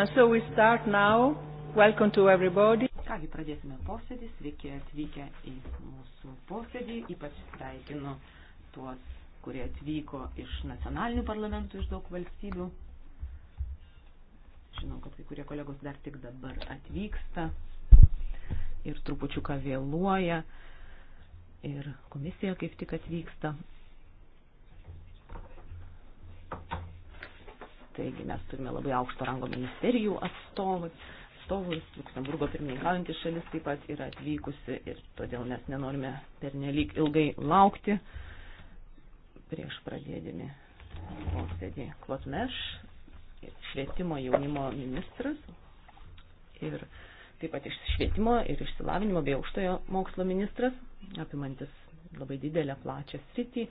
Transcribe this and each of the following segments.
And so we start now. Welcome to everybody. Kągi pradėsime posėdį, sveiki atvykę į mūsų posėdį, ypač sveikinu tuos, kurie atvyko iš nacionalinių parlamentų, iš daug valstybių. Žinau, kad kai kurie kolegos dar tik dabar atvyksta ir trupučiuką vėluoja ir komisija kaip tik atvyksta. Taigi mes turime labai aukšto rango ministerijų atstovus. Atstovus, Luksemburgo pirmininkaujantis šalis taip pat yra atvykusi ir todėl mes nenorime per nelik ilgai laukti prieš pradėdami posėdį Klotmeš, švietimo jaunimo ministras ir taip pat iš švietimo ir išsilavinimo bei aukštojo mokslo ministras, apimantis labai didelę plačią sritį,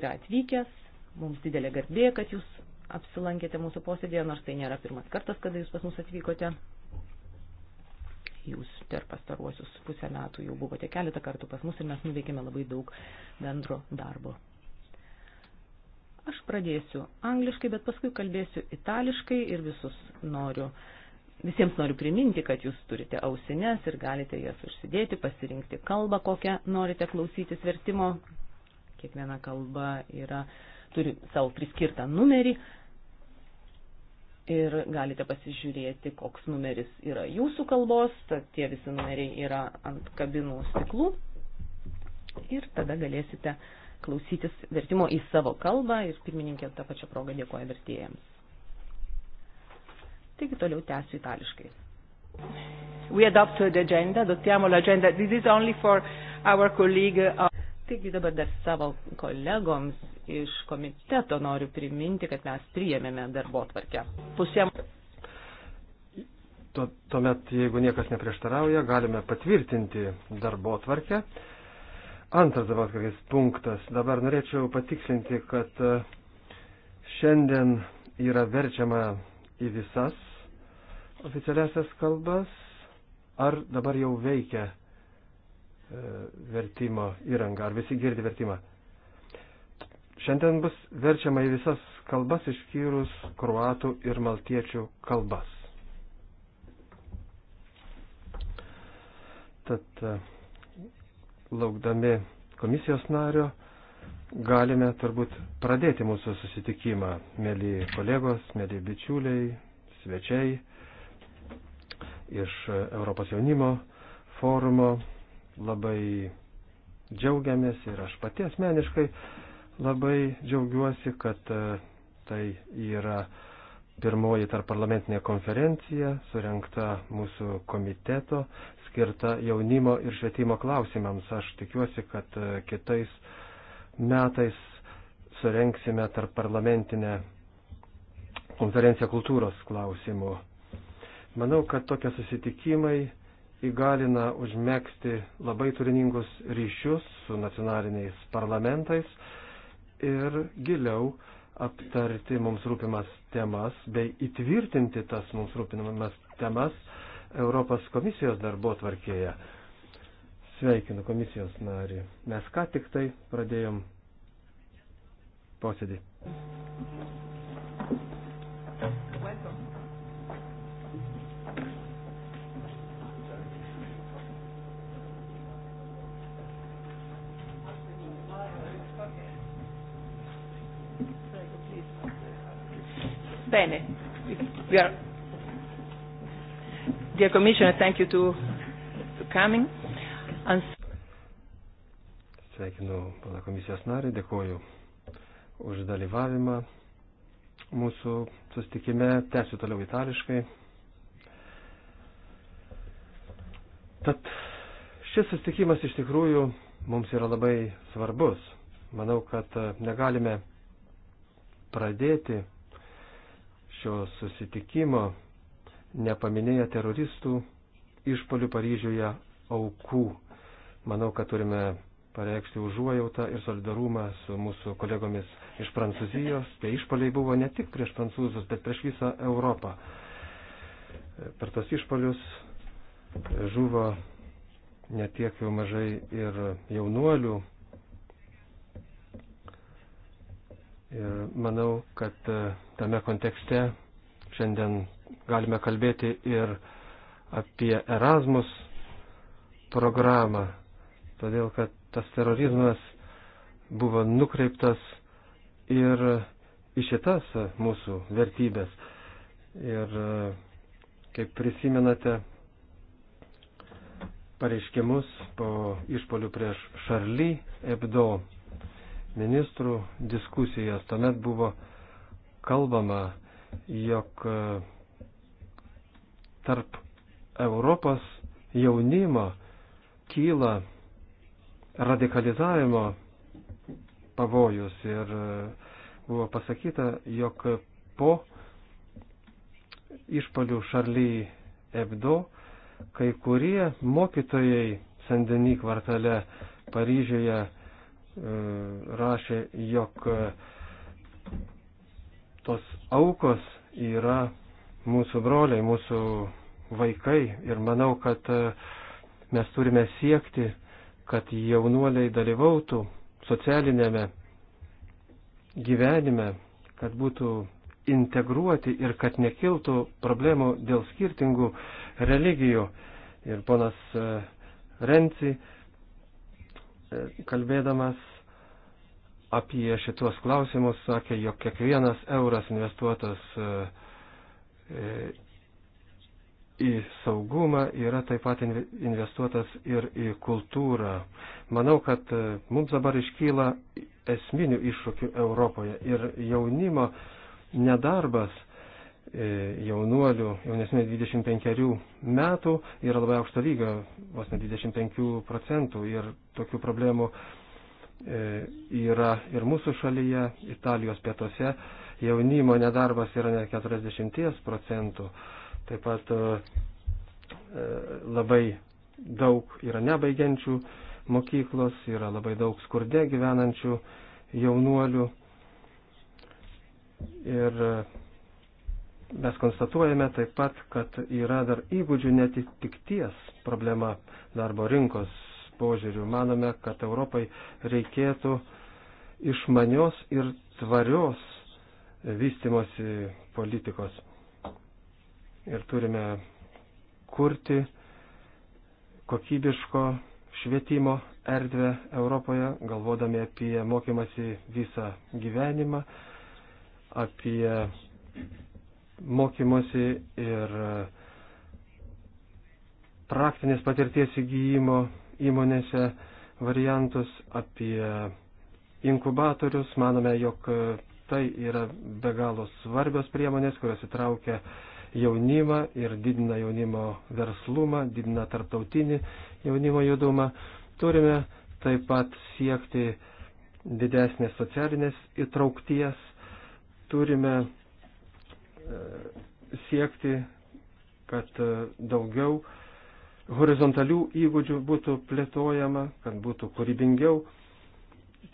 yra atvykęs. Mums didelė garbė, kad jūs apsilankėte mūsų posėdėje, nors tai nėra pirmas kartas, kada jūs pas mus atvykote. Jūs per pastaruosius pusę metų jau buvote keletą kartų pas mus ir mes nuveikėme labai daug bendro darbo. Aš pradėsiu angliškai, bet paskui kalbėsiu itališkai ir visus noriu. Visiems noriu priminti, kad jūs turite ausines ir galite jas užsidėti, pasirinkti kalbą, kokią norite klausytis vertimo. Kiekviena kalba yra turi savo priskirtą numerį, ir galite pasižiūrėti, koks numeris yra jūsų kalbos, tad tie visi numeriai yra ant kabinų stiklų ir tada galėsite klausytis vertimo į savo kalbą ir pirmininkė tą pačią progą dėkoja vertėjams. Taigi toliau tęsiu itališkai. We adopted the agenda, adottiamo l'agenda. This is only for our colleague. Uh, Taigi dabar dar savo kolegoms iš komiteto noriu priminti, kad mes priėmėme darbo tvarkę. Pusėm. Tuomet, jeigu niekas neprieštarauja, galime patvirtinti darbo tvarkę. Antras dabar kokias punktas. Dabar norėčiau patikslinti, kad e, šiandien yra verčiama į visas oficialiasias kalbas. Ar dabar jau veikia e, vertimo įranga, ar visi girdi vertimą? Šiandien bus verčiama į visas kalbas išskyrus kruatų ir maltiečių kalbas. Tad e, laukdami komisijos nario galime turbūt pradėti mūsų susitikimą, mėly kolegos, mėly bičiuliai, svečiai iš Europos jaunimo forumo. Labai džiaugiamės ir aš pati asmeniškai Labai džiaugiuosi, kad e, tai yra pirmoji tarparlamentinė konferencija, surenkta mūsų komiteto, skirta jaunimo ir švietimo klausimams. Aš tikiuosi, kad e, kitais metais surenksime tarparlamentinę konferenciją kultūros klausimų. Manau, kad tokie susitikimai įgalina užmėgsti labai turiningus ryšius su nacionaliniais parlamentais ir giliau aptarti mums rūpimas temas bei įtvirtinti tas mums rūpinamas temas Europos komisijos darbo tvarkėje. Sveikinu komisijos narį. Mes ką tik tai pradėjom posėdį. Bene. We are... Dear Commissioner, thank you to, to coming. And... Sveikinu pana komisijos narį, dėkoju už dalyvavimą mūsų sustikime, tęsiu toliau itališkai. Tad šis sustikimas iš tikrųjų mums yra labai svarbus. Manau, kad e, negalime pradėti šio susitikimo nepaminėję teroristų išpolių Paryžiuje aukų. Manau, kad turime pareikšti užuojautą ir solidarumą su mūsų kolegomis iš Prancūzijos. Tie išpoliai buvo ne tik prieš prancūzus, bet prieš visą Europą. Per tos išpolius žuvo netiek jau mažai ir jaunuolių, Ir manau, kad e, tame kontekste šiandien galime kalbėti ir apie Erasmus programą, todėl kad tas terorizmas buvo nukreiptas ir į šitas mūsų vertybės. Ir e, kaip prisimenate pareiškimus po išpolių prieš Šarly Ebdo ministrų diskusijas. Tuomet buvo kalbama, jog e, tarp Europos jaunimo kyla radikalizavimo pavojus ir e, buvo pasakyta, jog po išpalių Šarly Ebdo kai kurie mokytojai Sandeny kvartale Paryžiuje E, rašė, jog e, tos aukos yra mūsų broliai, mūsų vaikai ir manau, kad e, mes turime siekti, kad jaunuoliai dalyvautų socialinėme gyvenime, kad būtų integruoti ir kad nekiltų problemų dėl skirtingų religijų. Ir ponas Renci E, kalbėdamas apie šitos klausimus sakė, jog kiekvienas euras investuotas e, e, į saugumą yra taip pat investuotas ir į kultūrą. Manau, kad mums dabar iškyla esminių iššūkių Europoje ir jaunimo nedarbas E, jaunuolių jaunesnių 25 metų yra labai aukšto lygio, vos ne 25 procentų ir tokių problemų e, yra ir mūsų šalyje, Italijos pietuose, jaunimo nedarbas yra net 40 procentų, taip pat e, labai daug yra nebaigiančių mokyklos, yra labai daug skurde gyvenančių jaunuolių ir Mes konstatuojame taip pat, kad yra dar įgūdžių netitikties problema darbo rinkos požiūrių. Manome, kad Europai reikėtų išmanios ir tvarios vystimosi politikos. Ir turime kurti kokybiško švietimo erdvę Europoje, galvodami apie mokymasi visą gyvenimą, apie mokymosi ir e, praktinės patirties įgyjimo įmonėse variantus apie inkubatorius. Manome, jog e, tai yra be galo svarbios priemonės, kurios įtraukia jaunimą ir didina jaunimo verslumą, didina tarptautinį jaunimo judumą. Turime taip pat siekti didesnės socialinės įtraukties, turime siekti, kad e, daugiau horizontalių įgūdžių būtų plėtojama, kad būtų kūrybingiau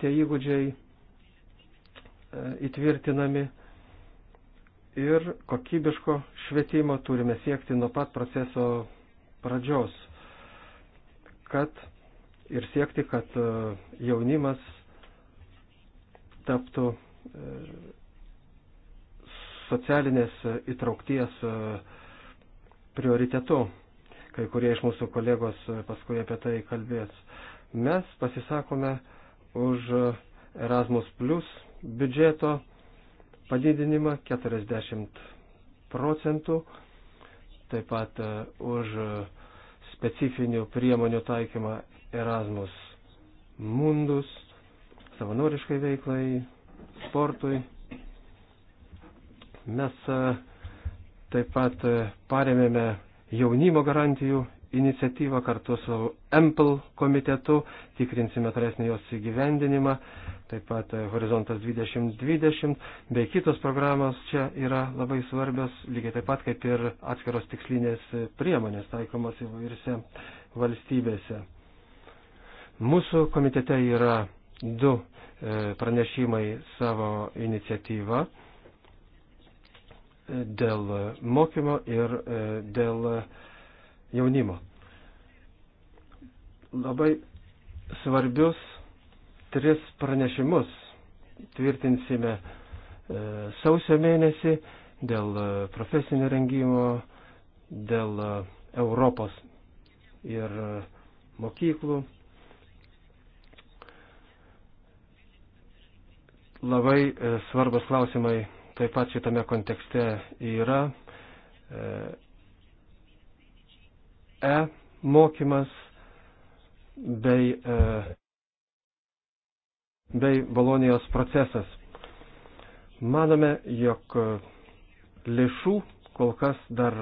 tie įgūdžiai e, įtvirtinami ir kokybiško švietimo turime siekti nuo pat proceso pradžios, kad ir siekti, kad e, jaunimas taptų socialinės įtraukties e, prioritetu. Kai kurie iš mūsų kolegos e, paskui apie tai kalbės. Mes pasisakome už Erasmus Plus biudžeto padidinimą 40 procentų, taip pat e, už specifinių priemonių taikymą Erasmus Mundus, savanoriškai veiklai, sportui. Mes e, taip pat e, paremėme jaunimo garantijų iniciatyvą kartu su EMPL komitetu, tikrinsime tolesnį jos įgyvendinimą, taip pat e, Horizontas 2020 bei kitos programos čia yra labai svarbios, lygiai taip pat kaip ir atskiros tikslinės priemonės taikomas įvairiose valstybėse. Mūsų komitete yra du pranešimai savo iniciatyvą dėl mokymo ir e, dėl jaunimo. Labai svarbius tris pranešimus tvirtinsime e, sausio mėnesį dėl e, profesinio rengimo, dėl Europos ir mokyklų. Labai svarbus klausimai taip pat šitame kontekste yra e mokymas bei, e, bei Bolonijos procesas. Manome, jog lėšų kol kas dar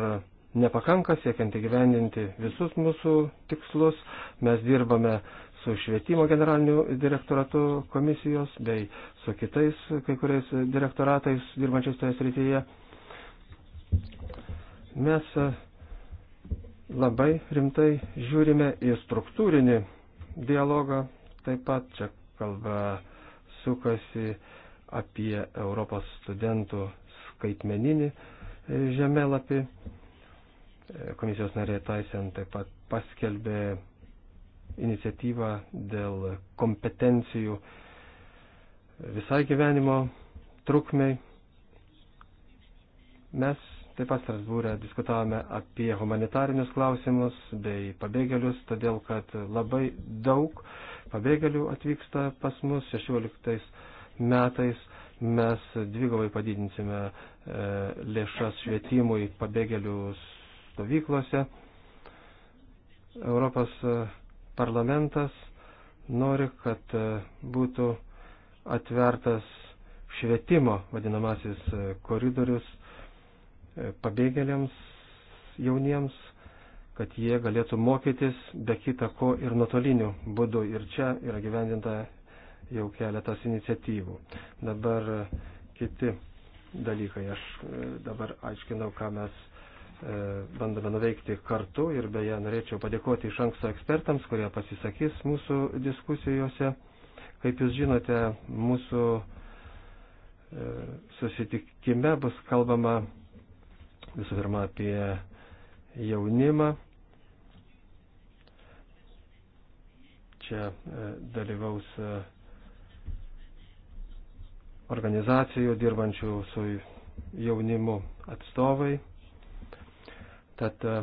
nepakanka siekiant įgyvendinti visus mūsų tikslus. Mes dirbame e, su švietimo generaliniu direktoratu komisijos bei su kitais kai kuriais direktoratais dirbančiais toje srityje. Mes e, labai rimtai žiūrime į struktūrinį dialogą, taip pat čia kalba sukasi apie Europos studentų skaitmeninį e, žemėlapį. E, komisijos narė Taisen taip pat paskelbė iniciatyvą dėl kompetencijų visai gyvenimo trukmei. Mes taip pat Strasbūrė diskutavome apie humanitarinius klausimus bei pabėgėlius, todėl kad labai daug pabėgėlių atvyksta pas mus 16 metais. Mes dvigovai padidinsime e, lėšas švietimui pabėgėlių stovyklose. Europos e, Parlamentas nori, kad e, būtų atvertas švietimo vadinamasis e, koridorius e, pabėgėliams jauniems, kad jie galėtų mokytis be kita ko ir nuotoliniu būdu. Ir čia yra gyvendinta jau keletas iniciatyvų. Dabar kiti dalykai. Aš dabar aiškinau, ką mes E, bandome nuveikti kartu ir beje norėčiau padėkoti iš anksto ekspertams, kurie pasisakys mūsų diskusijose. Kaip jūs žinote, mūsų e, susitikime bus kalbama visų pirma apie jaunimą. Čia e, dalyvaus organizacijų dirbančių su jaunimu atstovai. Tad e,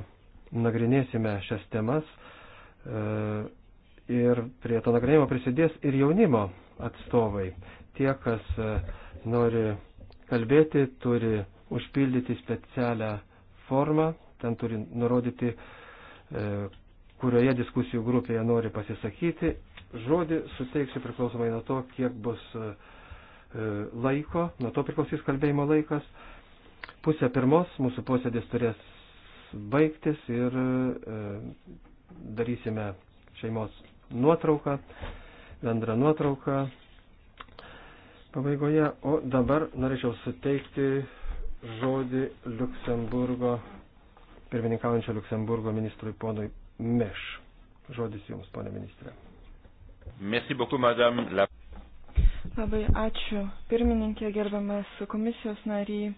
nagrinėsime šias temas e, ir prie to nagrinėjimo prisidės ir jaunimo atstovai. Tie, kas e, nori kalbėti, turi užpildyti specialią formą, ten turi nurodyti, kurioje diskusijų grupėje nori pasisakyti. Žodį suteiksiu priklausomai nuo to, kiek bus laiko, nuo to priklausys kalbėjimo laikas. Pusę pirmos mūsų posėdės turės baigtis ir e, darysime šeimos nuotrauką, bendrą nuotrauką pabaigoje. O dabar norėčiau suteikti žodį Luksemburgo, pirmininkaujančio Luksemburgo ministrui ponui Meš. Žodis jums, ponė ministrė. Merci beaucoup, madame. La... Labai ačiū pirmininkė, gerbiamas komisijos nariai.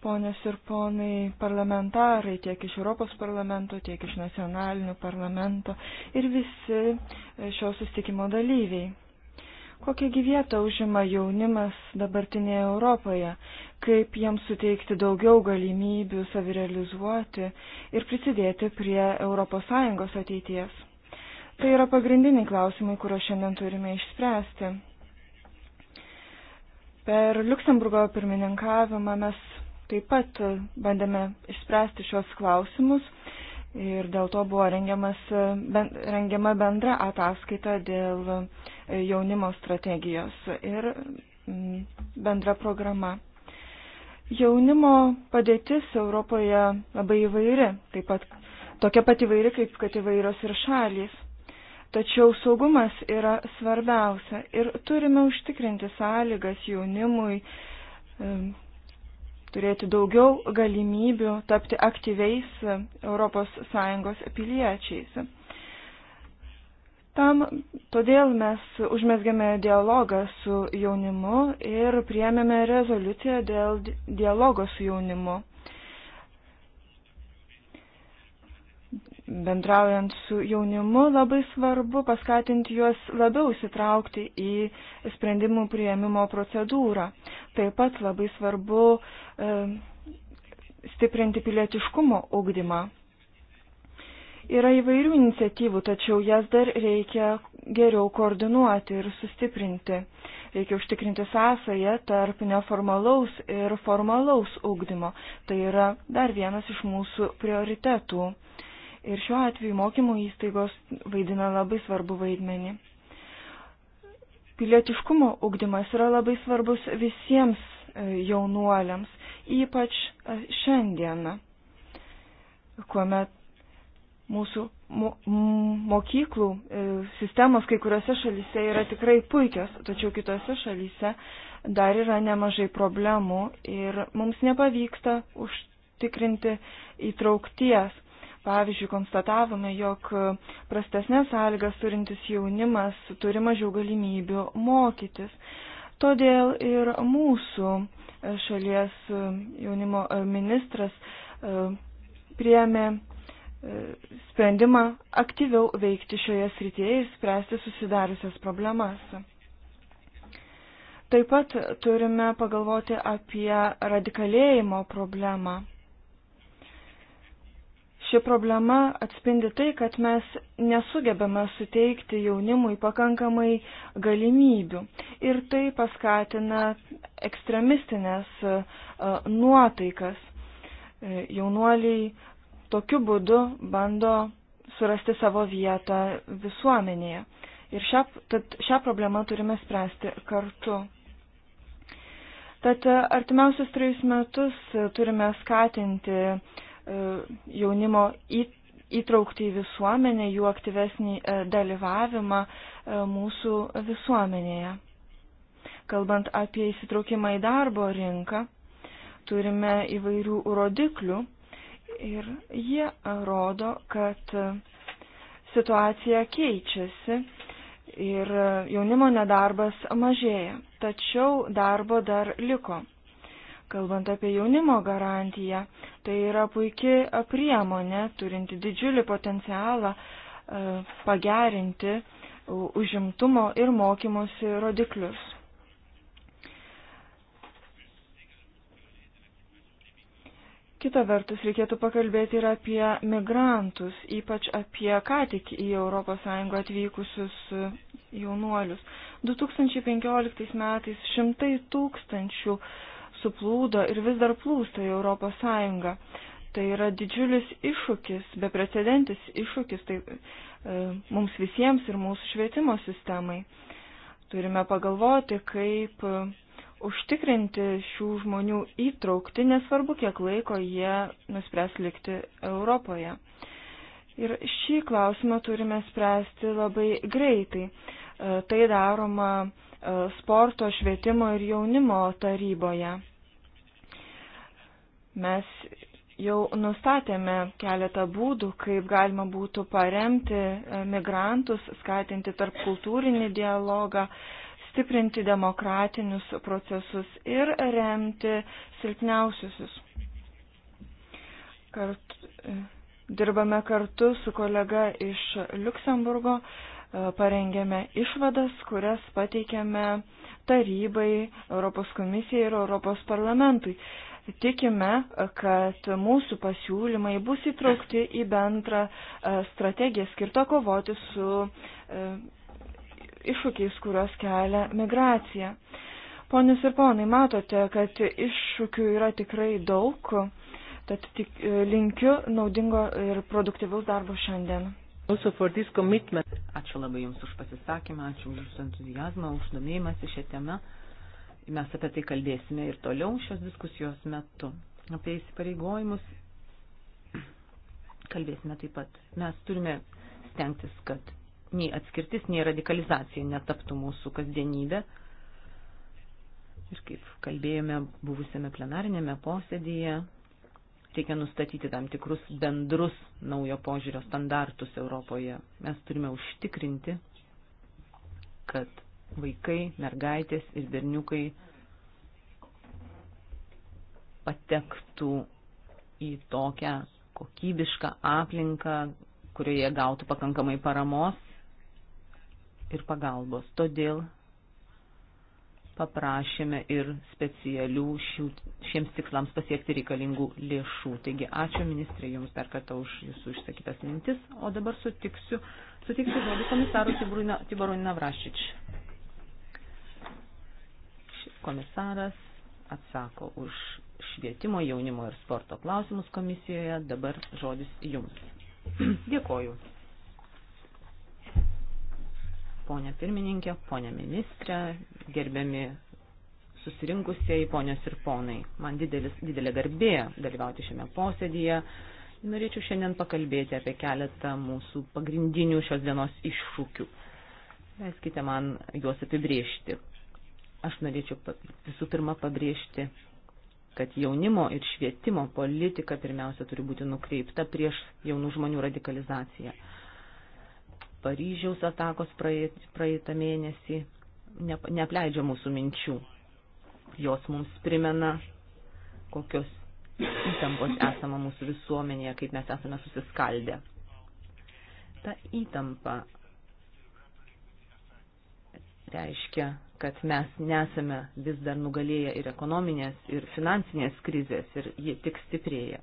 Ponės ir ponai parlamentarai tiek iš Europos parlamento, tiek iš nacionalinių parlamento ir visi šio sustikimo dalyviai. Kokią gyvietą užima jaunimas dabartinėje Europoje, kaip jiems suteikti daugiau galimybių savirealizuoti ir prisidėti prie ES ateities. Tai yra pagrindiniai klausimai, kuriuos šiandien turime išspręsti. Per Luksemburgo pirmininkavimą mes taip pat e, bandėme išspręsti šios klausimus ir dėl to buvo rengiamas, e, ben, rengiama bendra ataskaita dėl e, jaunimo strategijos ir bendra programa. Jaunimo padėtis Europoje labai įvairi, taip pat tokia pat įvairi, kaip kad įvairios ir šalys. Tačiau saugumas yra svarbiausia ir turime užtikrinti sąlygas jaunimui turėti daugiau galimybių tapti aktyviais ES piliečiais. Tam todėl mes užmesgėme dialogą su jaunimu ir priemėme rezoliuciją dėl dialogo su jaunimu. bendraujant su jaunimu labai svarbu paskatinti juos labiau įsitraukti į sprendimų prieimimo procedūrą. Taip pat labai svarbu e, stiprinti pilietiškumo ugdymą. Yra įvairių iniciatyvų, tačiau jas dar reikia geriau koordinuoti ir sustiprinti. Reikia užtikrinti sąsąją tarp neformalaus ir formalaus ugdymo. Tai yra dar vienas iš mūsų prioritetų. E, Ir šiuo atveju mokymo įstaigos vaidina labai svarbu vaidmenį. Pilietiškumo ugdymas yra labai svarbus visiems e, jaunuoliams, ypač e, šiandieną, kuomet mūsų mokyklų e, sistemos kai kuriuose šalyse yra tikrai puikios, tačiau kitose šalyse dar yra nemažai problemų ir mums nepavyksta užtikrinti įtraukties Pavyzdžiui, konstatavome, jog prastesnės sąlygas turintis jaunimas turi mažiau galimybių mokytis. Todėl ir mūsų e, šalies e, jaunimo e, ministras priemė sprendimą aktyviau veikti šioje srityje ir spręsti susidariusias problemas. Taip pat turime pagalvoti apie radikalėjimo problemą. Ši problema atspindi tai, kad mes nesugebame suteikti jaunimui pakankamai galimybių ir tai paskatina ekstremistinės e, nuotaikas. E, jaunuoliai tokiu būdu bando surasti savo vietą visuomenėje. Ir šią, tad šią problemą turime spręsti kartu. Tad artimiausius trejus metus turime skatinti E, jaunimo įtraukti į visuomenę, jų aktyvesnį e, dalyvavimą e, mūsų visuomenėje. Kalbant apie įsitraukimą į darbo rinką, turime įvairių rodiklių ir jie rodo, kad situacija keičiasi ir jaunimo nedarbas mažėja. Tačiau darbo dar liko. Kalbant apie jaunimo garantiją, tai yra puikia priemonė, turinti didžiulį potencialą e, pagerinti užimtumo ir mokymosi rodiklius. Kita vertus, reikėtų pakalbėti ir apie migrantus, ypač apie ką tik į ES atvykusius e, jaunuolius. 2015 metais šimtai tūkstančių suplūdo ir vis dar plūsta į Europos Sąjungą. Tai yra didžiulis iššūkis, beprecedentis iššūkis tai, e, mums visiems ir mūsų švietimo sistemai. Turime pagalvoti, kaip e, užtikrinti šių žmonių įtraukti, nesvarbu, kiek laiko jie nuspręs likti Europoje. Ir šį klausimą turime spręsti labai greitai. E, tai daroma e, sporto, švietimo ir jaunimo taryboje. Mes jau nustatėme keletą būdų, kaip galima būtų paremti e, migrantus, skatinti tarp kultūrinį dialogą, stiprinti demokratinius procesus ir remti silpniausiusius. Kart, e, dirbame kartu su kolega iš Luksemburgo, e, parengėme išvadas, kurias pateikėme tarybai, Europos komisijai ir Europos parlamentui. Tikime, kad mūsų pasiūlymai bus įtraukti į bendrą e, strategiją skirtą kovoti su e, iššūkiais, kurios kelia migracija. Ponius ir ponai, matote, kad iššūkių yra tikrai daug, tad tik e, linkiu naudingo ir produktyvaus darbo šiandien. Ačiū labai Jums už pasisakymą, ačiū už Jūsų entuzijazmą, už domėjimąsi šią temą. Mes apie tai kalbėsime ir toliau šios diskusijos metu. Apie įsipareigojimus kalbėsime taip pat. Mes turime stengtis, kad nei atskirtis, nei radikalizacija netaptų mūsų kasdienybė. Ir kaip kalbėjome buvusiame plenarinėme posėdėje, reikia nustatyti tam tikrus bendrus naujo požiūrio standartus Europoje. Mes turime užtikrinti, kad vaikai, mergaitės ir berniukai patektų į tokią kokybišką aplinką, kurioje gautų pakankamai paramos ir pagalbos. Todėl paprašėme ir specialių šių, šiems tikslams pasiekti reikalingų lėšų. Taigi ačiū ministrė Jums dar kartą už Jūsų išsakytas mintis, o dabar sutiksiu, sutiksiu žodį komisarui Tiborui Navrašičiui. Komisaras atsako už švietimo, jaunimo ir sporto klausimus komisijoje. Dabar žodis jums. Dėkoju. Pone pirmininkė, pone ministrė, gerbiami susirinkusieji ponios ir ponai. Man didelis, didelė garbė dalyvauti šiame posėdyje. Norėčiau šiandien pakalbėti apie keletą mūsų pagrindinių šios dienos iššūkių. Leiskite man juos apibriežti. Aš norėčiau visų pirma pabrėžti, kad jaunimo ir švietimo politika pirmiausia turi būti nukreipta prieš jaunų žmonių radikalizaciją. Paryžiaus atakos praeitą mėnesį neapleidžia mūsų minčių. Jos mums primena, kokios įtampos esama mūsų visuomenėje, kaip mes esame susiskaldę. Ta įtampa reiškia kad mes nesame vis dar nugalėję ir ekonominės, ir finansinės krizės, ir ji tik stiprėja.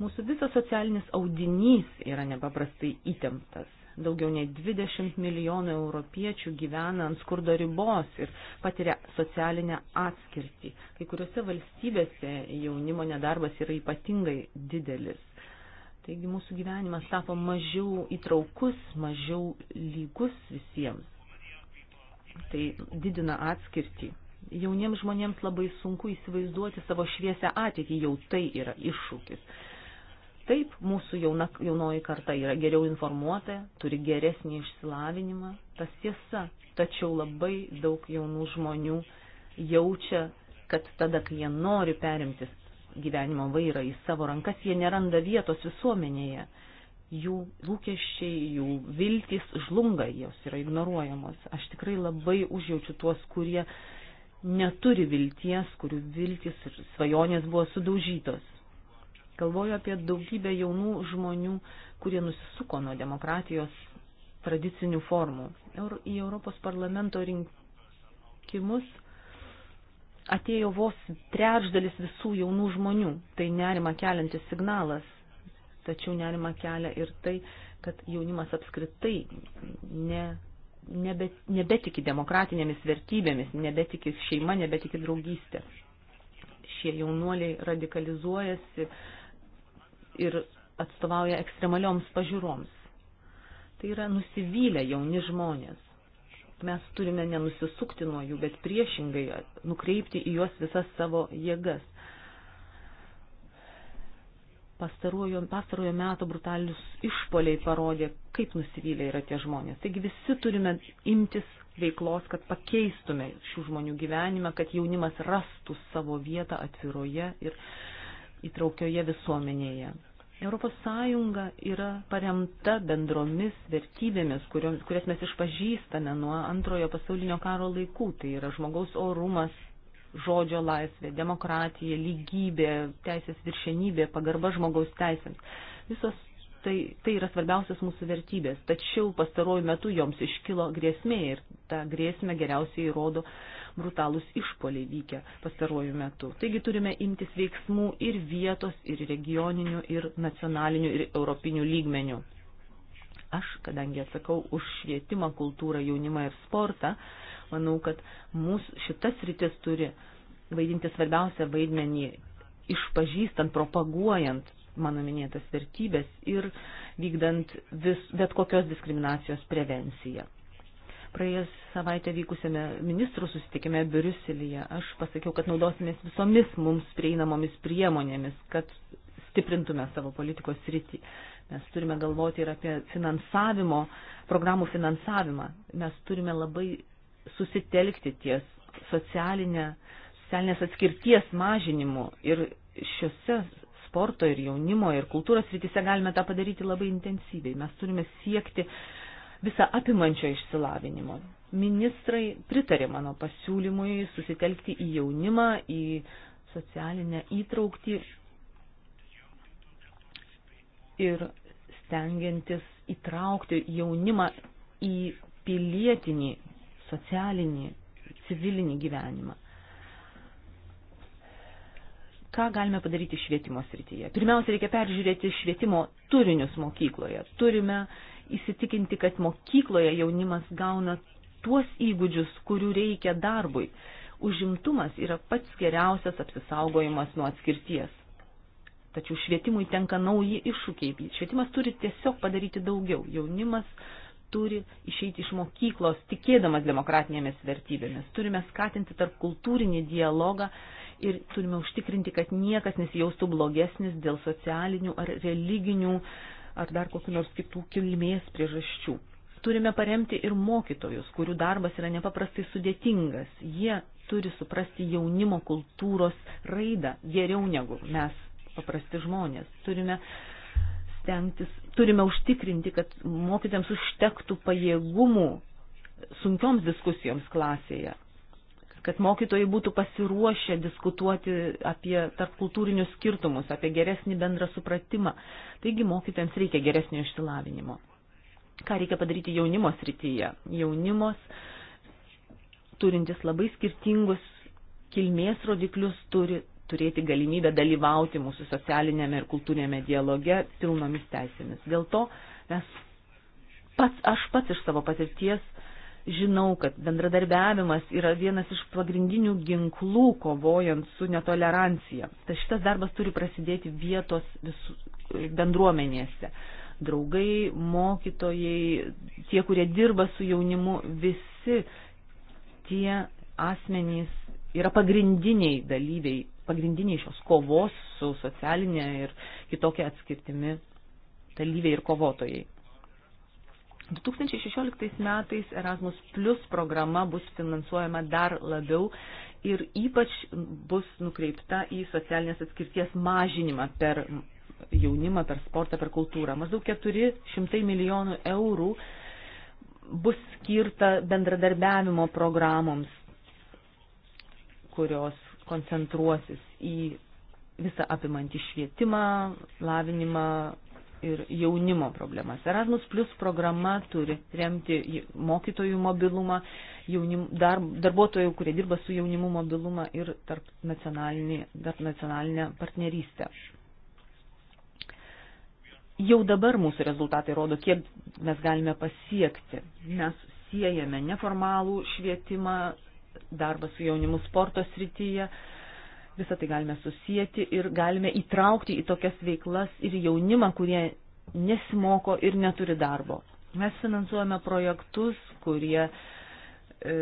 Mūsų visas socialinis audinys yra nepaprastai įtemptas. Daugiau nei 20 milijonų europiečių gyvena ant skurdo ribos ir patiria socialinę atskirtį. Kai kuriuose valstybėse jaunimo nedarbas yra ypatingai didelis. Taigi mūsų gyvenimas tapo mažiau įtraukus, mažiau lygus visiems Tai didina atskirtį. Jauniems žmonėms labai sunku įsivaizduoti savo šviesę ateitį, jau tai yra iššūkis. Taip, mūsų jauna, jaunoji karta yra geriau informuota, turi geresnį išsilavinimą, tas tiesa, tačiau labai daug jaunų žmonių jaučia, kad tada, kai jie nori perimti gyvenimo vairą į savo rankas, jie neranda vietos visuomenėje jų lūkesčiai, jų viltys žlunga, jos yra ignoruojamos. Aš tikrai labai užjaučiu tuos, kurie neturi vilties, kurių viltys ir svajonės buvo sudaužytos. Kalvoju apie daugybę jaunų žmonių, kurie nusisuko nuo demokratijos tradicinių formų. Į Europos parlamento rinkimus atėjo vos trečdalis visų jaunų žmonių. Tai nerima keliantis signalas Tačiau nerima kelia ir tai, kad jaunimas apskritai ne, nebe, nebetiki demokratinėmis vertybėmis, nebetiki šeima, nebetiki draugystė. Šie jaunuoliai radikalizuojasi ir atstovauja ekstremalioms pažiūroms. Tai yra nusivylę jauni žmonės. Mes turime nenusisukti nuo jų, bet priešingai nukreipti į juos visas savo jėgas pastaruojo, pastarojo meto brutalius išpoliai parodė, kaip nusivylę yra tie žmonės. Taigi visi turime imtis veiklos, kad pakeistume šių žmonių gyvenimą, kad jaunimas rastų savo vietą atviroje ir įtraukioje visuomenėje. Europos Sąjunga yra paremta bendromis vertybėmis, kurios, kurias mes išpažįstame nuo antrojo pasaulinio karo laikų. Tai yra žmogaus orumas, žodžio laisvė, demokratija, lygybė, teisės viršenybė, pagarba žmogaus teisėms. Visos tai, tai yra svarbiausias mūsų vertybės, tačiau pastaruoju metu joms iškilo grėsmė ir tą grėsmę geriausiai įrodo brutalūs išpoliai vykę pastaruoju metu. Taigi turime imtis veiksmų ir vietos, ir regioninių, ir nacionalinių, ir europinių lygmenių. Aš, kadangi atsakau už švietimą, kultūrą, jaunimą ir sportą, Manau, kad mūsų šitas rytis turi vaidinti svarbiausią vaidmenį, išpažįstant, propaguojant mano minėtas vertybės ir vykdant vis, bet kokios diskriminacijos prevenciją. Praėjęs savaitę vykusiame ministrų susitikime Briuselyje aš pasakiau, kad naudosimės visomis mums prieinamomis priemonėmis, kad stiprintume savo politikos sritį. Mes turime galvoti ir apie finansavimo, programų finansavimą. Mes turime labai susitelkti ties socialinė, socialinės atskirties mažinimu ir šiuose sporto ir jaunimo ir kultūros rytise galime tą padaryti labai intensyviai. Mes turime siekti visą apimančio išsilavinimo. Ministrai pritarė mano pasiūlymui susitelkti į jaunimą, į socialinę įtraukti ir stengiantis įtraukti jaunimą į pilietinį socialinį, civilinį gyvenimą. Ką galime padaryti švietimo srityje? Pirmiausia, reikia peržiūrėti švietimo turinius mokykloje. Turime įsitikinti, kad mokykloje jaunimas gauna tuos įgūdžius, kurių reikia darbui. Užimtumas yra pats geriausias apsisaugojimas nuo atskirties. Tačiau švietimui tenka nauji iššūkiai. Švietimas turi tiesiog padaryti daugiau. Jaunimas uh, turi išeiti iš mokyklos tikėdamas demokratinėmis vertybėmis. Turime skatinti tarp kultūrinį dialogą ir turime užtikrinti, kad niekas nesijaustų blogesnis dėl socialinių ar religinių ar dar kokių nors kitų kilmės priežasčių. Turime paremti ir mokytojus, kurių darbas yra nepaprastai sudėtingas. Jie turi suprasti jaunimo kultūros raidą geriau negu mes, paprasti žmonės. Turime stengtis turime užtikrinti, kad mokytėms užtektų pajėgumų sunkioms diskusijoms klasėje, kad mokytojai būtų pasiruošę diskutuoti apie tarpkultūrinius skirtumus, apie geresnį bendrą supratimą. Taigi mokytėms reikia geresnio išsilavinimo. Ką reikia padaryti jaunimo srityje? Jaunimas, turintis labai skirtingus kilmės rodiklius, turi turėti galimybę dalyvauti mūsų socialinėme ir kultūrinėme dialoge pilnomis teisėmis. Dėl to mes pats, aš pats iš savo patirties žinau, kad bendradarbiavimas yra vienas iš pagrindinių ginklų kovojant su netolerancija. Ta šitas darbas turi prasidėti vietos visų, bendruomenėse. Draugai, mokytojai, tie, kurie dirba su jaunimu, visi tie asmenys yra pagrindiniai dalyviai pagrindiniai šios kovos su socialinė ir kitokia atskirtimi dalyviai ir kovotojai. 2016 metais Erasmus Plus programa bus finansuojama dar labiau ir ypač bus nukreipta į socialinės atskirties mažinimą per jaunimą, per sportą, per kultūrą. Maždaug 400 milijonų eurų bus skirta bendradarbiavimo programoms, kurios koncentruosis į visą apimantį švietimą, lavinimą ir jaunimo problemas. Erasmus Plus programa turi remti mokytojų mobilumą, jaunim, dar, darbuotojų, kurie dirba su jaunimu mobilumą ir tarp, tarp nacionalinę partnerystę. Jau dabar mūsų rezultatai rodo, kiek mes galime pasiekti. Mes siejame neformalų švietimą darbas su jaunimu sporto srityje. Visą tai galime susijęti ir galime įtraukti į tokias veiklas ir jaunimą, kurie nesimoko ir neturi darbo. Mes finansuojame projektus, kurie e,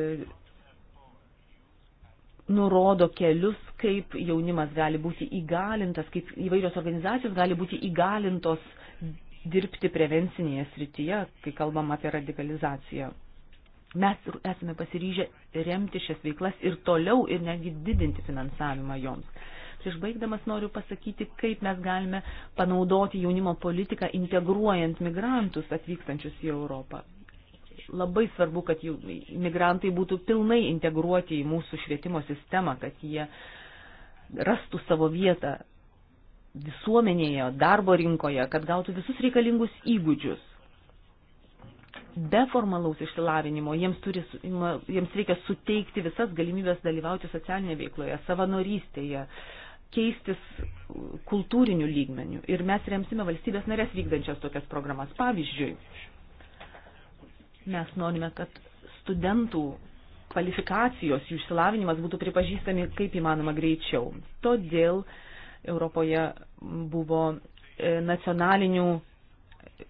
nurodo kelius, kaip jaunimas gali būti įgalintas, kaip įvairios organizacijos gali būti įgalintos dirbti prevencinėje srityje, kai kalbam apie radikalizaciją. Mes esame pasiryžę remti šias veiklas ir toliau ir netgi didinti finansavimą joms. Prieš baigdamas noriu pasakyti, kaip mes galime panaudoti jaunimo politiką integruojant migrantus atvykstančius į Europą labai svarbu, kad jų migrantai būtų pilnai integruoti į mūsų švietimo sistemą, kad jie rastų savo vietą visuomenėje, darbo rinkoje, kad gautų visus reikalingus įgūdžius be formalaus išsilavinimo, jiems, turi, jiems reikia suteikti visas galimybės dalyvauti socialinėje veikloje, savanorystėje, keistis kultūrinių lygmenių. Ir mes remsime valstybės narės vykdančias tokias programas. Pavyzdžiui, mes norime, kad studentų kvalifikacijos, jų išsilavinimas būtų pripažįstami kaip įmanoma greičiau. Todėl Europoje buvo e, nacionalinių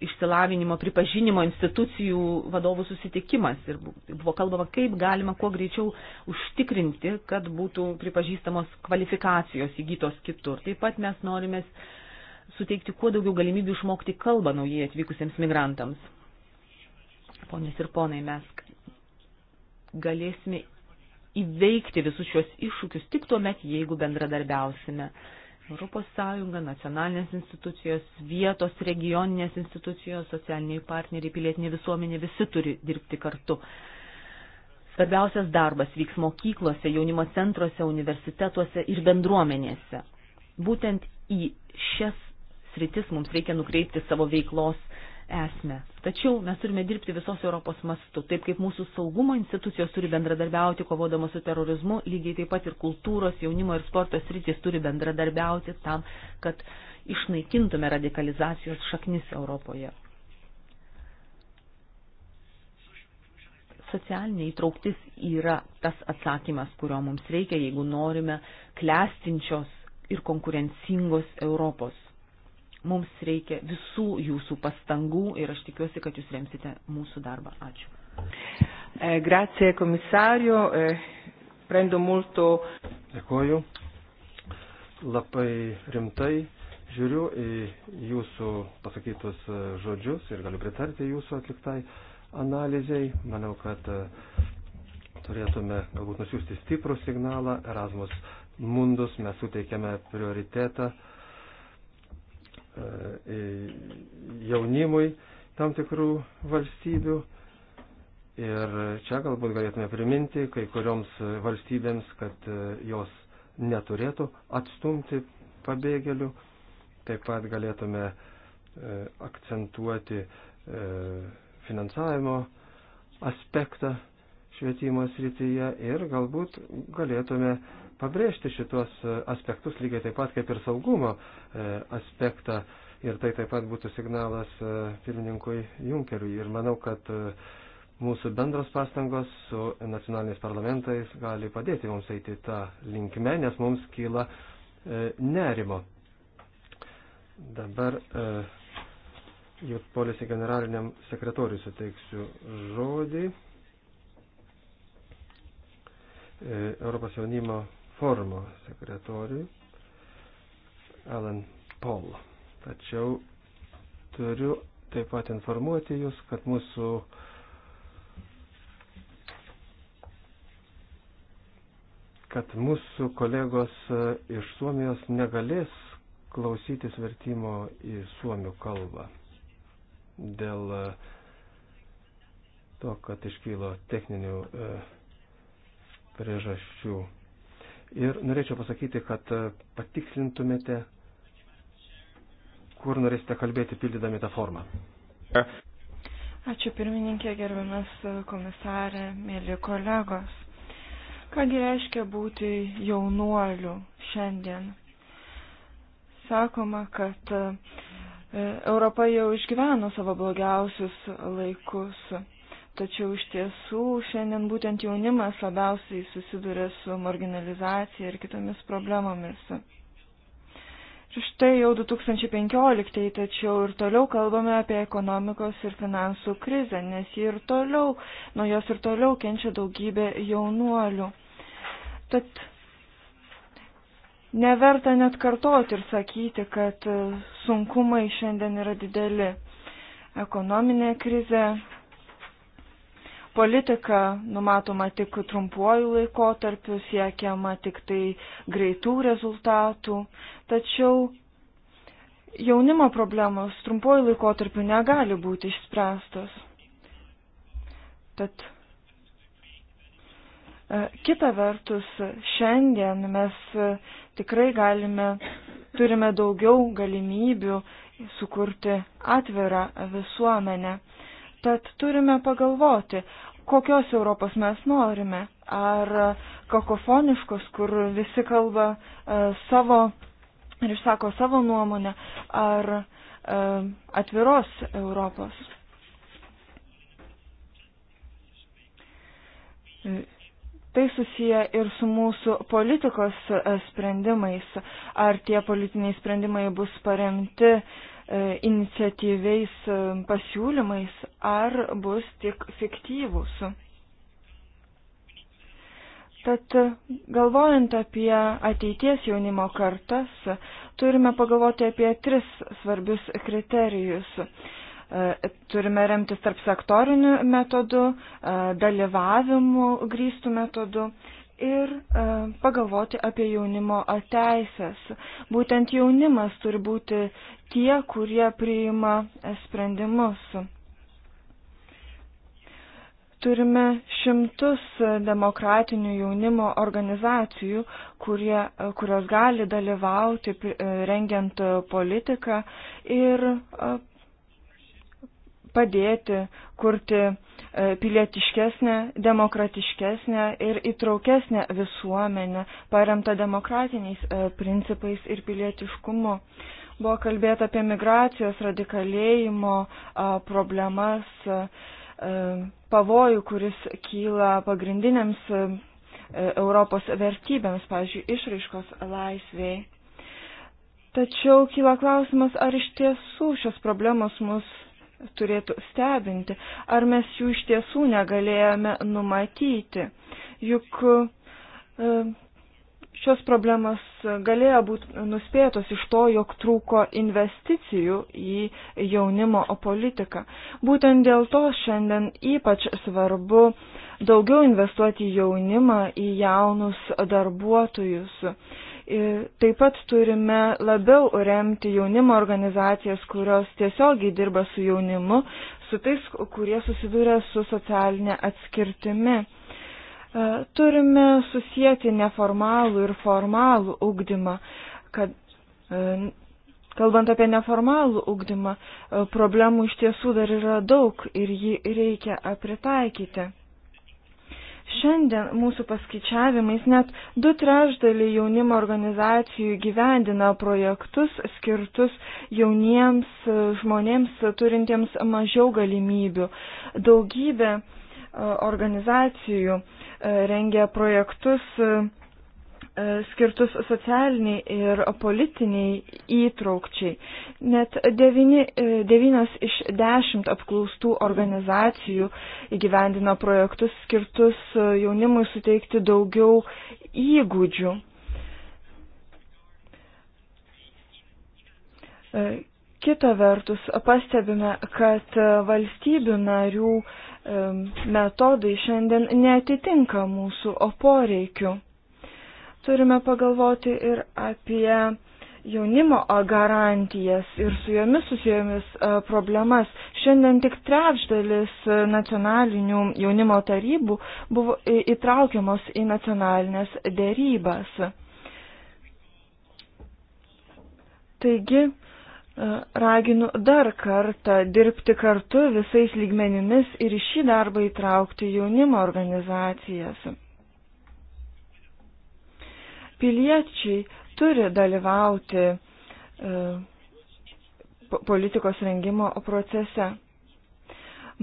išsilavinimo pripažinimo institucijų vadovų susitikimas ir buvo kalbama, kaip galima kuo greičiau užtikrinti, kad būtų pripažįstamos kvalifikacijos įgytos kitur. Taip pat mes norime suteikti kuo daugiau galimybių išmokti kalbą naujai atvykusiems migrantams. Ponės ir ponai, mes galėsime įveikti visus šios iššūkius tik tuo met, jeigu bendradarbiausime. Europos Sąjunga, nacionalinės institucijos, vietos, regioninės institucijos, socialiniai partneriai, pilietinė visuomenė, visi turi dirbti kartu. Svarbiausias darbas vyks mokyklose, jaunimo centruose, universitetuose ir bendruomenėse. Būtent į šias sritis mums reikia nukreipti savo veiklos esmę. Tačiau mes turime dirbti visos Europos mastu, taip kaip mūsų saugumo institucijos turi bendradarbiauti kovodamos su terorizmu, lygiai taip pat ir kultūros, jaunimo ir sporto sritis turi bendradarbiauti tam, kad išnaikintume radikalizacijos šaknis Europoje. Socialinė įtrauktis yra tas atsakymas, kurio mums reikia, jeigu norime klestinčios ir konkurencingos Europos Mums reikia visų jūsų pastangų ir aš tikiuosi, kad jūs remsite mūsų darbą. Ačiū. Eh, grazie komisario, eh, prendo molto. Dėkoju. Labai rimtai žiūriu į jūsų pasakytus eh, žodžius ir galiu pritarti jūsų atliktai analizai. Manau, kad turėtume galbūt nusiųsti stiprų signalą. Erasmus Mundus mes suteikėme prioritetą E, jaunimui tam tikrų valstybių. Ir čia galbūt galėtume priminti kai kurioms valstybėms, kad e, jos neturėtų atstumti pabėgėlių. Taip pat galėtume e, akcentuoti finansavimo aspektą švietimo srityje ir galbūt galėtume pabrėžti šitos e, aspektus, lygiai taip pat kaip ir saugumo e, aspektą. Ir tai taip pat būtų signalas e, pirmininkui Junkeriui. Ir manau, kad mūsų bendros pastangos su nacionaliniais parlamentais gali padėti mums eiti tą linkme, nes mums kyla nerimo. Dabar Jūt polisi generaliniam sekretoriui suteiksiu žodį. Europos jaunimo forumo sekretoriui Alan Paul. Tačiau turiu taip pat informuoti Jūs, kad mūsų kad mūsų kolegos e, iš Suomijos negalės klausytis vertimo į suomių kalbą dėl e, to, kad iškylo techninių e, priežasčių. Ir norėčiau pasakyti, kad e, patikslintumėte, kur norėsite kalbėti pildydami tą formą. Ačiū pirmininkė, gerbiamas e, komisarė, mėly kolegos. Kągi reiškia būti jaunuoliu šiandien? Sakoma, kad e, Europa jau išgyveno savo blogiausius laikus Tačiau iš tiesų šiandien būtent jaunimas labiausiai susiduria su marginalizacija ir kitomis problemomis. Ir štai jau 2015, tačiau ir toliau kalbame apie ekonomikos ir finansų krizę, nes ji ir toliau, nuo jos ir toliau kenčia daugybė jaunuolių. Tad neverta net kartoti ir sakyti, kad sunkumai šiandien yra dideli. Ekonominė krizė, politika numatoma tik trumpuoju laikotarpiu, siekiama tik tai greitų rezultatų, tačiau jaunimo problemos trumpuoju laikotarpiu negali būti išspręstos. Tad e, kita vertus, šiandien mes e, tikrai galime, turime daugiau galimybių sukurti atvirą visuomenę. Tad turime pagalvoti, kokios Europos mes norime. Ar kakofoniškos, kur visi kalba e, savo ir išsako savo nuomonę, ar e, atviros Europos. Tai susiję ir su mūsų politikos e, sprendimais, ar tie politiniai sprendimai bus paremti e, E, iniciatyviais e, pasiūlymais ar bus tik fiktyvūs. Tad galvojant apie ateities jaunimo kartas, turime pagalvoti apie tris svarbius kriterijus. E, turime remtis tarp sektorinių metodų, dalyvavimų grįstų metodų ir e, pagalvoti apie jaunimo teisės. Būtent jaunimas turi būti tie, kurie priima sprendimus. Turime šimtus demokratinių jaunimo organizacijų, kurie, e, kurios gali dalyvauti e, rengiant politiką ir e, padėti kurti e, pilietiškesnę, demokratiškesnę ir įtraukesnę visuomenę, paremtą demokratiniais e, principais ir pilietiškumu. Buvo kalbėta apie migracijos radikalėjimo problemas, e, pavojų, kuris kyla pagrindiniams Europos vertybėms, pavyzdžiui, išraiškos laisvėjai. Tačiau kyla klausimas, ar iš tiesų šios problemos mus turėtų stebinti, ar mes jų iš tiesų negalėjome numatyti. Juk e, šios problemos galėjo būti nuspėtos iš to, jog trūko investicijų į jaunimo politiką. Būtent dėl to šiandien ypač svarbu daugiau investuoti į jaunimą, į jaunus darbuotojus. Taip pat turime labiau remti jaunimo organizacijas, kurios tiesiogiai dirba su jaunimu, su tais, kurie susiduria su socialinė atskirtimi. E, turime susijęti neformalų ir formalų ugdymą, kad e, Kalbant apie neformalų ugdymą, e, problemų iš tiesų dar yra daug ir jį reikia apritaikyti. Šiandien mūsų paskaičiavimais net du trešdaliai jaunimo organizacijų gyvendina projektus skirtus jauniems e, žmonėms turintiems mažiau galimybių. Daugybė e, organizacijų e, rengia projektus E, skirtus socialiniai ir politiniai įtraukčiai. Net devini, e, devynios iš dešimt apklaustų organizacijų įgyvendino projektus skirtus e, jaunimui suteikti daugiau įgūdžių. Kita vertus, pastebime, kad valstybių narių metodai šiandien netitinka mūsų poreikių Turime pagalvoti ir apie jaunimo garantijas ir su jomis susijomis e, problemas. Šiandien tik trečdalis e, nacionalinių jaunimo tarybų buvo įtraukiamos į nacionalinės dėrybas. Taigi, e, raginu dar kartą dirbti kartu visais lygmenimis ir į šį darbą įtraukti jaunimo organizacijas. Piliečiai turi dalyvauti e, politikos rengimo procese.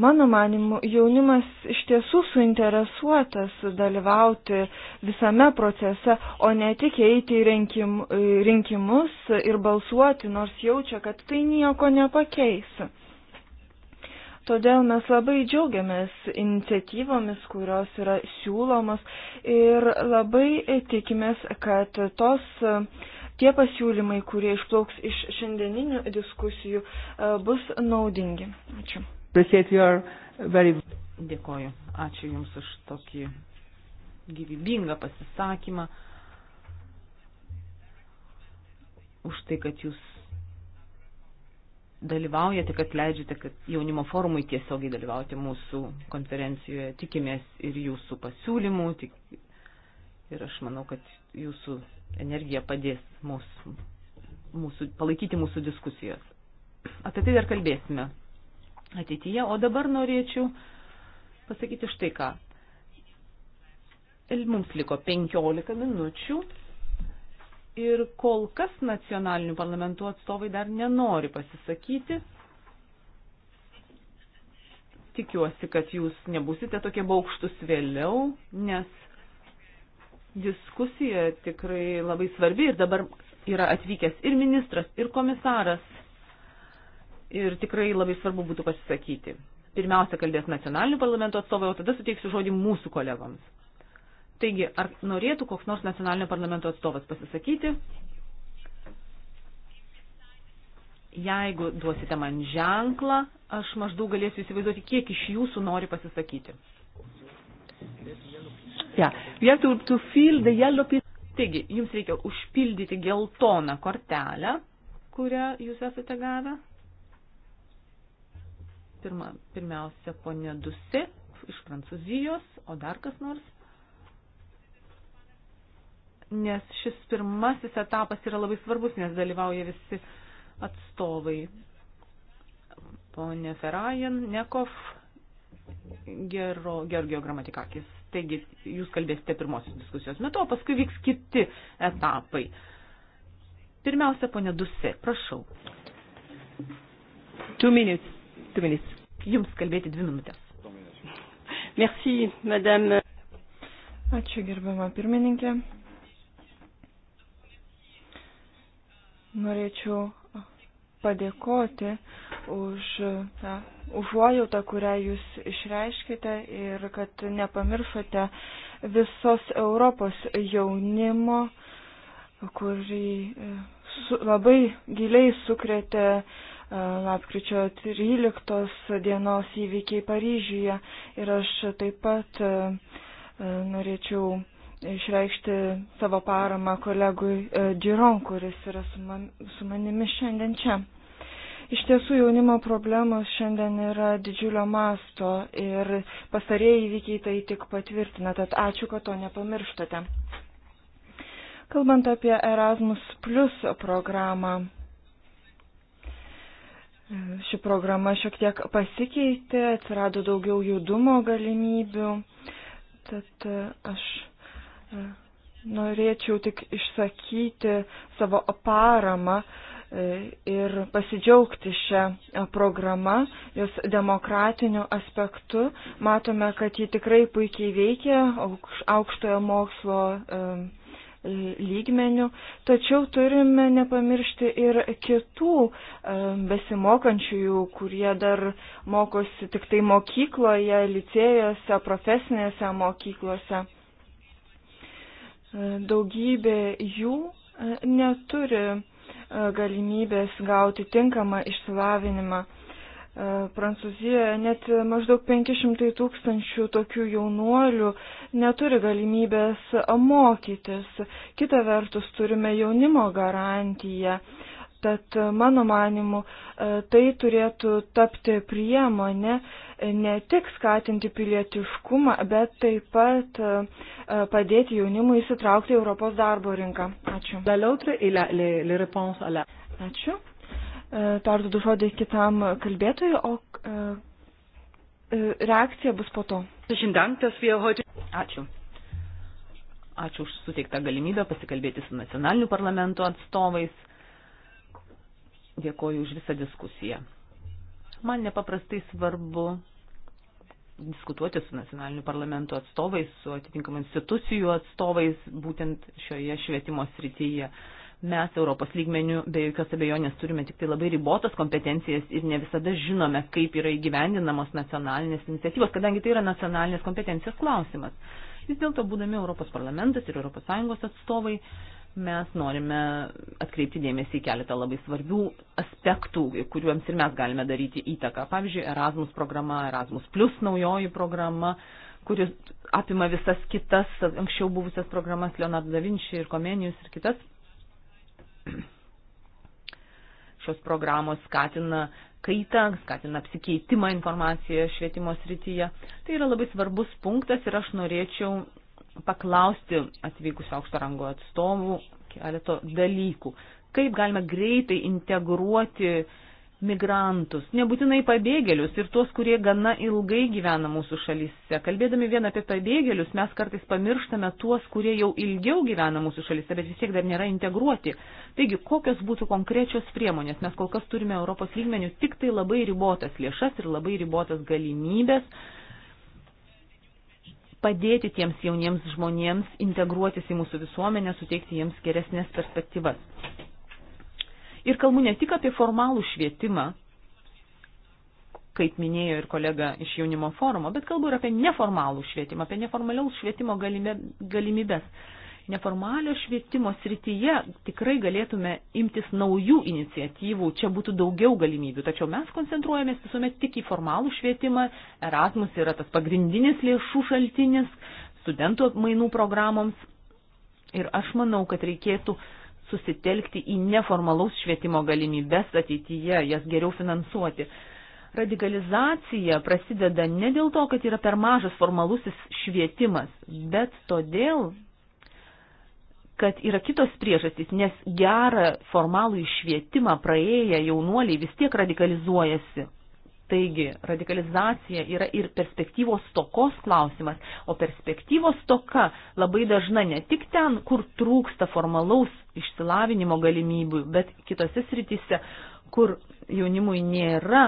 Mano manimu, jaunimas iš tiesų suinteresuotas dalyvauti visame procese, o ne tik eiti į rinkim, rinkimus ir balsuoti, nors jaučia, kad tai nieko nepakeis. Todėl mes labai džiaugiamės iniciatyvomis, kurios yra siūlomos ir labai tikimės, kad tos tie pasiūlymai, kurie išplauks iš šiandieninių diskusijų, e, bus naudingi. Ačiū. Very... Dėkoju. Ačiū Jums už tokį gyvybingą pasisakymą, už tai, kad Jūs dalyvaujate, kad leidžiate kad jaunimo forumui tiesiogiai dalyvauti mūsų konferencijoje. Tikimės ir jūsų pasiūlymų. Tik... Ir aš manau, kad jūsų energija padės mūsų, mūsų, palaikyti mūsų diskusijos. Apie tai dar kalbėsime ateityje. O dabar norėčiau pasakyti štai ką. Ir mums liko 15 minučių ir kol kas nacionalinių parlamentų atstovai dar nenori pasisakyti. Tikiuosi, kad jūs nebusite tokie baukštus vėliau, nes diskusija tikrai labai svarbi ir dabar yra atvykęs ir ministras, ir komisaras. Ir tikrai labai svarbu būtų pasisakyti. Pirmiausia, kalbės nacionalinių parlamento atstovai, o tada suteiksiu žodį mūsų kolegoms. Taigi, ar norėtų koks nors nacionalinio parlamento atstovas pasisakyti? Jeigu duosite man ženklą, aš maždaug galėsiu įsivaizduoti, kiek iš jūsų nori pasisakyti. Yeah. To, to yellow... Taigi, jums reikia užpildyti geltoną kortelę, kurią jūs esate gavę. Pirma, pirmiausia, ponė Dusi iš Prancūzijos, o dar kas nors nes šis pirmasis etapas yra labai svarbus, nes dalyvauja visi atstovai. Pone Ferajan, Nekov, Gero, Gergio Gramatikakis. Taigi, jūs kalbėsite pirmosios diskusijos metu, o paskui vyks kiti etapai. Pirmiausia, ponė Dusė, prašau. Two minutes. Two minutes. Jums kalbėti dvi minutės. Merci, madame. Ačiū, gerbama pirmininkė. Norėčiau padėkoti už tą užuojautą, kurią jūs išreiškite ir kad nepamiršote visos Europos jaunimo, kurį e, su, labai giliai sukrėtė e, lapkričio 13 dienos įvykiai Paryžiuje. Ir aš taip pat e, norėčiau išreikšti savo paramą kolegui Džiron, e, kuris yra su, man, su manimi šiandien čia. Iš tiesų jaunimo problemos šiandien yra didžiulio masto ir pastarėjai įvykiai tai tik patvirtina, tad ačiū, kad to nepamirštate. Kalbant apie Erasmus Plus programą, e, ši programa šiek tiek pasikeitė, atsirado daugiau judumo galimybių, tad e, aš Norėčiau tik išsakyti savo paramą e, ir pasidžiaugti šią programą, jos demokratiniu aspektu. Matome, kad ji tikrai puikiai veikia aukštojo mokslo e, lygmenių, tačiau turime nepamiršti ir kitų e, besimokančiųjų, kurie dar mokosi tik tai mokykloje, licėjose, profesinėse mokyklose. Daugybė jų e, neturi e, galimybės gauti tinkamą išsilavinimą. E, Prancūzijoje net maždaug 500 tūkstančių tokių jaunuolių neturi galimybės mokytis. Kita vertus turime jaunimo garantiją. Tad mano manimu, tai turėtų tapti priemonė ne tik skatinti pilietiškumą, bet taip pat e, padėti jaunimui įsitraukti į Europos darbo rinką. Ačiū. Ačiū. E, perduodu žodį kitam kalbėtojui, o e, reakcija bus po to. Ačiū. Ačiū už suteiktą galimybę pasikalbėti su nacionaliniu parlamento atstovais. Dėkoju už visą diskusiją. Man nepaprastai svarbu diskutuoti su nacionaliniu parlamentu atstovais, su atitinkamų institucijų atstovais būtent šioje švietimo srityje. Mes Europos lygmenių be jokios abejonės turime tik tai labai ribotas kompetencijas ir ne visada žinome, kaip yra įgyvendinamos nacionalinės iniciatyvos, kadangi tai yra nacionalinės kompetencijos klausimas. Vis dėlto, būdami Europos parlamentas ir ES atstovai, mes norime atkreipti dėmesį į keletą labai svarbių aspektų, kuriuoms ir mes galime daryti įtaką. Pavyzdžiui, Erasmus programa, Erasmus Plus naujoji programa, kuris apima visas kitas anksčiau buvusias programas Leonardo da Vinci ir Komenijus ir kitas. Šios programos skatina kaitą, skatina apsikeitimą informaciją švietimo srityje. Tai yra labai svarbus punktas ir aš norėčiau paklausti atvykusių aukšto rango atstovų keleto dalykų. Kaip galime greitai integruoti migrantus, nebūtinai pabėgėlius ir tuos, kurie gana ilgai gyvena mūsų šalyse. Kalbėdami vien apie pabėgėlius, mes kartais pamirštame tuos, kurie jau ilgiau gyvena mūsų šalyse, bet vis tiek dar nėra integruoti. Taigi, kokios būtų konkrečios priemonės? Mes kol kas turime Europos lygmenių tik tai labai ribotas lėšas ir labai ribotas galimybės padėti tiems jauniems žmonėms integruotis į mūsų visuomenę, suteikti jiems geresnės perspektyvas. Ir kalbu ne tik apie formalų švietimą, kaip minėjo ir kolega iš jaunimo forumo, bet kalbu ir apie neformalų švietimą, apie neformaliaus švietimo galimybės neformalio švietimo srityje tikrai galėtume imtis naujų iniciatyvų, čia būtų daugiau galimybių, tačiau mes koncentruojamės visuomet tik į formalų švietimą, Erasmus yra tas pagrindinis lėšų šaltinis studentų mainų programoms ir aš manau, kad reikėtų susitelkti į neformalaus švietimo galimybės ateityje, jas geriau finansuoti radikalizacija prasideda ne dėl to, kad yra per mažas formalusis švietimas, bet todėl, kad yra kitos priežastys, nes gerą formalų išvietimą praėję jaunuoliai vis tiek radikalizuojasi. Taigi, radikalizacija yra ir perspektyvos stokos klausimas, o perspektyvos stoka labai dažna ne tik ten, kur trūksta formalaus išsilavinimo galimybių, bet kitose srityse, kur jaunimui nėra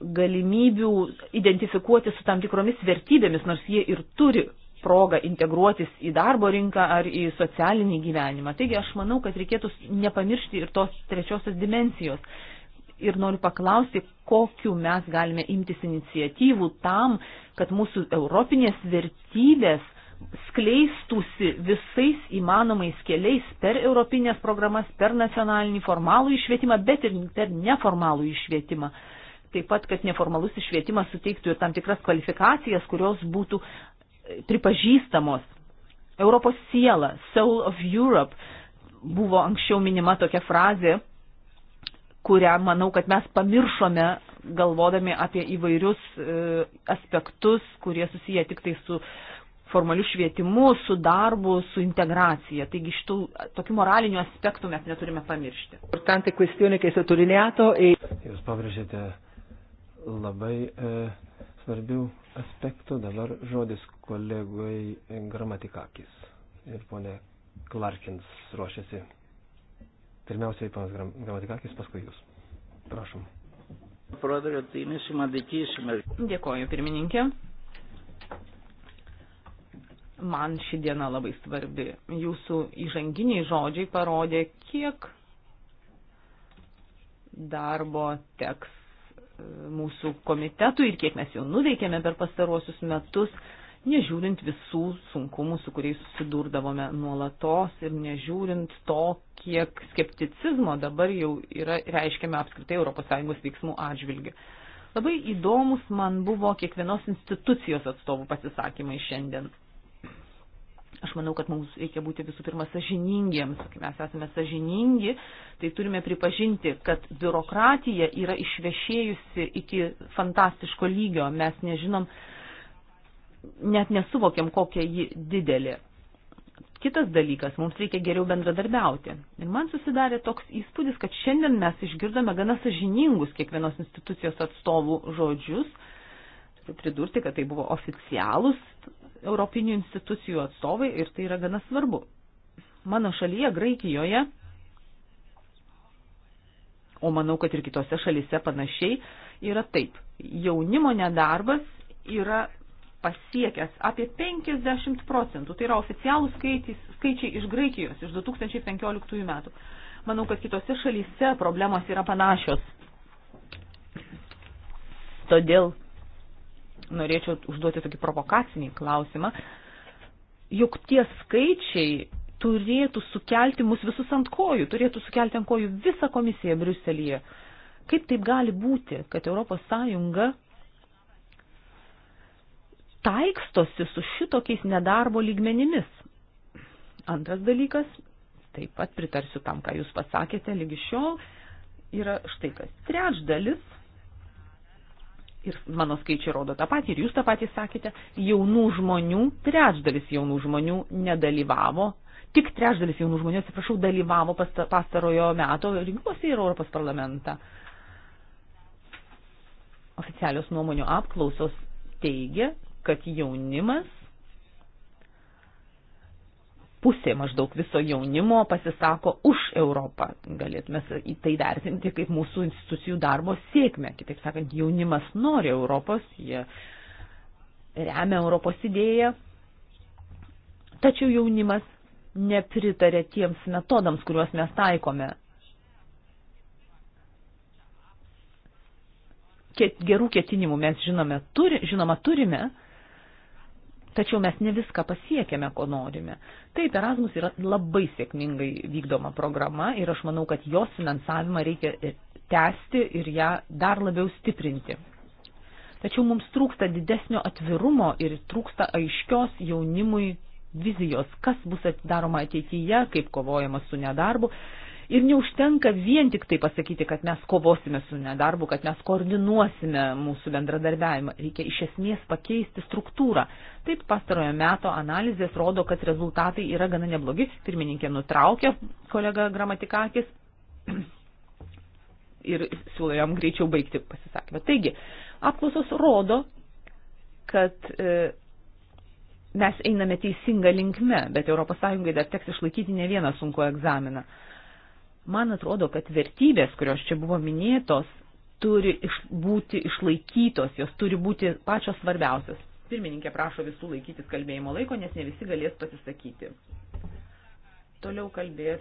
galimybių identifikuoti su tam tikromis vertybėmis, nors jie ir turi progą integruotis į darbo rinką ar į socialinį gyvenimą. Taigi aš manau, kad reikėtų nepamiršti ir tos trečiosios dimensijos. Ir noriu paklausti, kokiu mes galime imtis iniciatyvų tam, kad mūsų europinės vertybės skleistųsi visais įmanomais keliais per europinės programas, per nacionalinį formalų išvietimą, bet ir per neformalų išvietimą taip pat, kad neformalus išvietimas suteiktų ir tam tikras kvalifikacijas, kurios būtų pripažįstamos. Europos siela, Soul of Europe, buvo anksčiau minima tokia frazė, kurią manau, kad mes pamiršome, galvodami apie įvairius e, aspektus, kurie susiję tik tai su formaliu švietimu, su darbu, su integracija. Taigi šitų tokių moralinių aspektų mes neturime pamiršti. E- Jūs pabrėžėte labai e, svarbių aspektų. Dabar žodis kolegui Gramatikakis ir ponė Clarkins ruošiasi. Pirmiausiai ponas Gramatikakis, paskui jūs. Prašom. Tai Dėkoju, pirmininkė. Man ši diena labai svarbi. Jūsų įžanginiai žodžiai parodė, kiek darbo teks mūsų komitetui ir kiek mes jau nuveikėme per pastaruosius metus, nežiūrint visų sunkumų, su kuriais susidurdavome nuolatos ir nežiūrint to, kiek skepticizmo dabar jau yra reiškiame apskritai ES veiksmų atžvilgiu. Labai įdomus man buvo kiekvienos institucijos atstovų pasisakymai šiandien. Aš manau, kad mums reikia būti visų pirma sažiningiems. Kai mes esame sažiningi, tai turime pripažinti, kad biurokratija yra išvešėjusi iki fantastiško lygio. Mes nežinom, net nesuvokiam, kokia ji didelė. Kitas dalykas, mums reikia geriau bendradarbiauti. Ir man susidarė toks įspūdis, kad šiandien mes išgirdome gana sažiningus kiekvienos institucijos atstovų žodžius. Turiu pridurti, kad tai buvo oficialūs europinių institucijų atstovai ir tai yra gana svarbu. Mano šalyje, Graikijoje, o manau, kad ir kitose šalyse panašiai, yra taip. Jaunimo nedarbas yra pasiekęs apie 50 procentų. Tai yra oficialų skaitis, skaičiai iš Graikijos iš 2015 metų. Manau, kad kitose šalyse problemos yra panašios. Todėl norėčiau užduoti tokį provokacinį klausimą. Juk tie skaičiai turėtų sukelti mus visus ant kojų, turėtų sukelti ant kojų visą komisiją Briuselyje. Kaip taip gali būti, kad Europos Sąjunga taikstosi su šitokiais nedarbo lygmenimis? Antras dalykas, taip pat pritarsiu tam, ką jūs pasakėte lygi šiol, yra štai kas. Trečdalis ir mano skaičiai rodo tą patį, ir jūs tą patį sakėte, jaunų žmonių, trečdalis jaunų žmonių nedalyvavo, tik trečdalis jaunų žmonių, atsiprašau, dalyvavo pastarojo meto rinkimuose į Europos parlamentą. Oficialios nuomonių apklausos teigia, kad jaunimas pusė maždaug viso jaunimo pasisako už Europą. Galėtume į tai vertinti kaip mūsų institucijų darbo sėkmę. Kitaip sakant, jaunimas nori Europos, jie remia Europos idėją, tačiau jaunimas nepritarė tiems metodams, kuriuos mes taikome. Gerų ketinimų mes žinome, turi, žinoma turime, Tačiau mes ne viską pasiekėme, ko norime. Taip, Erasmus yra labai sėkmingai vykdoma programa ir aš manau, kad jos finansavimą reikia tęsti ir ją dar labiau stiprinti. Tačiau mums trūksta didesnio atvirumo ir trūksta aiškios jaunimui vizijos, kas bus daroma ateityje, kaip kovojama su nedarbu. Ir neužtenka vien tik tai pasakyti, kad mes kovosime su nedarbu, kad mes koordinuosime mūsų bendradarbiavimą. Reikia iš esmės pakeisti struktūrą. Taip pastarojo meto analizės rodo, kad rezultatai yra gana neblogi. Pirmininkė nutraukė kolega Gramatikakis ir siūlo jam greičiau baigti pasisakymą. Taigi, apklausos rodo, kad e, mes einame teisinga linkme, bet ES dar teks išlaikyti ne vieną sunkų egzaminą. E, Man atrodo, kad vertybės, kurios čia buvo minėtos, turi iš, būti išlaikytos, jos turi būti pačios svarbiausios. Pirmininkė prašo visų laikytis kalbėjimo laiko, nes ne visi galės pasisakyti. Toliau kalbės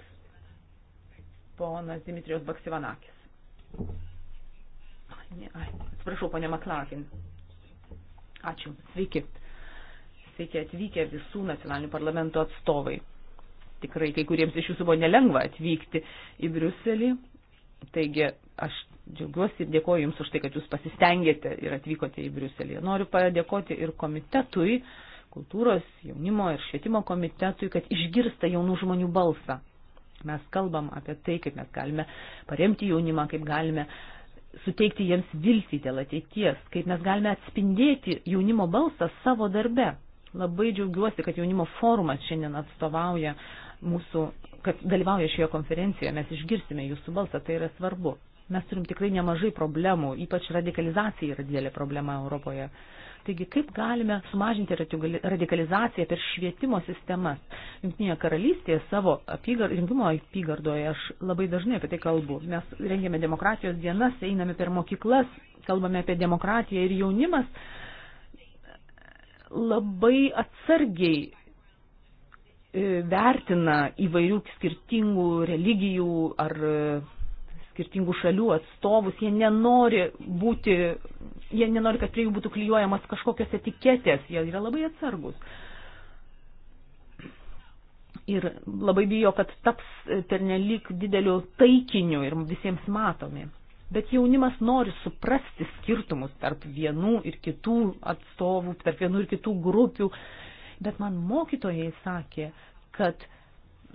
ponas Dimitrijos Baksivanakis. Ne, ai, atsiprašau, ponė Maklakin. Ačiū. Sveiki. Sveiki atvykę visų nacionalinių parlamento atstovai tikrai kai kuriems iš jūsų buvo nelengva atvykti į Briuselį. Taigi aš džiaugiuosi ir dėkoju Jums už tai, kad Jūs pasistengėte ir atvykote į Briuselį. Noriu padėkoti ir komitetui, kultūros, jaunimo ir švietimo komitetui, kad išgirsta jaunų žmonių balsą. Mes kalbam apie tai, kaip mes galime paremti jaunimą, kaip galime suteikti jiems viltį dėl ateities, kaip mes galime atspindėti jaunimo balsą savo darbe. Labai džiaugiuosi, kad jaunimo forumas šiandien atstovauja uh, mūsų, kad dalyvauja šioje konferencijoje, mes išgirsime jūsų balsą, tai yra svarbu. Mes turim tikrai nemažai problemų, ypač radikalizacija yra didelė problema Europoje. Taigi, kaip galime sumažinti radikalizaciją per švietimo sistemas? Junktinėje karalystėje savo apygard, rinkimo apygardoje aš labai dažnai apie tai kalbu. Mes rengiame demokratijos dienas, einame per mokyklas, kalbame apie demokratiją ir jaunimas labai atsargiai E, vertina įvairių skirtingų religijų ar e, skirtingų šalių atstovus, jie nenori būti, jie nenori, kad prie jų būtų klyjuojamas kažkokios etiketės, jie yra labai atsargus. Ir labai bijo, kad taps pernelyg dideliu taikiniu ir visiems matomi. Bet jaunimas nori suprasti skirtumus tarp vienų ir kitų atstovų, tarp vienų ir kitų grupių bet man mokytojai sakė, kad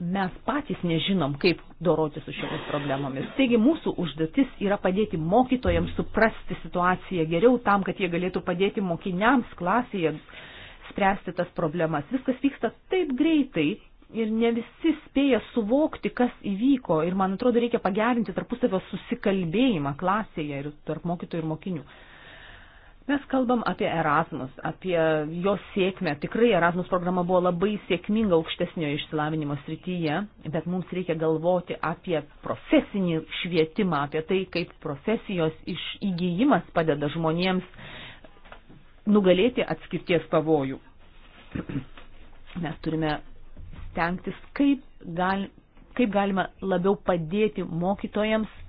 mes patys nežinom, kaip doroti su šiomis problemomis. Taigi mūsų užduotis yra padėti mokytojams suprasti situaciją geriau tam, kad jie galėtų padėti mokiniams klasėje spręsti tas problemas. Viskas vyksta taip greitai. Ir ne visi spėja suvokti, kas įvyko. Ir man atrodo, reikia pagerinti tarpusavio susikalbėjimą klasėje ir tarp mokytojų ir mokinių. Mes kalbam apie Erasmus, apie jo sėkmę. Tikrai Erasmus programa buvo labai sėkminga aukštesnio išsilavinimo srityje, bet mums reikia galvoti apie profesinį švietimą, apie tai, kaip profesijos įgyjimas padeda žmonėms nugalėti atskirties pavojų. Mes turime stengtis, kaip, gal, kaip galima labiau padėti mokytojams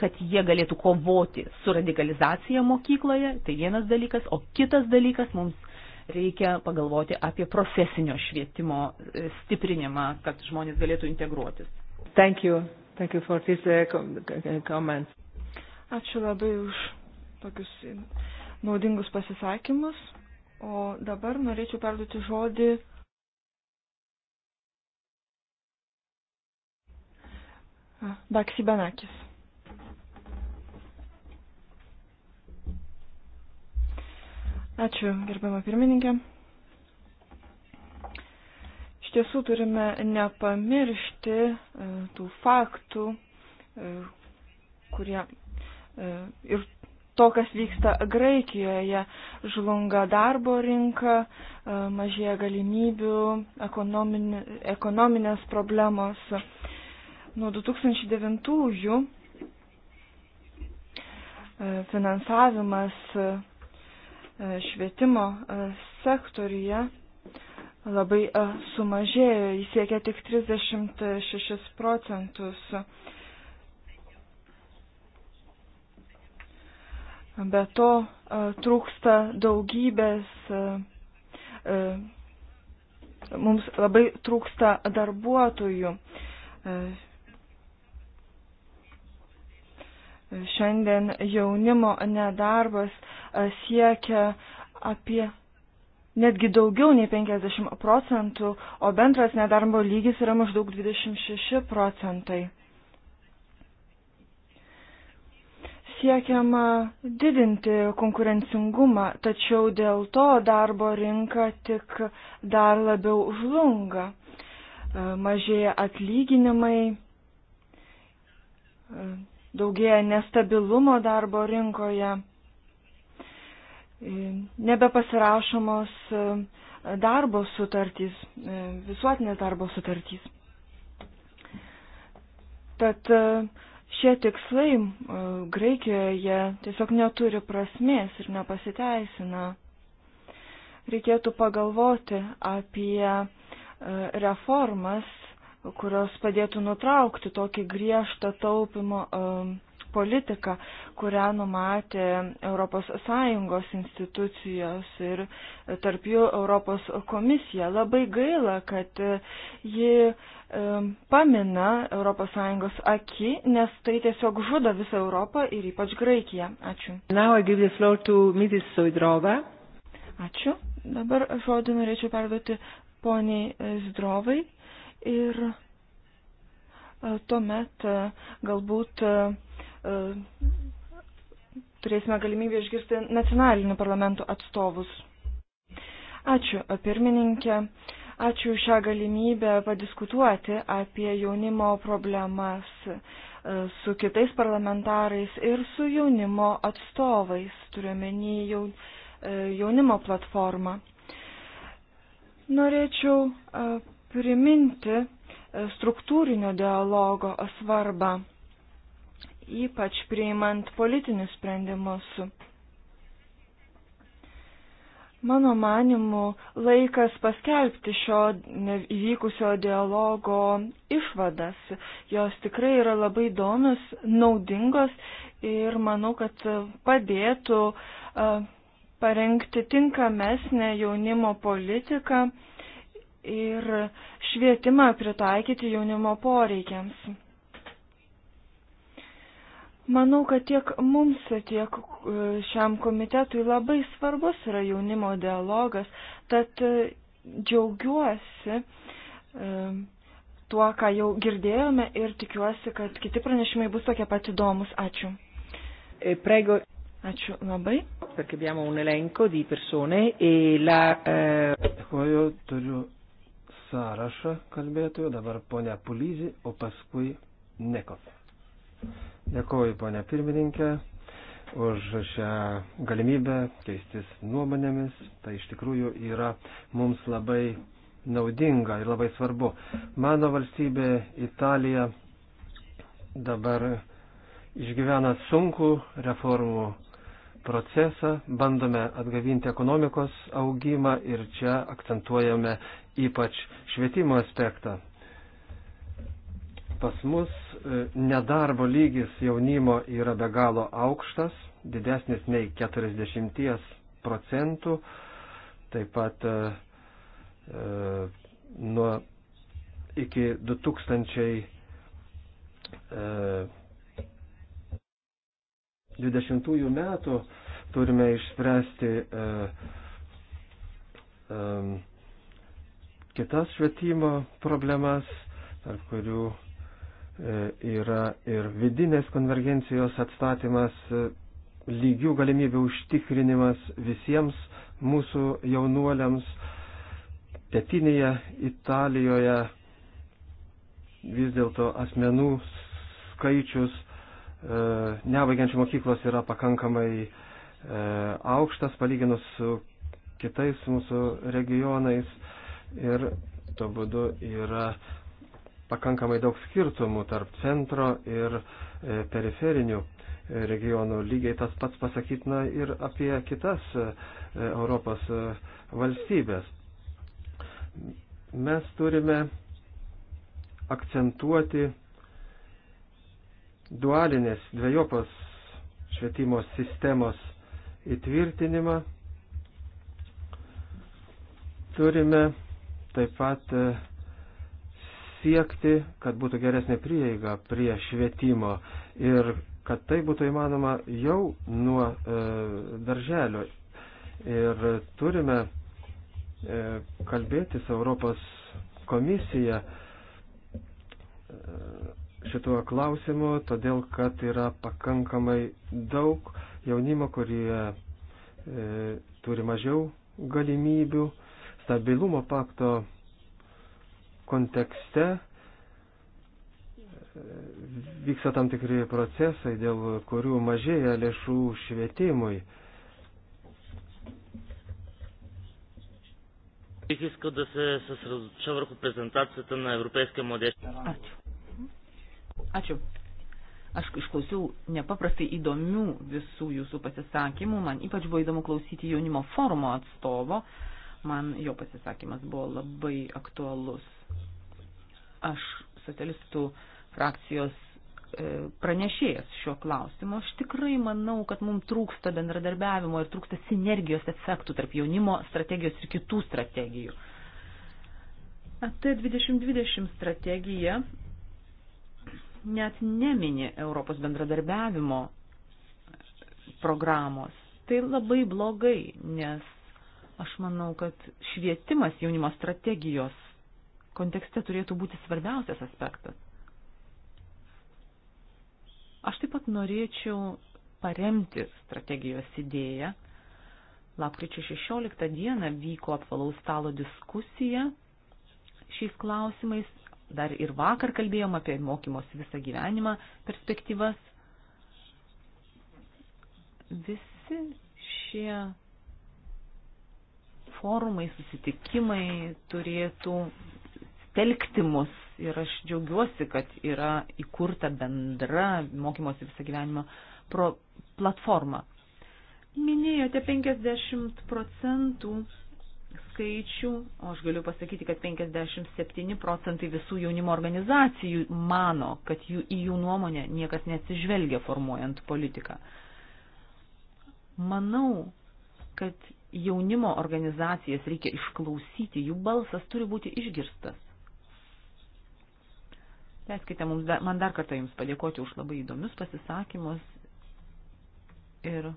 kad jie galėtų kovoti su radikalizacija mokykloje, tai vienas dalykas, o kitas dalykas mums reikia pagalvoti apie profesinio švietimo e, stiprinimą, kad žmonės galėtų integruotis. Thank you. Thank you for this uh, uh, comment. Ačiū labai už tokius naudingus pasisakymus. O dabar norėčiau perduoti žodį Baksi Benakis. Ačiū, gerbama pirmininkė. Iš tiesų turime nepamiršti e, tų faktų, e, kurie e, ir to, kas vyksta Graikijoje, žlunga darbo rinka, mažėja galimybių, ekonominės problemos. Nuo 2009 finansavimas E, švietimo e, sektoriuje labai e, sumažėjo, jis siekia tik 36 procentus. Be to trūksta daugybės, mums labai trūksta darbuotojų Šiandien jaunimo nedarbas e, siekia apie netgi daugiau nei 50 procentų, o bendras nedarbo lygis yra maždaug 26 procentai. Siekiama didinti konkurencingumą, tačiau dėl to darbo rinka tik dar labiau žlunga. E, mažėja atlyginimai, e, daugėja nestabilumo darbo rinkoje, nebepasirašomos e, darbo sutartys, e, visuotinės darbo sutartys. Tad e, šie tikslai Graikijoje tiesiog neturi prasmės ir nepasiteisina. Reikėtų pagalvoti apie reformas kurios padėtų nutraukti tokį griežtą taupimo um, politiką, kurią numatė ES institucijos ir tarp jų Europos komisija. Labai gaila, kad uh, ji um, pamina ES aki, nes tai tiesiog žudo visą Europą ir ypač Graikiją. Ačiū. Ačiū. Dabar žodį norėčiau perduoti poniai Zdrovai. Ir e, tuomet e, galbūt e, turėsime galimybę išgirsti nacionalinių parlamentų atstovus. Ačiū, pirmininkė. Ačiū šią galimybę padiskutuoti apie jaunimo problemas su kitais parlamentarais ir su jaunimo atstovais, turiuomenį jaunimo platformą. Norėčiau priminti e, struktūrinio dialogo svarbą, ypač priimant politinius sprendimus. Mano manimu, laikas paskelbti šio įvykusio dialogo išvadas. Jos tikrai yra labai įdomios, naudingos ir manau, kad padėtų e, parengti tinkamesnę jaunimo politiką ir švietimą pritaikyti jaunimo poreikiams. Manau, kad tiek mums, tiek e, šiam komitetui labai svarbus yra jaunimo dialogas, tad e, džiaugiuosi e, tuo, ką jau girdėjome ir tikiuosi, kad kiti pranešimai bus tokie pat įdomus. Ačiū. Prego. Ačiū labai. Perché abbiamo un elenco di persone e la... Eh... Dėkuoju, turiu sąrašą kalbėtojų, dabar ponia Pulyzi, o paskui Nekov. Dėkuoju ponia pirmininkė už šią galimybę keistis nuomonėmis. Tai iš tikrųjų yra mums labai naudinga ir labai svarbu. Mano valstybė Italija dabar išgyvena sunku reformų procesą, bandome atgavinti ekonomikos augimą ir čia akcentuojame ypač švietimo aspektą. Pas mus e, nedarbo lygis jaunimo yra be galo aukštas, didesnis nei 40 procentų, taip pat e, e nuo iki 2020 e, metų turime išspręsti e, e, kitas švietimo problemas, tarp kurių e, yra ir vidinės konvergencijos atstatymas, e, lygių galimybių užtikrinimas visiems mūsų jaunuoliams. Pietinėje Italijoje vis dėlto asmenų skaičius e, nevaigiančių mokyklos yra pakankamai aukštas palyginus su kitais mūsų regionais ir to būdu yra pakankamai daug skirtumų tarp centro ir e, periferinių e, regionų. Lygiai tas pats pasakytina ir apie kitas e, Europos valstybės. Mes turime akcentuoti dualinės dviejopos švietimo sistemos įtvirtinimą. Turime taip pat e, siekti, kad būtų geresnė prieiga prie švietimo ir kad tai būtų įmanoma jau nuo e, darželio. Ir turime e, kalbėtis Europos komisija e, šituo klausimu, todėl kad yra pakankamai daug jaunimo, kurie e, turi mažiau galimybių e, stabilumo pakto kontekste vyksta tam tikri procesai, dėl kurių mažėja lėšų švietimui. Бих искал да се съсредоточа върху презентацията на Европейския младеж. Ačiū. Ačiū. Aš išklausiau nepaprastai įdomių visų jūsų pasisakymų. Man ypač buvo įdomu klausyti jaunimo forumo atstovo. Uh, Man jo pasisakymas buvo labai aktualus. Aš socialistų frakcijos e, pranešėjas šio klausimo. Aš tikrai manau, kad mums trūksta bendradarbiavimo ir trūksta sinergijos efektų tarp jaunimo strategijos ir kitų strategijų. AT2020 strategija net nemini Europos bendradarbiavimo programos. Tai labai blogai, nes Aš manau, kad švietimas jaunimo strategijos kontekste turėtų būti svarbiausias aspektas. Aš taip pat norėčiau paremti strategijos idėją. Lapkričio 16 dieną vyko apvalaus stalo diskusija šiais klausimais. Dar ir vakar kalbėjom apie mokymosi visą gyvenimą perspektyvas. Visi šie forumai, susitikimai turėtų telkti mus. Ir aš džiaugiuosi, kad yra įkurta bendra mokymosi visą gyvenimą pro platforma. Minėjote 50 procentų skaičių, o aš galiu pasakyti, kad 57 procentai visų jaunimo organizacijų mano, kad jų, į jų nuomonę niekas neatsižvelgia formuojant politiką. Manau, kad jaunimo organizacijas reikia išklausyti, jų balsas turi būti išgirstas. Leiskite mums, da, man dar kartą Jums padėkoti už labai įdomius pasisakymus ir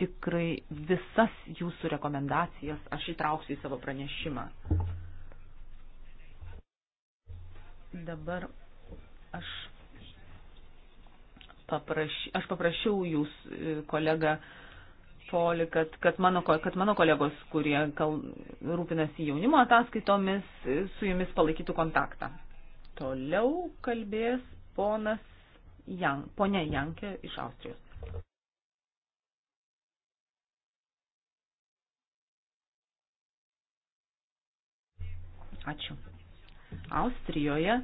tikrai visas Jūsų rekomendacijas aš įtrauksiu į savo pranešimą. Dabar aš, papraš, aš paprašiau Jūs e, kolegą Poli, kad, kad, mano, kad mano kolegos, kurie kal, rūpinasi jaunimo ataskaitomis, su jumis palaikytų kontaktą. Toliau kalbės ponas Jan, ponė Jankė iš Austrijos. Ačiū. Austrijoje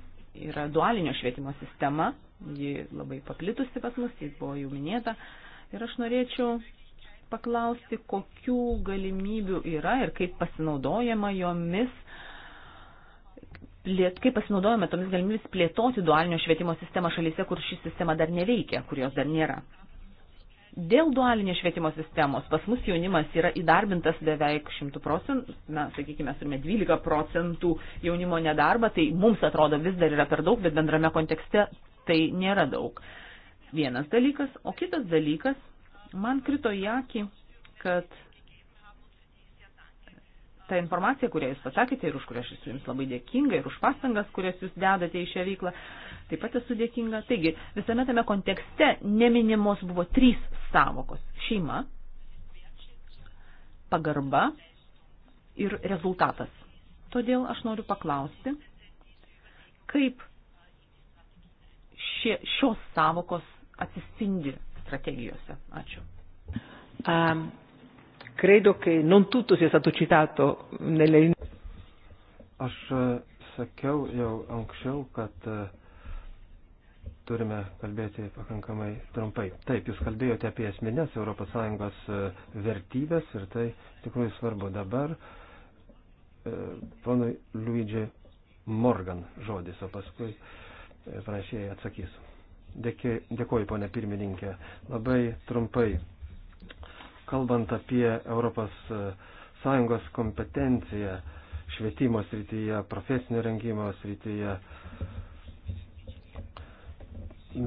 yra dualinio švietimo sistema, ji labai paplitusi pas mus, jis buvo jau minėta. Ir aš norėčiau paklausti, kokių galimybių yra ir kaip pasinaudojama jomis, kaip pasinaudojame tomis galimybėmis plėtoti dualinio švietimo sistemą šalyse, kur ši sistema dar neveikia, kur jos dar nėra. Dėl dualinio švietimo sistemos pas mus jaunimas yra įdarbintas beveik 100 procentų, na, sakykime, turime 12 procentų jaunimo nedarbą, tai mums atrodo vis dar yra per daug, bet bendrame kontekste tai nėra daug. Vienas dalykas, o kitas dalykas Man krito į akį, kad ta informacija, kurią jūs pasakėte ir už kurią aš esu jums labai dėkinga ir už pastangas, kurias jūs dedate į šią veiklą, taip pat esu dėkinga. Taigi, visame tame kontekste neminimos buvo trys savokos - šeima, pagarba ir rezultatas. Todėl aš noriu paklausti, kaip šie, šios savokos atsispindi strategijose. Ačiū. Um, credo che non tutto sia stato citato nelle. Aš uh, sakiau jau anksčiau, kad uh, turime kalbėti pakankamai trumpai. Taip, jūs kalbėjote apie esminės ES uh, vertybės ir tai tikrai svarbu dabar. Ponui Luigi Morgan žodis, o paskui pranešėjai atsakys. Dėkė, dėkoju, ponė pirmininkė. Labai trumpai, kalbant apie Europos e, Sąjungos kompetenciją švietimo srityje, profesinio rengimo srityje,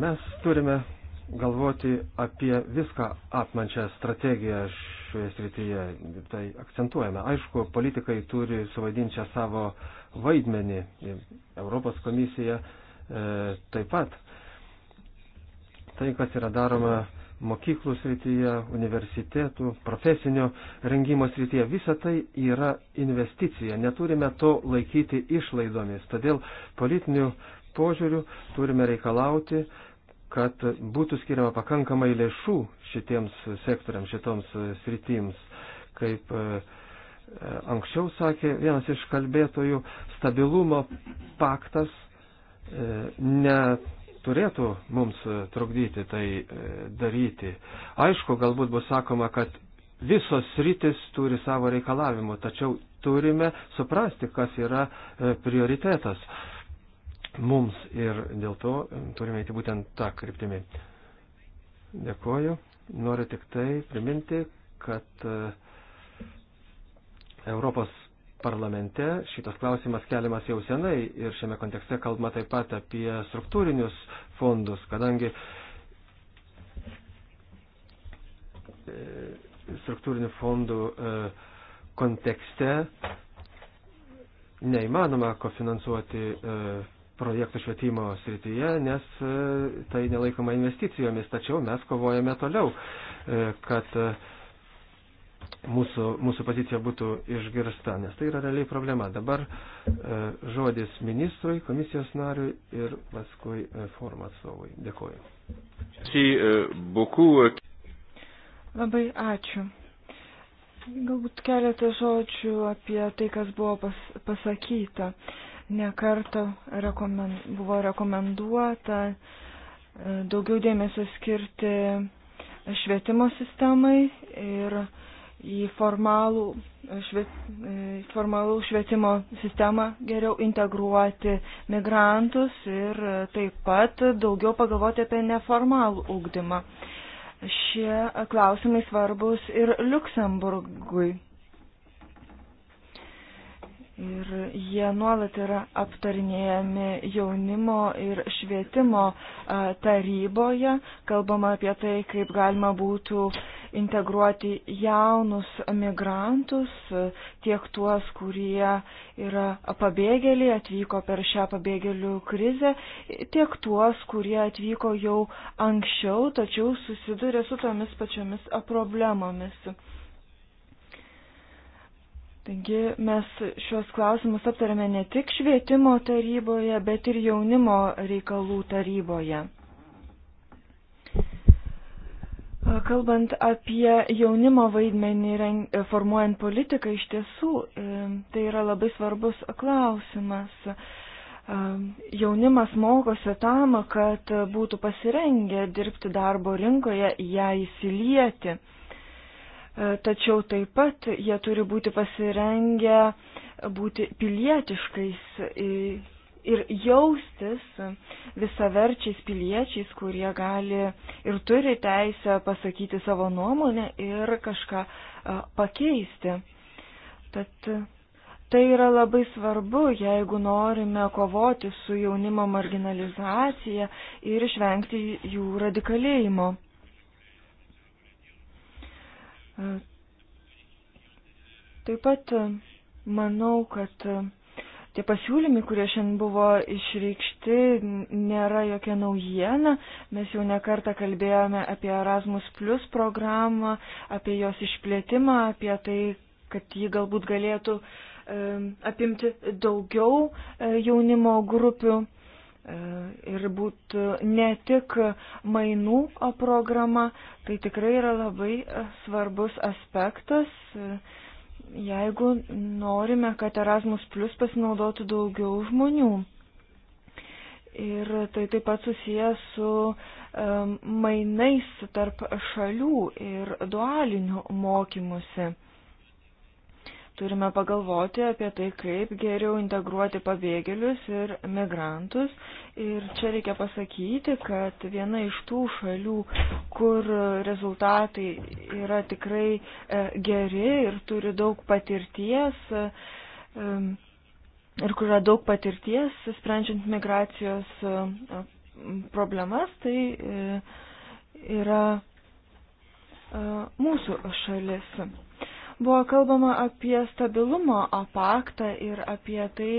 mes turime galvoti apie viską apmančią strategiją šioje srityje. Tai akcentuojame. Aišku, politikai turi suvaidinčią savo vaidmenį. Europos komisija e, taip pat tai, kas yra daroma mokyklų srityje, universitetų, profesinio rengimo srityje. Visa tai yra investicija, neturime to laikyti išlaidomis. Todėl politinių požiūrių turime reikalauti, kad būtų skiriama pakankamai lėšų šitiems sektoriams, šitoms sritims, kaip e, e, anksčiau sakė vienas iš kalbėtojų, stabilumo paktas e, ne turėtų mums e, trukdyti tai e, daryti. Aišku, galbūt bus sakoma, kad visos rytis turi savo reikalavimų, tačiau turime suprasti, kas yra e, prioritetas mums ir dėl to turime eiti būtent tą kryptimį. Dėkuoju. Noriu tik tai priminti, kad Europos parlamente šitas klausimas keliamas jau senai ir šiame kontekste kalbama taip pat apie struktūrinius fondus, kadangi e, struktūrinių fondų e, kontekste neįmanoma kofinansuoti e, projektų švietimo srityje, nes tai nelaikoma investicijomis, tačiau mes kovojame toliau, kad mūsų, mūsų pozicija būtų išgirsta, nes tai yra realiai problema. Dabar e, žodis ministrui, komisijos nariui ir paskui e, formą atstovui. Dėkuoju. E, e. Labai ačiū. Galbūt keletą žodžių apie tai, kas buvo pas, pasakyta. Nekarto rekomen, buvo rekomenduota e, daugiau dėmesio skirti švietimo sistemai ir uh, į formalų, šviet, formalų švietimo sistemą geriau integruoti migrantus ir taip pat daugiau pagalvoti apie neformalų ūkdymą. Šie klausimai svarbus ir Luksemburgui. Ir jie nuolat yra aptarinėjami jaunimo ir švietimo taryboje. Kalbama apie tai, kaip galima būtų uh, integruoti jaunus migrantus, tiek tuos, kurie yra pabėgėliai, atvyko per šią pabėgėlių krizę, tiek tuos, kurie atvyko jau anksčiau, tačiau susidurė su tomis pačiomis problemomis. Taigi mes šios klausimus aptarėme ne tik švietimo taryboje, bet ir jaunimo reikalų taryboje. Kalbant apie jaunimo vaidmenį formuojant politiką, iš tiesų e, tai yra labai svarbus klausimas. E, jaunimas mokosi tam, kad būtų pasirengę dirbti darbo rinkoje, ją įsilieti. E, tačiau taip pat jie turi būti pasirengę būti pilietiškais ir jaustis visaverčiais piliečiais, kurie gali ir turi teisę pasakyti savo nuomonę ir kažką pakeisti. Tad tai yra labai svarbu, jeigu norime kovoti su jaunimo marginalizacija ir išvengti jų radikalėjimo. Taip pat manau, kad Tie pasiūlymai, kurie šiandien buvo išreikšti, nėra jokia naujiena. Mes jau nekartą kalbėjome apie Erasmus Plus programą, apie jos išplėtimą, apie tai, kad ji galbūt galėtų apimti daugiau e, jaunimo grupių e, ir būtų e, ne tik mainų programa, tai tikrai yra labai svarbus aspektas jeigu norime, kad Erasmus Plus pasinaudotų daugiau žmonių. Ir tai taip pat susiję su um, mainais tarp šalių ir dualiniu mokymusi. Turime pagalvoti apie tai, kaip geriau integruoti pabėgėlius ir migrantus Ir čia reikia pasakyti, kad viena iš tų šalių, kur rezultatai yra tikrai e, geri ir turi daug patirties, e, ir kur yra daug patirties sprendžiant migracijos e, problemas, tai yra mūsų šalis. Buvo kalbama apie stabilumo apaktą ir apie tai,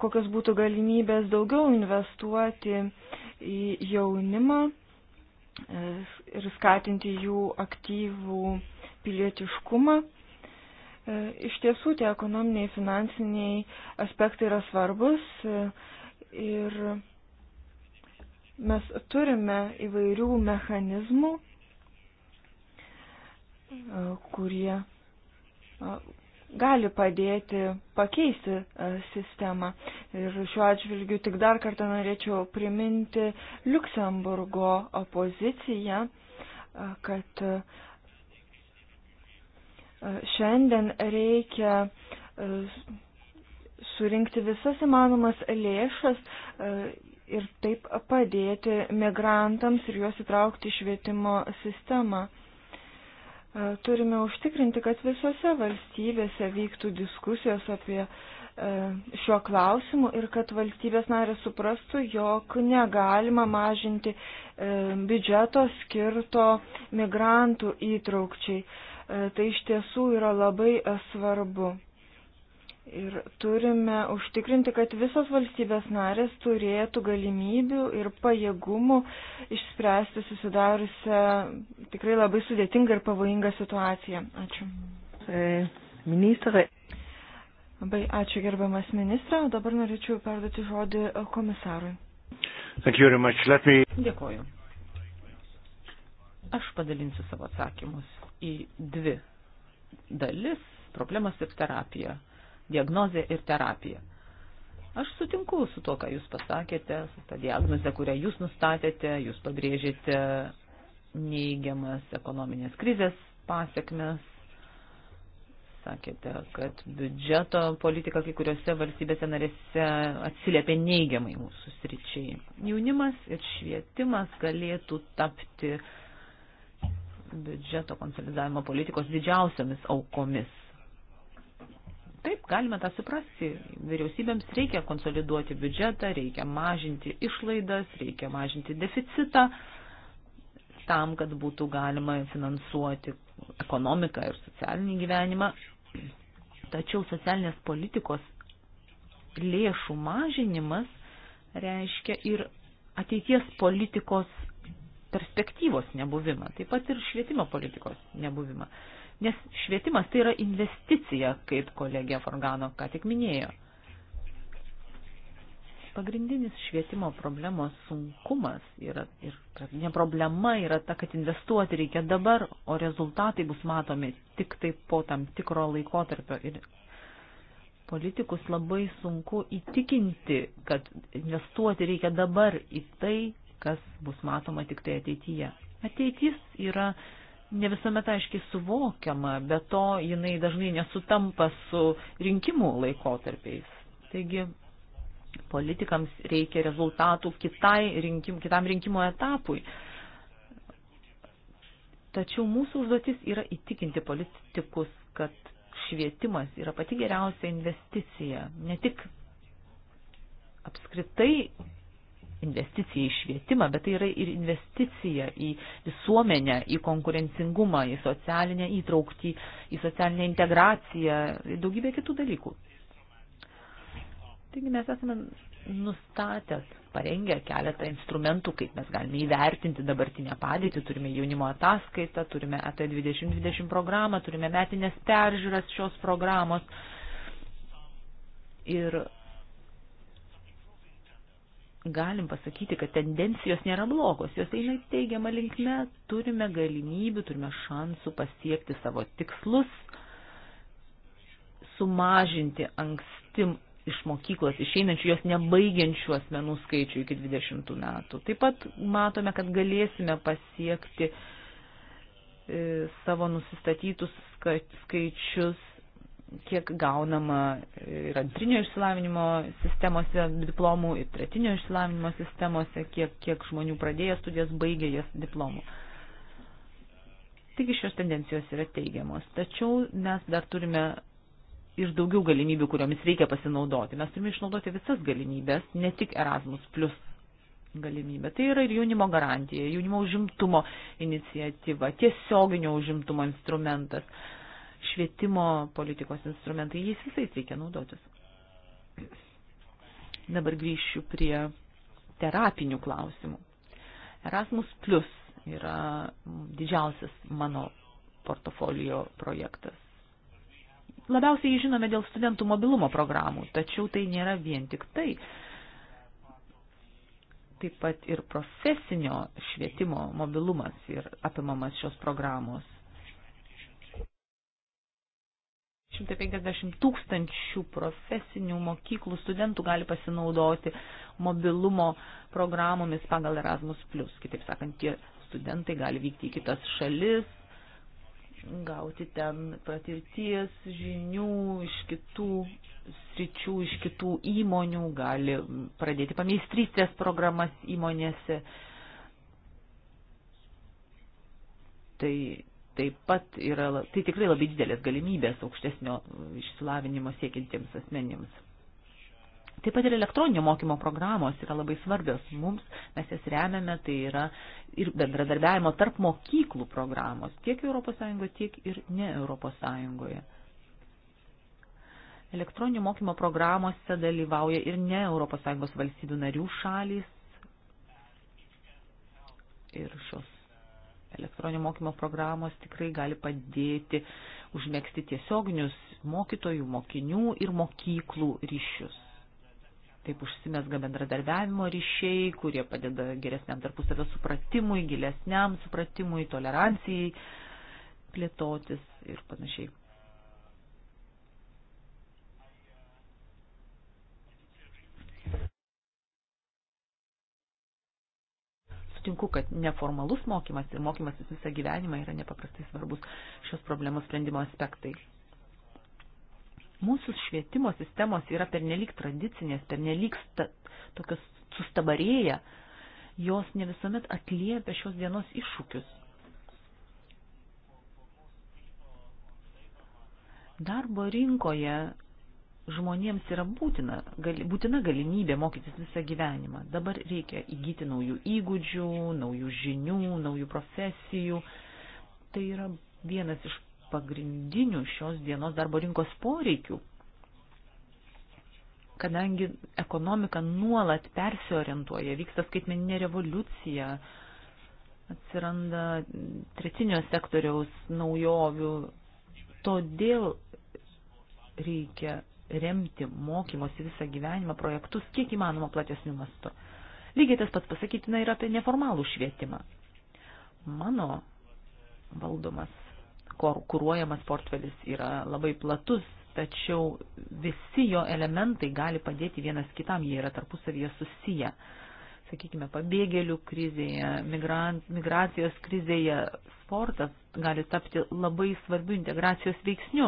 kokios būtų galimybės daugiau investuoti į jaunimą e, ir skatinti jų aktyvų pilietiškumą. E, iš tiesų tie ekonominiai, finansiniai aspektai yra svarbus e, ir mes turime įvairių mechanizmų, kurie gali padėti pakeisti e, sistemą. Ir šiuo atžvilgiu tik dar kartą norėčiau priminti Luksemburgo opoziciją, e, kad e, šiandien reikia surinkti visas įmanomas lėšas ir taip padėti migrantams ir juos įtraukti į švietimo sistemą turime užtikrinti, kad visose valstybėse vyktų diskusijos apie e, šiuo klausimu ir kad valstybės narės suprastų, jog negalima mažinti e, biudžeto skirto migrantų įtraukčiai. E, tai iš tiesų yra labai svarbu. Ir turime užtikrinti, kad visos valstybės narės turėtų galimybių ir pajėgumų išspręsti susidariusią tikrai labai sudėtingą ir pavojingą situaciją. Ačiū. E, Ministrai. Labai ačiū gerbiamas ministra. Dabar norėčiau perduoti žodį komisarui. Me... Dėkoju. Aš padalinsiu savo atsakymus į dvi dalis - problemas ir terapiją diagnozė ir terapija. Aš sutinku su to, ką jūs pasakėte, su tą diagnozę, kurią jūs nustatėte, jūs pabrėžėte neįgiamas ekonominės krizės pasiekmes, sakėte, kad biudžeto politika kai kuriuose valstybėse narėse atsiliepia neigiamai mūsų sričiai. Jaunimas ir švietimas galėtų tapti biudžeto konsolidavimo politikos didžiausiamis aukomis. Taip, galime tą suprasti. Vyriausybėms reikia konsoliduoti biudžetą, reikia mažinti išlaidas, reikia mažinti deficitą tam, kad būtų galima finansuoti ekonomiką ir socialinį gyvenimą. Tačiau socialinės politikos lėšų mažinimas reiškia ir ateities politikos perspektyvos nebuvimą, taip pat ir švietimo politikos nebuvimą. Nes švietimas tai yra investicija, kaip kolegė Forgano ką tik minėjo. Pagrindinis švietimo problemos sunkumas yra, ir ne problema yra ta, kad investuoti reikia dabar, o rezultatai bus matomi tik tai po tam tikro laikotarpio. Ir politikus labai sunku įtikinti, kad investuoti reikia dabar į tai, kas bus matoma tik tai ateityje. Ateitis yra ne visuomet aiškiai suvokiama, bet to jinai dažnai nesutampa su rinkimų laikotarpiais. Taigi politikams reikia rezultatų kitai rinkim, kitam rinkimo etapui. Tačiau mūsų užduotis yra įtikinti politikus, kad švietimas yra pati geriausia investicija. Ne tik apskritai investicija į švietimą, bet tai yra ir investicija į visuomenę, į konkurencingumą, į socialinę įtraukti, į socialinę integraciją, daugybę kitų dalykų. Taigi mes esame nustatęs, parengę keletą instrumentų, kaip mes galime įvertinti dabartinę padėtį, turime jaunimo ataskaitą, turime AT e 2020 programą, turime metinės peržiūras šios programos. Ir galim pasakyti, kad tendencijos nėra blogos, jos eina teigiama linkme, turime galimybių, turime šansų pasiekti savo tikslus, sumažinti ankstim iš mokyklos išeinančių, jos nebaigiančių asmenų skaičių iki 20 metų. Taip pat matome, kad galėsime pasiekti e, savo nusistatytus skaičius kiek gaunama ir antrinio išsilavinimo sistemose diplomų, ir tretinio išsilavinimo sistemose, kiek, kiek žmonių pradėjo studijas, baigė jas diplomų. Taigi šios tendencijos yra teigiamos, tačiau mes dar turime ir daugiau galimybių, kuriomis reikia pasinaudoti. Mes turime išnaudoti visas galimybės, ne tik Erasmus plus galimybę. Tai yra ir jaunimo garantija, jaunimo užimtumo iniciatyva, tiesioginio užimtumo instrumentas. Uh, švietimo politikos instrumentai, jais visais reikia naudotis. Dabar grįšiu prie terapinių klausimų. Erasmus Plus yra didžiausias mano portofolio projektas. Labiausiai jį žinome dėl studentų mobilumo programų, tačiau tai nėra vien tik tai. Taip pat ir profesinio švietimo mobilumas ir apimamas šios programos. 150 tūkstančių profesinių mokyklų studentų gali pasinaudoti mobilumo programomis pagal Erasmus. Kitaip sakant, tie studentai gali vykti į kitas šalis, gauti ten patirties, žinių iš kitų sričių, iš kitų įmonių, gali pradėti pameistrystės programas įmonėse. Tai taip pat yra, tai tikrai labai didelės galimybės aukštesnio išsilavinimo siekintiems asmenims. Taip pat ir elektroninio mokymo programos yra labai svarbios mums, mes jas remiame, tai yra ir bendradarbiavimo tarp mokyklų programos, tiek ES, tiek ir ne ES. Elektroninio mokymo programuose dalyvauja ir ne ES valstybių narių šalys, ir šios Elektroninio mokymo programos tikrai gali padėti užmėgsti tiesioginius mokytojų, mokinių ir mokyklų ryšius. Taip užsimesga bendradarbiavimo ryšiai, kurie padeda geresniam tarpusavio supratimui, gilesniam supratimui, tolerancijai plėtotis ir panašiai. sutinku, kad neformalus mokymas ir mokymasis visą gyvenimą yra nepaprastai svarbus šios problemos sprendimo aspektai. Mūsų švietimo sistemos yra pernelyg tradicinės, pernelyg sta, tokios sustabarėję, jos ne visuomet atliepia šios dienos iššūkius. Darbo rinkoje žmonėms yra būtina, gali, būtina galimybė mokytis visą gyvenimą. Dabar reikia įgyti naujų įgūdžių, naujų žinių, naujų profesijų. Tai yra vienas iš pagrindinių šios dienos darbo rinkos poreikių. Kadangi ekonomika nuolat persiorientuoja, vyksta skaitmeninė revoliucija, atsiranda tretinio sektoriaus naujovių, todėl reikia remti mokymosi visą gyvenimą projektus kiek įmanoma platesnių mastų. Lygiai tas pats pasakytina ir apie neformalų švietimą. Mano valdomas, kuruojamas portfelis yra labai platus, tačiau visi jo elementai gali padėti vienas kitam, jie yra tarpusavyje susiję sakykime, pabėgėlių krizėje, migrant, migracijos krizėje sportas gali tapti labai svarbiu integracijos veiksniu.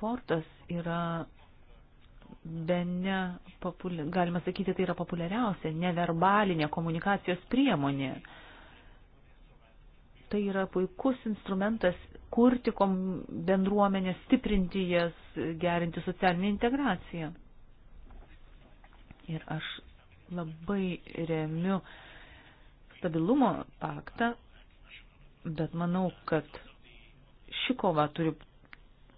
Sportas yra be ne, populi, galima sakyti, tai yra populiariausia neverbalinė komunikacijos priemonė. Tai yra puikus instrumentas kurti bendruomenę, stiprinti jas, gerinti socialinę integraciją. Ir aš labai remiu stabilumo paktą, bet manau, kad ši kova turi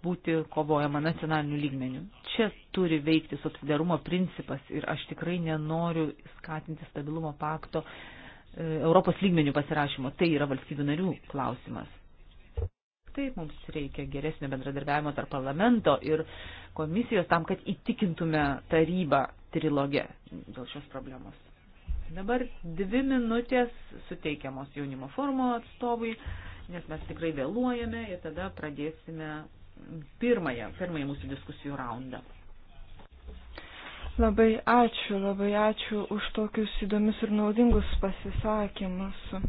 būti kovojama nacionaliniu lygmeniu. Čia turi veikti subsidiarumo principas ir aš tikrai nenoriu skatinti stabilumo pakto e, Europos lygmenių pasirašymo. Tai yra valstybių narių klausimas. Taip, mums reikia geresnio bendradarbiavimo tarp parlamento ir komisijos tam, kad įtikintume tarybą trilogę dėl šios problemos. Dabar dvi minutės suteikiamos jaunimo forumo atstovui, nes mes tikrai vėluojame ir tada pradėsime pirmąją, pirmąją mūsų diskusijų raundą. Labai ačiū, labai ačiū už tokius įdomius ir naudingus pasisakymus. E,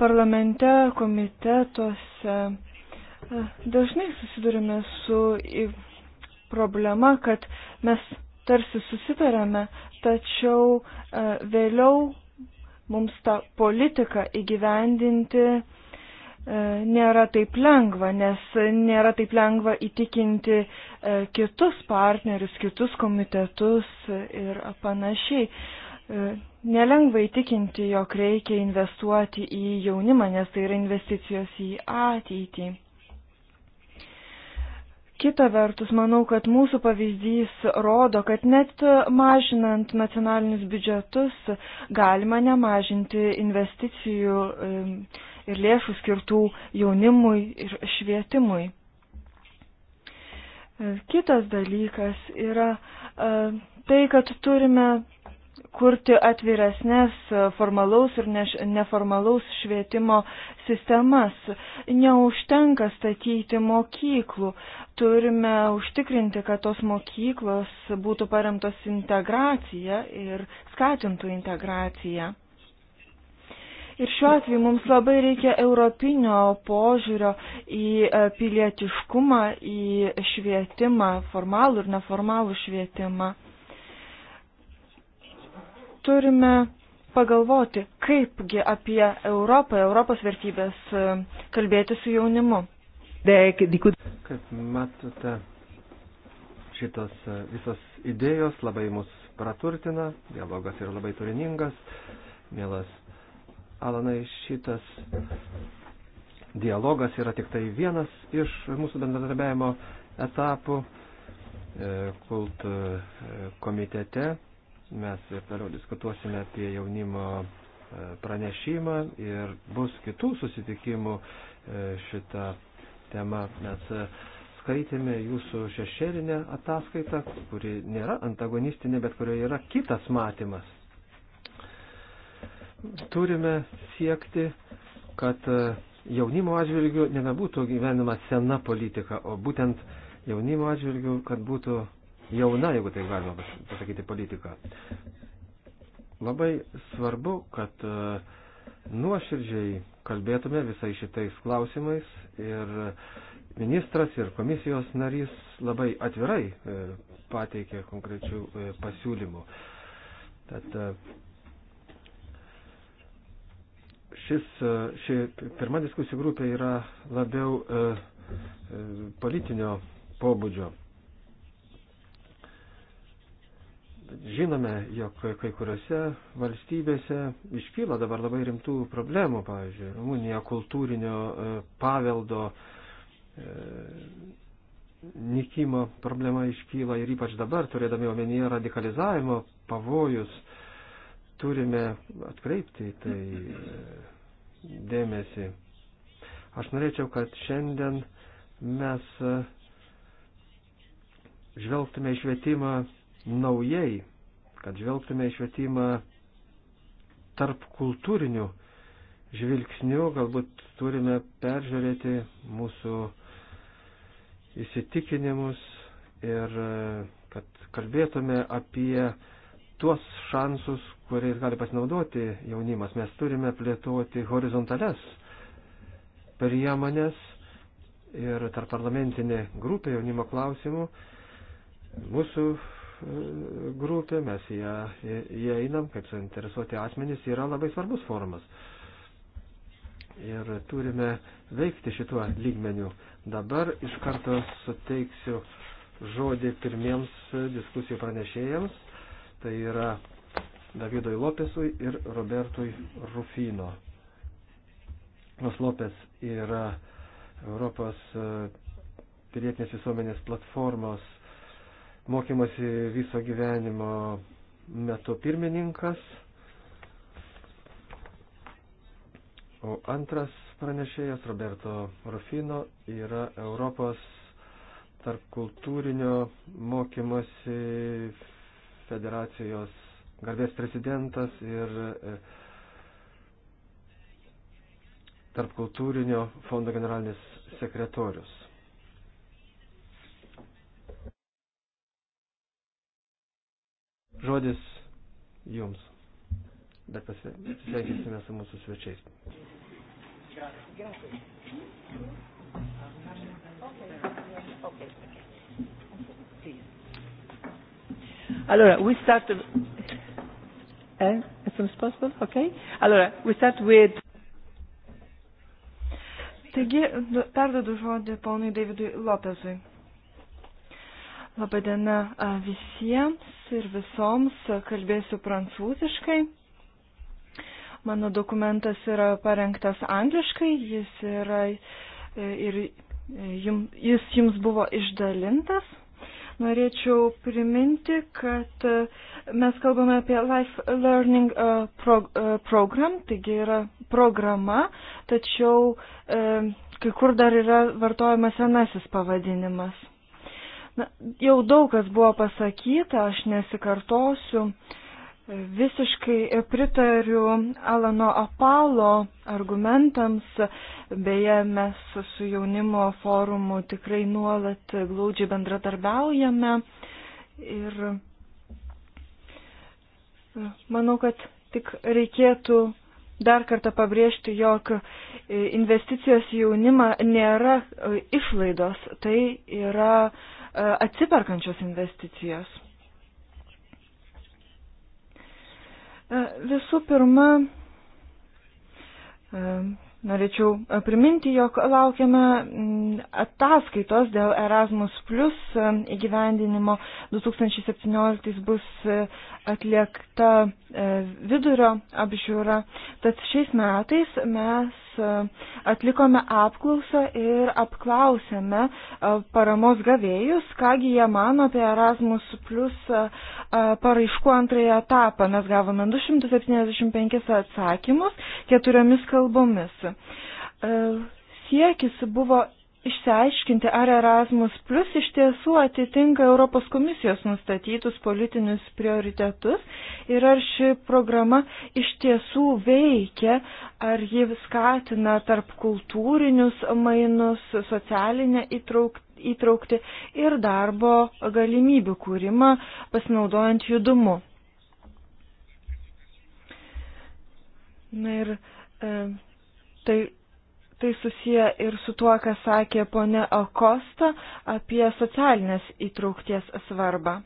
parlamente, komitetuose e, dažnai susidurime su problema, kad mes tarsi susitarėme, tačiau e, vėliau mums tą politiką įgyvendinti E, nėra taip lengva, nes nėra taip lengva įtikinti e, kitus partnerius, kitus komitetus ir panašiai. E, nelengva įtikinti, jog reikia investuoti į jaunimą, nes tai yra investicijos į ateitį. Kita vertus, manau, kad mūsų pavyzdys rodo, kad net mažinant nacionalinius biudžetus galima nemažinti investicijų. E, ir lėšų skirtų jaunimui ir švietimui. E, kitas dalykas yra e, tai, kad turime kurti atviresnės e, formalaus ir neformalaus švietimo sistemas. Neužtenka statyti mokyklų. Turime užtikrinti, kad tos mokyklos būtų paremtos integracija ir skatintų integraciją. Ir šiuo atveju mums labai reikia europinio požiūrio į e, pilietiškumą, į švietimą, formalų ir neformalų švietimą. Turime pagalvoti, kaipgi apie Europą, Europos vertybės e, kalbėti su jaunimu. Kaip matote, šitos e, visos idėjos labai mus praturtina, dialogas yra labai turiningas. Mielas Alanai, šitas dialogas yra tik tai vienas iš mūsų bendradarbiavimo etapų. E, kult e, komitete mes ir toliau diskutuosime apie jaunimo e, pranešimą ir bus kitų susitikimų šitą temą. Mes skaitėme jūsų šešėlinę ataskaitą, kuri nėra antagonistinė, bet kurioje yra kitas matymas turime siekti, kad e, jaunimo atžvilgių nebebūtų gyvenima sena politika, o būtent jaunimo atžvilgių, kad būtų jauna, jeigu tai galima pasakyti, politika. Labai svarbu, kad e, nuoširdžiai kalbėtume visai šitais klausimais ir ministras ir komisijos narys labai atvirai e, pateikė konkrečių pasiūlymų. Tad šis, e, ši pirma diskusijų grupė yra labiau e, e, politinio pobūdžio. Žinome, jog kai kuriuose valstybėse iškyla dabar labai rimtų problemų, pavyzdžiui, Rumunija kultūrinio e, paveldo e, nikimo problema iškyla ir ypač dabar, turėdami omenyje radikalizavimo pavojus, e, turime atkreipti tai e, dėmesį. Aš norėčiau, kad šiandien mes e, žvelgtume į švietimą naujai, kad žvelgtume į švietimą tarp kultūrinių žvilgsnių, galbūt turime peržiūrėti mūsų įsitikinimus ir e, kad kalbėtume apie tuos šansus, kuriais gali pasinaudoti jaunimas. Mes turime plėtoti horizontales priemonės ir tarp parlamentinė grupė jaunimo klausimų. Mūsų e, grupė, mes ją įeinam, kaip suinteresuoti asmenys, yra labai svarbus formas. Ir turime veikti šituo lygmeniu. Dabar iš karto suteiksiu žodį pirmiems diskusijų pranešėjams. Tai yra Davidoj Lopesui ir Robertui Rufino. Nors Lopes yra Europos e, pilietinės visuomenės platformos mokymosi viso gyvenimo metu pirmininkas. O antras pranešėjas Roberto Rufino yra Europos tarpkultūrinio mokymosi federacijos garbės prezidentas ir e, tarp kultūrinio fondo generalinis sekretorius. Žodis jums, bet pasveikinsime su mūsų svečiais. Gracias. Okay. Okay. Allora, we start Eh? As soon as possible? Okay. Allora, we start with. Taigi, perdodu žodį ponui Davidui Lopezui. Labadiena visiems ir visoms, kalbėsiu prancūziškai. Mano dokumentas yra parengtas angliškai, jis, yra, e, ir, e, jums, jis jums buvo išdalintas. Norėčiau priminti, kad e, mes kalbame apie Life Learning e, e, Program, taigi yra programa, tačiau kai kur dar yra vartojamas senasis pavadinimas. Na, jau daug kas buvo pasakyta, aš nesikartosiu. Uh, Visiškai pritariu Alano Apalo argumentams, beje, mes su jaunimo forumu tikrai nuolat glaudžiai bendradarbiaujame ir manau, kad tik reikėtų dar kartą pabrėžti, jog investicijos jaunimą nėra išlaidos, tai yra atsiperkančios investicijos. E, visų pirma, e, norėčiau priminti, jog laukiame ataskaitos dėl Erasmus Plus e, įgyvendinimo. 2017 bus atliekta vidurio apžiūra. Tad šiais metais mes atlikome apklausą ir apklausėme paramos gavėjus, kągi jie mano apie Erasmus plus paraiškų antrąjį etapą. Mes gavome 275 atsakymus keturiomis kalbomis siekis buvo išsiaiškinti, ar Erasmus Plus iš tiesų atitinka Europos komisijos nustatytus politinius prioritetus ir ar ši programa iš tiesų veikia, ar ji skatina tarp kultūrinius mainus, socialinę įtraukti ir darbo galimybių kūrimą pasinaudojant judumu. Na ir e, tai tai susiję ir su tuo, ką sakė ponia Akosta apie socialinės įtraukties svarbą.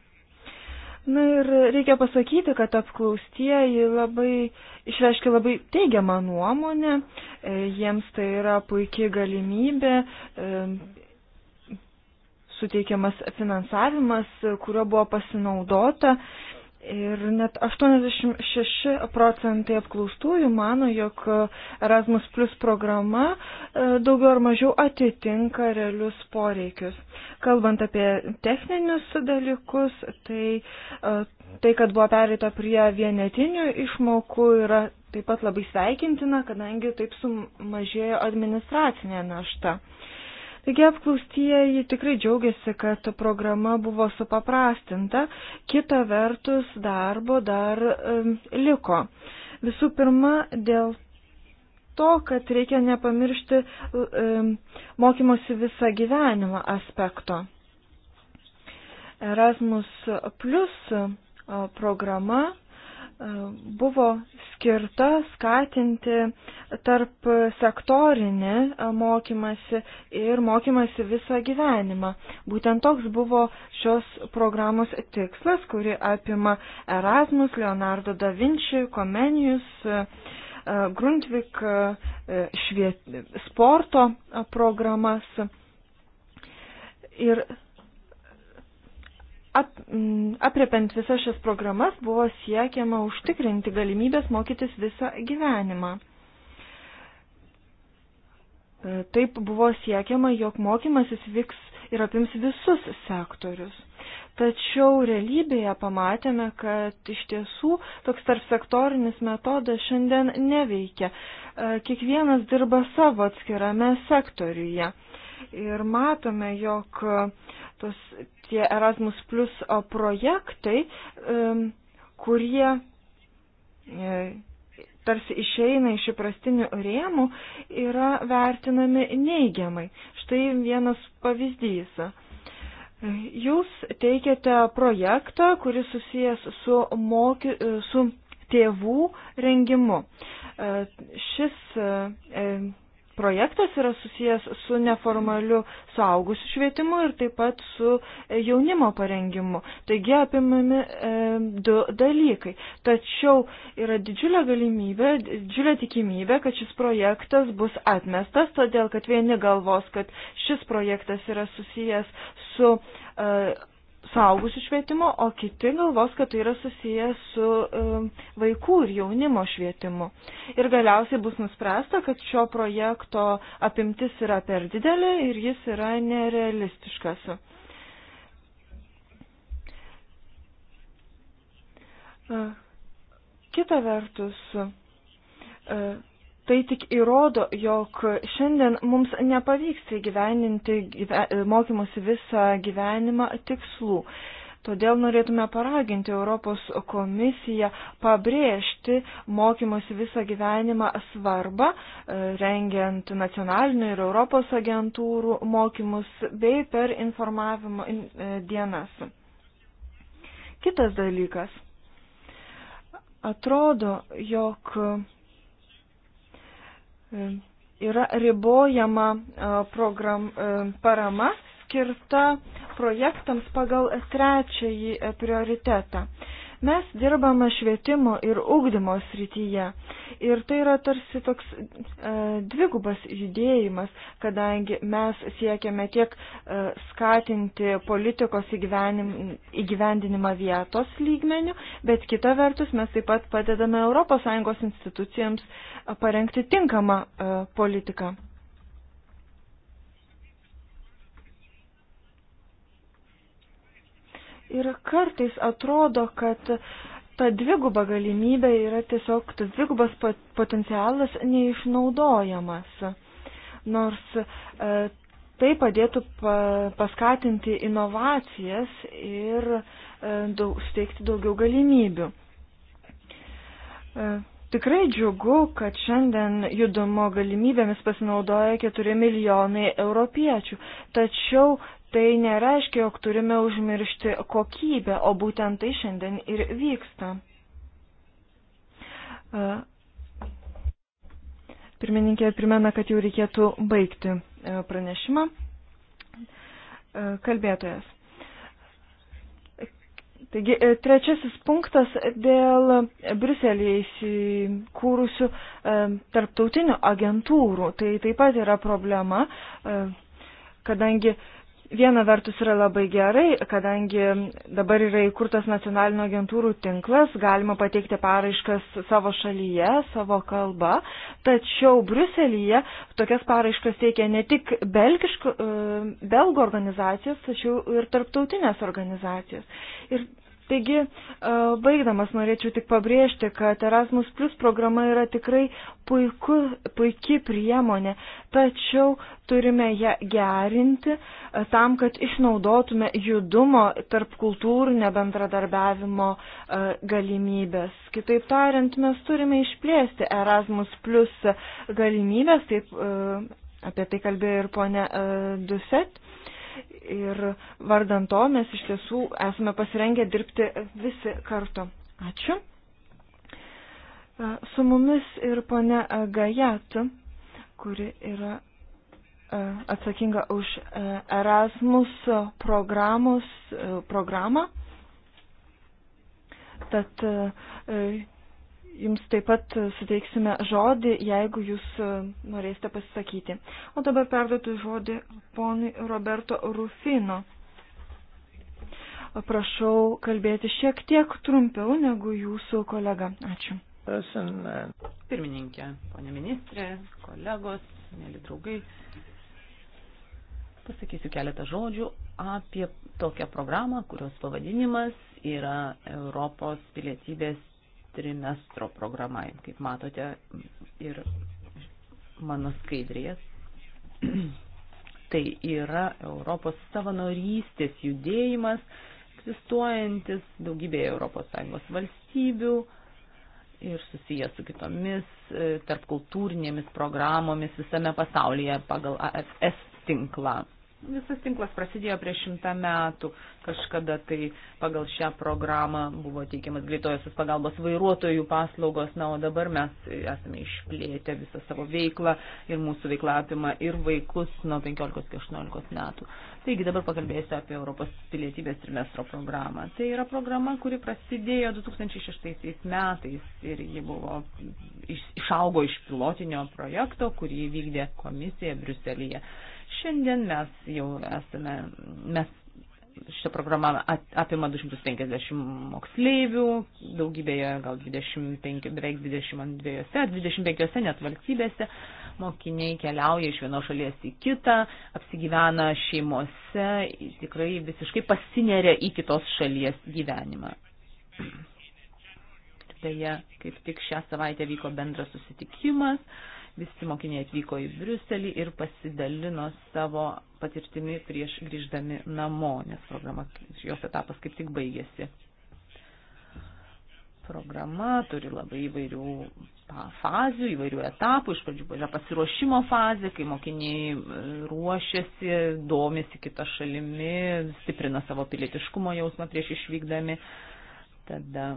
Na ir reikia pasakyti, kad apklaustieji labai išreiškia labai teigiamą nuomonę, e, jiems tai yra puikiai galimybė, e, suteikiamas finansavimas, kurio buvo pasinaudota Ir net 86 procentai apklaustųjų mano, jog Erasmus Plus programa e, daugiau ar mažiau atitinka realius poreikius. Kalbant apie techninius dalykus, tai e, tai, kad buvo pereita prie vienetinių išmokų, yra taip pat labai sveikintina, kadangi taip sumažėjo administracinė našta. Taigi apklaustieji tikrai džiaugiasi, kad programa buvo supaprastinta, kita vertus darbo dar um, liko. Visų pirma, dėl to, kad reikia nepamiršti um, mokymosi visą gyvenimą aspekto. Erasmus Plus programa E, buvo skirta skatinti tarp sektorinį e, mokymasi ir mokymasi visą gyvenimą. Būtent toks buvo šios programos tikslas, kuri apima Erasmus, Leonardo da Vinci, Komenijus, e, Grundvik šviet, sporto programas. Ir ap, mm, apriepiant visas šias programas buvo siekiama užtikrinti galimybės mokytis visą gyvenimą. E, taip buvo siekiama, jog mokymasis vyks ir apims visus sektorius. Tačiau realybėje pamatėme, kad iš tiesų toks tarpsektorinis metodas šiandien neveikia. E, kiekvienas dirba savo atskirame sektoriuje. Ir matome, jog tos tie Erasmus Plus projektai, kurie e, tarsi išeina iš įprastinių rėmų, yra vertinami neigiamai. Štai vienas pavyzdys. Jūs teikiate projektą, kuris susijęs su, moky, e, su tėvų rengimu. E, šis projektas yra susijęs su neformaliu suaugusiu švietimu ir taip pat su e, jaunimo parengimu. Taigi apimami e, du dalykai. Tačiau yra didžiulė galimybė, didžiulė tikimybė, kad šis projektas bus atmestas, todėl kad vieni galvos, kad šis projektas yra susijęs su e, suaugusių švietimu, o kiti galvos, kad tai yra susijęs su um, vaikų ir jaunimo švietimu. Ir galiausiai bus nuspręsta, kad šio projekto apimtis yra per didelė ir jis yra nerealistiškas. Kita vertus, Tai tik įrodo, jog šiandien mums nepavyks įgyveninti gyve, mokymosi visą gyvenimą tikslų. Todėl norėtume paraginti Europos komisiją pabrėžti mokymosi visą gyvenimą svarbą, e, rengiant nacionalinių ir Europos agentūrų mokymus bei per informavimo e, dienas. Kitas dalykas. Atrodo, jog yra ribojama program, parama skirta projektams pagal trečiąjį prioritetą. Mes dirbame švietimo ir ugdymo srityje ir tai yra tarsi toks e, dvigubas judėjimas, kadangi mes siekiame tiek e, skatinti politikos įgyvenim, įgyvendinimą vietos lygmenių, bet kita vertus mes taip pat padedame ES institucijams parengti tinkamą e, politiką. Ir kartais atrodo, kad ta dviguba galimybė yra tiesiog tas dvigubas potencialas neišnaudojamas. Nors e, tai padėtų pa, paskatinti inovacijas ir e, daug, steigti daugiau galimybių. E, tikrai džiugu, kad šiandien judumo galimybėmis pasinaudoja 4 milijonai europiečių, tačiau tai nereiškia, jog turime užmiršti kokybę, o būtent tai šiandien ir vyksta. E, pirmininkė primena, kad jau reikėtų baigti e, pranešimą. E, kalbėtojas. Taigi, trečiasis punktas dėl Briuselėje įsikūrusių e, tarptautinių agentūrų. Tai taip pat yra problema, e, kadangi e, Viena vertus yra labai gerai, kadangi dabar yra įkurtas nacionalinio agentūrų tinklas, galima pateikti paraiškas savo šalyje, savo kalba, tačiau Bruselėje tokias paraiškas teikia ne tik belgiško, e, belgo organizacijos, tačiau ir tarptautinės organizacijos. Ir Taigi, e, baigdamas norėčiau tik pabrėžti, kad Erasmus Plus programa yra tikrai puiku, puikiai priemonė, tačiau turime ją gerinti e, tam, kad išnaudotume judumo tarp kultūrinio bendradarbiavimo e, galimybės. Kitaip tariant, mes turime išplėsti Erasmus Plus galimybės, taip apie tai kalbėjo ir ponė Duset. Ir vardant to mes iš tiesų esame pasirengę dirbti visi kartu. Ačiū. Su mumis ir ponia Gajat, kuri yra atsakinga už Erasmus programos, programą. Tad Jums taip pat suteiksime žodį, jeigu jūs e, norėsite pasisakyti. O dabar perduotų žodį ponui Roberto Rufino. Prašau kalbėti šiek tiek trumpiau negu jūsų kolega. Ačiū. E, Pirmininkė, ponė ministrė, kolegos, mėly draugai. Pasakysiu keletą žodžių apie tokią programą, kurios pavadinimas yra Europos pilietybės trimestro programa, kaip matote ir mano skaidrės. Tai yra Europos savanorystės judėjimas, egzistuojantis daugybėje ES valstybių ir susijęs su kitomis e, tarpkultūrinėmis programomis visame pasaulyje pagal AFS tinklą. Visas tinklas prasidėjo prieš šimtą metų. Kažkada tai pagal šią programą buvo teikiamas greitojosios pagalbos vairuotojų paslaugos, na, o dabar mes esame išplėtę visą savo veiklą ir mūsų veikla apima ir vaikus nuo 15 iki 18 metų. Taigi dabar pakalbėsiu apie Europos pilietybės trimestro programą. Tai yra programa, kuri prasidėjo 2006 metais ir ji buvo išaugo iš pilotinio projekto, kurį vykdė komisija Briuselėje. Šiandien mes jau esame, mes šitą programą apima 250 moksleivių, daugybėje gal 25, beveik 22, 25 net valstybėse mokiniai keliauja iš vienos šalies į kitą, apsigyvena šeimose, tikrai visiškai pasineria į kitos šalies gyvenimą. Beje, kaip tik šią savaitę vyko bendras susitikimas Visi mokiniai atvyko į Briuselį ir pasidalino savo patirtimi prieš grįždami namo, nes programa, jos etapas kaip tik baigėsi. Programa turi labai įvairių fazių, įvairių etapų. Iš pradžių yra pasiruošimo fazė, kai mokiniai e, ruošiasi, domisi kitą šalimi, stiprina savo pilietiškumo jausmą prieš išvykdami. Tada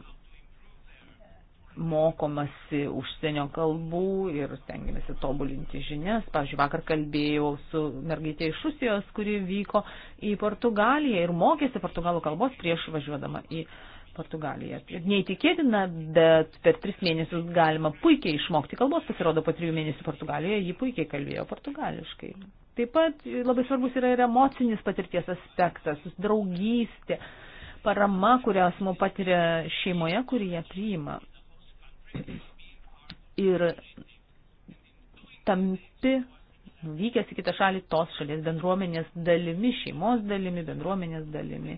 mokomasi užsienio kalbų ir stengiamasi tobulinti žinias. Pavyzdžiui, vakar kalbėjau su mergaitė iš Rusijos, kuri vyko į Portugaliją ir mokėsi portugalų kalbos prieš važiuodama į Portugaliją. Neįtikėtina, bet per tris mėnesius galima puikiai išmokti kalbos. Pasirodo, po trijų mėnesių Portugalijoje ji puikiai kalbėjo portugališkai. Taip pat labai svarbus yra ir emocinis patirties aspektas, draugystė, parama, kurią asmo patiria šeimoje, kurį ją priima ir tampi vykęs į kitą šalį tos šalies bendruomenės dalimi, šeimos dalimi, bendruomenės dalimi.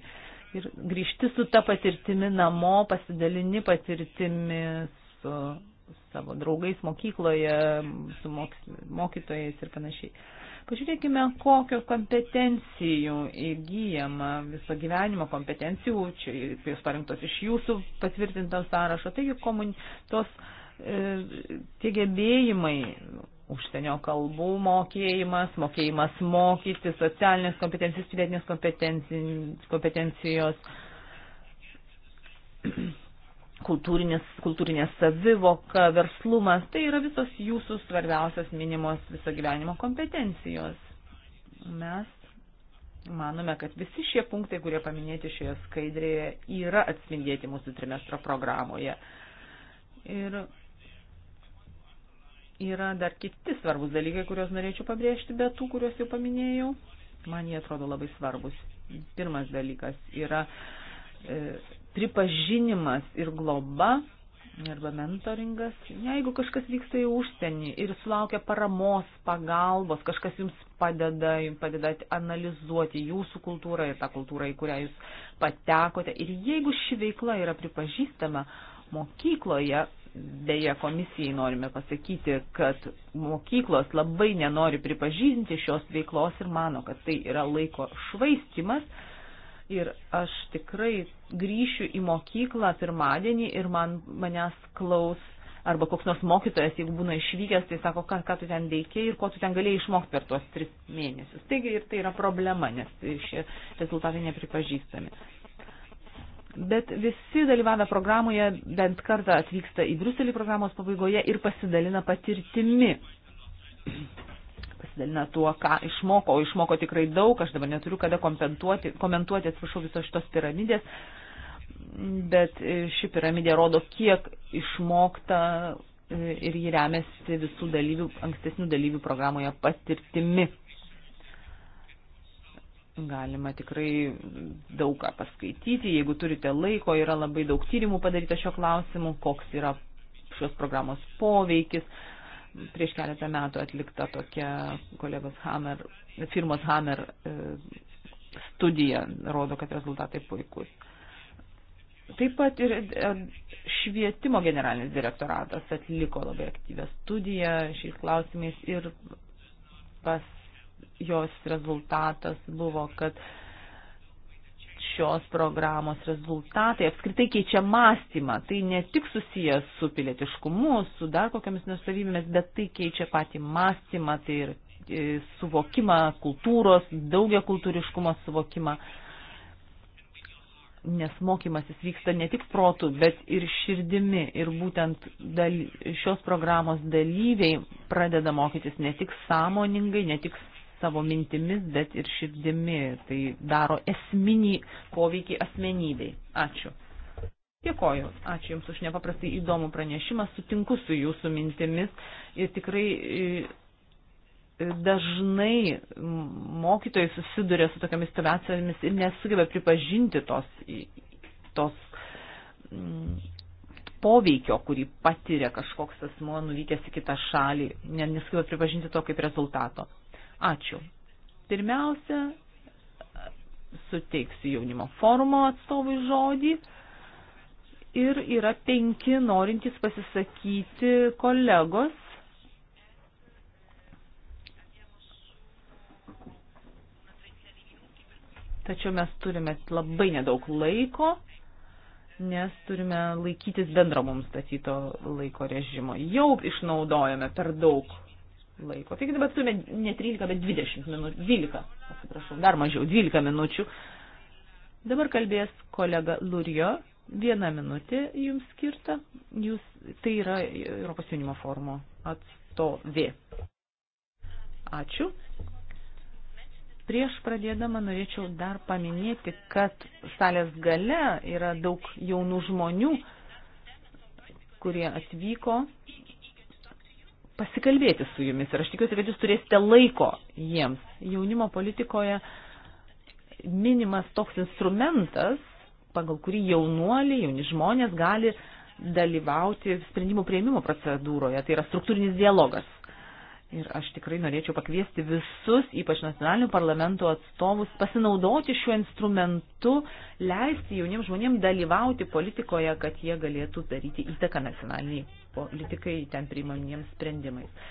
Ir grįžti su ta patirtimi namo, pasidalini patirtimi su savo draugais mokykloje, su mokytojais ir panašiai. Pažiūrėkime, kokio kompetencijų įgyjama viso gyvenimo kompetencijų, čia jūs parinktos iš jūsų patvirtintos sąrašo, taigi komun, tos, e, tie gebėjimai užsienio kalbų mokėjimas, mokėjimas mokyti, socialinės kompetencijos, pilietinės kompetencijos. kompetencijos kultūrinė savivoka, verslumas, tai yra visos jūsų svarbiausios minimos viso gyvenimo kompetencijos. Mes manome, kad visi šie punktai, kurie paminėti šioje skaidrėje, yra atspindėti mūsų trimestro programoje. Ir yra dar kiti svarbus dalykai, kuriuos norėčiau pabrėžti, bet tų, kuriuos jau paminėjau, man jie atrodo labai svarbus. Pirmas dalykas yra e, pripažinimas ir globa arba mentoringas, jeigu kažkas vyksta į užsienį ir sulaukia paramos, pagalbos, kažkas jums padeda, jums padeda analizuoti jūsų kultūrą ir tą kultūrą, į kurią jūs patekote. Ir jeigu ši veikla yra pripažįstama mokykloje, dėja komisijai norime pasakyti, kad mokyklos labai nenori pripažinti šios veiklos ir mano, kad tai yra laiko švaistimas, ir aš tikrai grįšiu į mokyklą pirmadienį ir man manęs klaus arba koks nors mokytojas, jeigu būna išvykęs, tai sako, ką, ką tu ten veikiai ir ko tu ten galėjai išmokti per tuos tris mėnesius. Taigi ir tai yra problema, nes šie rezultatai nepripažįstami. Bet visi dalyvavę programoje bent kartą atvyksta į Bruselį programos pabaigoje ir pasidalina patirtimi pasidalina tuo, ką išmoko, o išmoko tikrai daug, aš dabar neturiu kada komentuoti, komentuoti atsiprašau, visos šitos piramidės, bet e, ši piramidė rodo, kiek išmokta e, ir jį remiasi visų dalyvių, ankstesnių dalyvių programoje patirtimi. Galima tikrai daug ką paskaityti, jeigu turite laiko, yra labai daug tyrimų padaryta šio klausimu, koks yra šios programos poveikis, prieš keletą metų atlikta tokia kolegos Hammer, firmos Hammer e, studija, rodo, kad rezultatai puikus. Taip pat ir e, švietimo generalinis direktoratas atliko labai aktyvę studiją šiais klausimais ir pas jos rezultatas buvo, kad uh, šios programos rezultatai apskritai keičia mąstymą. Tai ne tik susijęs su pilietiškumu, su dar kokiamis nusavybėmis, bet tai keičia patį mąstymą, tai ir e, suvokimą kultūros, daugia kultūriškumo suvokimą. Nes mokymasis vyksta ne tik protų, bet ir širdimi. Ir būtent dal, šios programos dalyviai pradeda mokytis ne tik sąmoningai, ne tik savo mintimis, bet ir širdimi. Tai daro esminį poveikį asmenybei. Ačiū. Dėkoju. Ačiū Jums už nepaprastai įdomų pranešimą. Sutinku su Jūsų mintimis ir tikrai e, e, dažnai mokytojai susiduria su tokiamis situacijomis ir nesugeba pripažinti tos, tos mm, poveikio, kurį patiria kažkoks asmuo nuvykęs į kitą šalį, nesugeba pripažinti to kaip rezultato. Ačiū. Pirmiausia, suteiksiu jaunimo forumo atstovui žodį. Ir yra penki norintys pasisakyti kolegos. Tačiau mes turime labai nedaug laiko, nes turime laikytis bendro mums statyto laiko režimo. Jau išnaudojame per daug laiko. Taigi dabar turime ne 13, bet 20 minučių, 12, atsiprašau, dar mažiau, 12 minučių. Dabar kalbės kolega Lurijo, vieną minutę jums skirta, jūs, tai yra Europos jaunimo forumo atstovė. Ačiū. Prieš pradėdama norėčiau dar paminėti, kad salės gale yra daug jaunų žmonių, kurie atvyko pasikalbėti su jumis ir aš tikiuosi, kad jūs turėsite laiko jiems. Jaunimo politikoje minimas toks instrumentas, pagal kurį jaunuoliai, jauni žmonės gali dalyvauti sprendimų prieimimo procedūroje, tai yra struktūrinis dialogas. Ir aš tikrai norėčiau pakviesti visus, ypač nacionalinių parlamentų atstovus, pasinaudoti šiuo instrumentu, leisti jauniems žmonėms dalyvauti politikoje, kad jie galėtų daryti įtaką nacionaliniai politikai ten priimamiems sprendimais.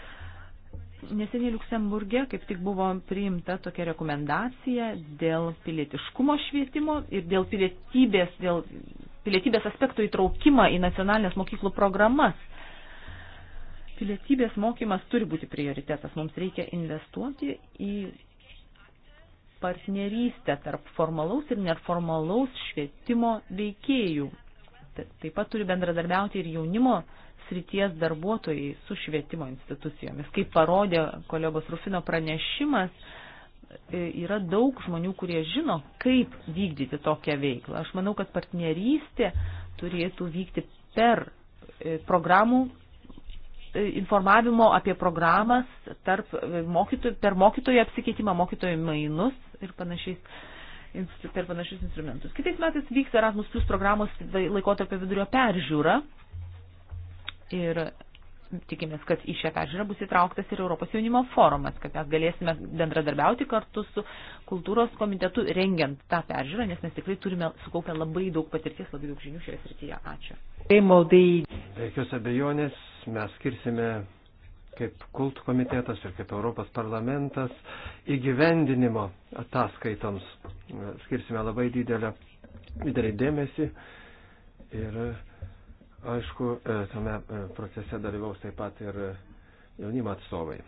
Neseniai Luksemburgė kaip tik buvo priimta tokia rekomendacija dėl pilietiškumo švietimo ir dėl pilietybės, dėl pilietybės aspektų įtraukimą į nacionalinės mokyklų programas Pilietybės mokymas turi būti prioritetas. Mums reikia investuoti į partnerystę tarp formalaus ir neformalaus švietimo veikėjų. Taip pat turi bendradarbiauti ir jaunimo srities darbuotojai su švietimo institucijomis. Kaip parodė kolegos Rufino pranešimas, e, yra daug žmonių, kurie žino, kaip vykdyti tokią veiklą. Aš manau, kad partnerystė turėtų vykti per e, programų informavimo apie programas tarp mokytojų, per mokytojų apsikeitimą, mokytojų mainus ir panašiais per panašius instrumentus. Kitais metais vyks Erasmus Plus programos laikotarpio vidurio peržiūra ir tikimės, kad į šią peržiūrą bus įtrauktas ir Europos jaunimo forumas, kad mes galėsime bendradarbiauti kartu su kultūros komitetu rengiant tą peržiūrą, nes mes tikrai turime sukaupę labai daug patirties, labai daug žinių šioje srityje. Ačiū. Be jokios abejonės mes skirsime kaip kult komitetas ir kaip Europos parlamentas įgyvendinimo ataskaitoms skirsime labai didelę, didelį dėmesį ir Aišku, e, tame e, procese dalyvaus taip pat ir e, jaunimo atstovai.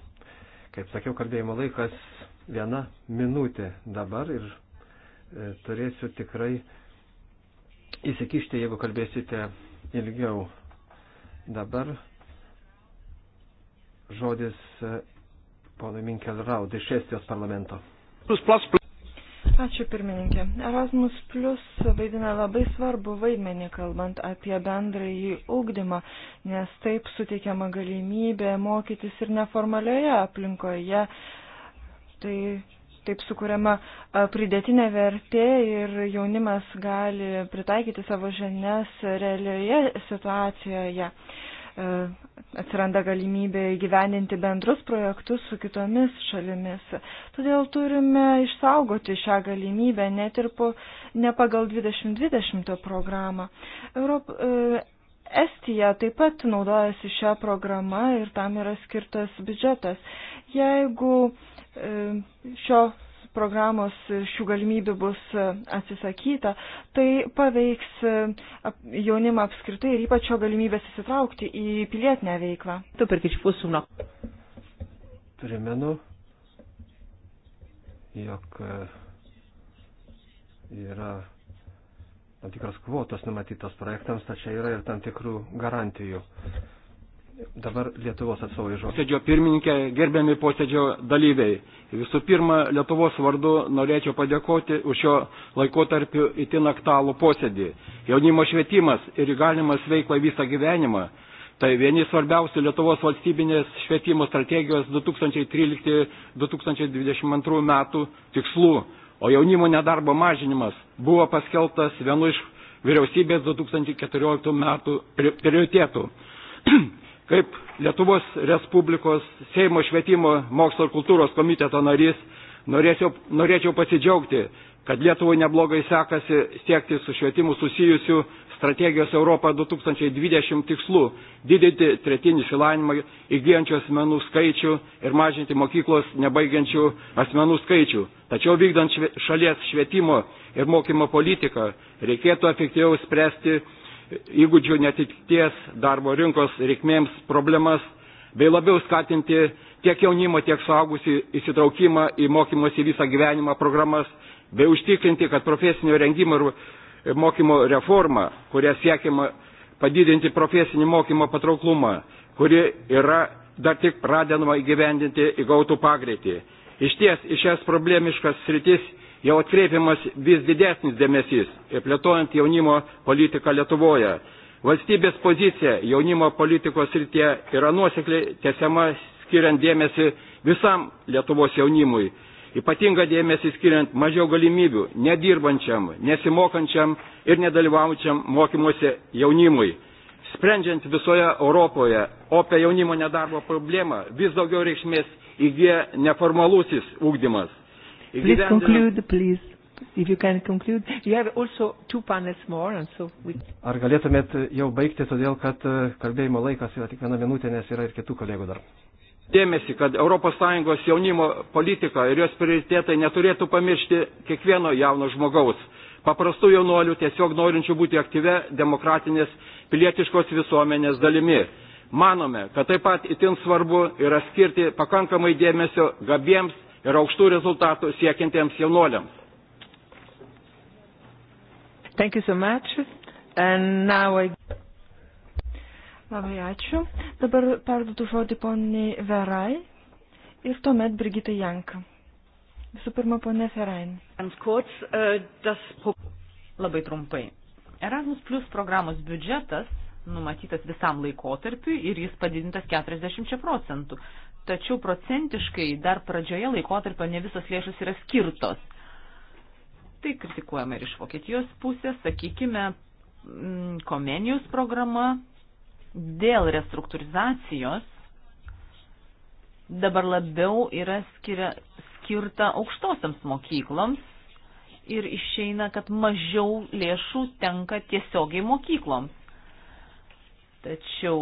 Kaip sakiau, kalbėjimo laikas viena minutė dabar ir turėsiu tikrai įsikišti, jeigu kalbėsite ilgiau. Dabar žodis ponui Minkelraud iš Estijos parlamento. Plus, plus, plus. Ačiū pirmininkė. Erasmus Plus vaidina labai svarbu vaidmenį, kalbant apie bendrąjį ūkdymą, nes taip suteikiama galimybė mokytis ir neformalioje aplinkoje. Tai taip sukūriama pridėtinė vertė ir jaunimas gali pritaikyti savo žinias realioje situacijoje. E, atsiranda galimybė gyveninti bendrus projektus su kitomis šalimis. Todėl turime išsaugoti šią galimybę net ir po, ne pagal 2020 programą. Europ, e, Estija taip pat naudojasi šią programą ir tam yra skirtas biudžetas. Jeigu e, šio programos šių galimybių bus atsisakyta, tai paveiks e, jaunimą apskritai ir ypač jo galimybės įsitraukti į pilietinę veiklą. Primenu, jog e, yra tam tikros kvotos numatytos projektams, tačiau yra ir tam tikrų garantijų. Dabar Lietuvos atstovai žodžiu. Posėdžio pirmininkė, gerbiami posėdžio dalyviai. Visų pirma, Lietuvos vardu norėčiau padėkoti už šio laikotarpiu itin aktualų posėdį. Jaunimo švietimas ir įgalimas veikla visą gyvenimą. Tai vieni svarbiausių Lietuvos valstybinės švietimo strategijos 2013-2022 metų tikslų, o jaunimo nedarbo mažinimas buvo paskelbtas vienu iš vyriausybės 2014 metų prioritėtų. Kaip Lietuvos Respublikos Seimo švietimo mokslo ir kultūros komiteto narys norėčiau, norėčiau pasidžiaugti, kad Lietuvai neblogai sekasi siekti su švietimu susijusių strategijos Europa 2020 tikslų - didinti tretinį šilanimą įgyjančių asmenų skaičių ir mažinti mokyklos nebaigiančių asmenų skaičių. Tačiau vykdant šalies švietimo ir mokymo politiką reikėtų efektyviau spręsti įgūdžių netikties darbo rinkos reikmėms problemas, bei labiau skatinti tiek jaunimo, tiek suaugusių įsitraukimą į mokymosi visą gyvenimą programas, bei užtikrinti, kad profesinio rengimo ir mokymo reforma, kuria siekiama padidinti profesinį mokymo patrauklumą, kuri yra dar tik pradedama įgyvendinti įgautų pagreitį. Iš ties, iš šias problemiškas sritis jau atkreipiamas vis didesnis dėmesys ir plėtojant jaunimo politiką Lietuvoje. Valstybės pozicija jaunimo politikos srityje yra nuosekliai tesiama skiriant dėmesį visam Lietuvos jaunimui, ypatingą dėmesį skiriant mažiau galimybių nedirbančiam, nesimokančiam ir nedalyvaujančiam mokymuose jaunimui. Sprendžiant visoje Europoje opę jaunimo nedarbo problemą, vis daugiau reikšmės įgyja neformalusis ūkdymas. Please conclude, please. If you can conclude. You have also two panels more and so we... Ar galėtumėt jau baigti, todėl kad e, kalbėjimo laikas yra tik viena minutė, nes yra ir kitų kolegų dar. Dėmesį, kad ES jaunimo politika ir jos prioritetai neturėtų pamiršti kiekvieno jauno žmogaus paprastų jaunuolių, tiesiog norinčių būti aktyve demokratinės pilietiškos visuomenės dalimi. Manome, kad taip pat itin svarbu yra skirti pakankamai dėmesio gabiems ir aukštų rezultatų siekiantiems jaunuoliams. Thank you so much. And now I... Labai ačiū. Dabar perduodu žodį poniai Verai ir tuomet Brigitai Janka. Visų pirma, ponė Ferain. Äh, Labai trumpai. Erasmus Plus programos biudžetas numatytas visam laikotarpiu ir jis padidintas 40 procentų tačiau procentiškai dar pradžioje laikotarpio ne visos lėšos yra skirtos. Tai kritikuojama ir iš Vokietijos pusės, sakykime, mm, komenijos programa dėl restruktūrizacijos dabar labiau yra skiria, skirta aukštosiams mokykloms ir išeina, kad mažiau lėšų tenka tiesiogiai mokykloms. Tačiau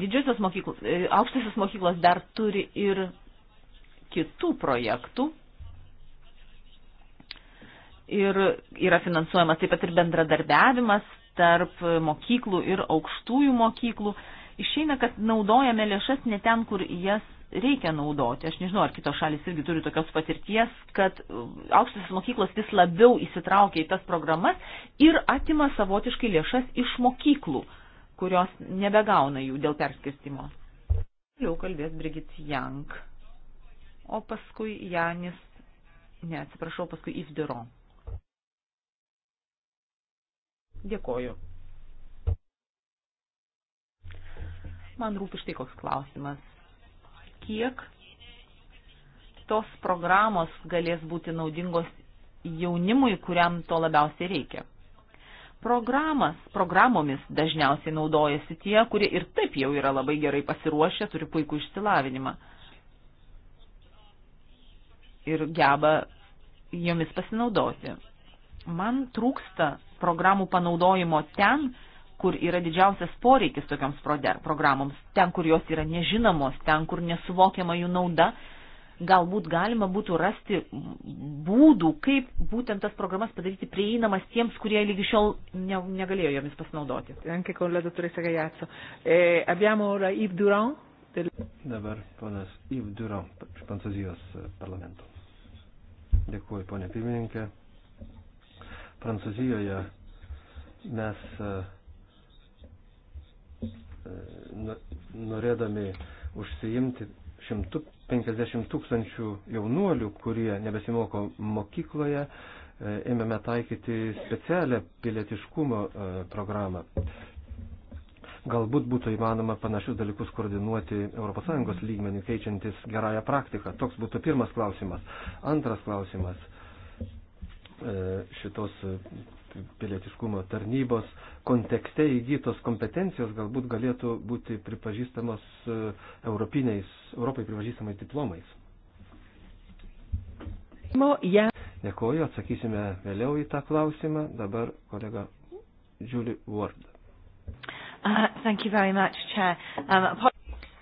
didžiosios mokyklos, e, aukštosios mokyklos dar turi ir kitų projektų. Ir yra finansuojamas taip pat ir bendradarbiavimas tarp mokyklų ir aukštųjų mokyklų. Išeina, kad naudojame lėšas ne ten, kur jas reikia naudoti. Aš nežinau, ar kitos šalis irgi turi tokios patirties, kad aukštasis mokyklos vis labiau įsitraukia į tas programas ir atima savotiškai lėšas iš mokyklų. Uh, kurios nebegauna jų dėl perskirstimo. Toliau kalbės Brigit Jank, o paskui Janis, ne, atsiprašau, paskui Ifdiro. Dėkoju. Man rūpi štai koks klausimas. Kiek tos programos galės būti naudingos jaunimui, kuriam to labiausiai reikia? programas, programomis dažniausiai naudojasi tie, kurie ir taip jau yra labai gerai pasiruošę, turi puikų išsilavinimą ir geba jomis pasinaudoti. Man trūksta programų panaudojimo ten, kur yra didžiausias poreikis tokioms programoms, ten, kur jos yra nežinomos, ten, kur nesuvokiama jų nauda, galbūt galima būtų rasti būdų, kaip būtent tas programas padaryti prieinamas tiems, kurie lygi šiol ne, negalėjo jomis pasinaudoti. Anche con la dottoressa Gajazzo. Eh, abbiamo ora Yves Durand. Del... Dabar ponas Yves Durand iš Prancūzijos eh, parlamento. Dėkuoju, ponė pirmininkė. Prancūzijoje mes eh, eh, norėdami užsiimti 150 tūkstančių jaunuolių, kurie nebesimoko mokykloje, e, ėmėme taikyti specialią pilietiškumo e, programą. Galbūt būtų įmanoma panašius dalykus koordinuoti ES lygmenį, keičiantis gerąją praktiką. Toks būtų pirmas klausimas. Antras klausimas e, šitos pilietiškumo tarnybos kontekste įgytos kompetencijos galbūt galėtų būti pripažįstamos e, europiniais, Europai pripažįstamais diplomais. Ja. Dėkuoju, atsakysime vėliau į tą klausimą. Dabar kolega Julie Ward. Uh, thank you very much, Chair. Um,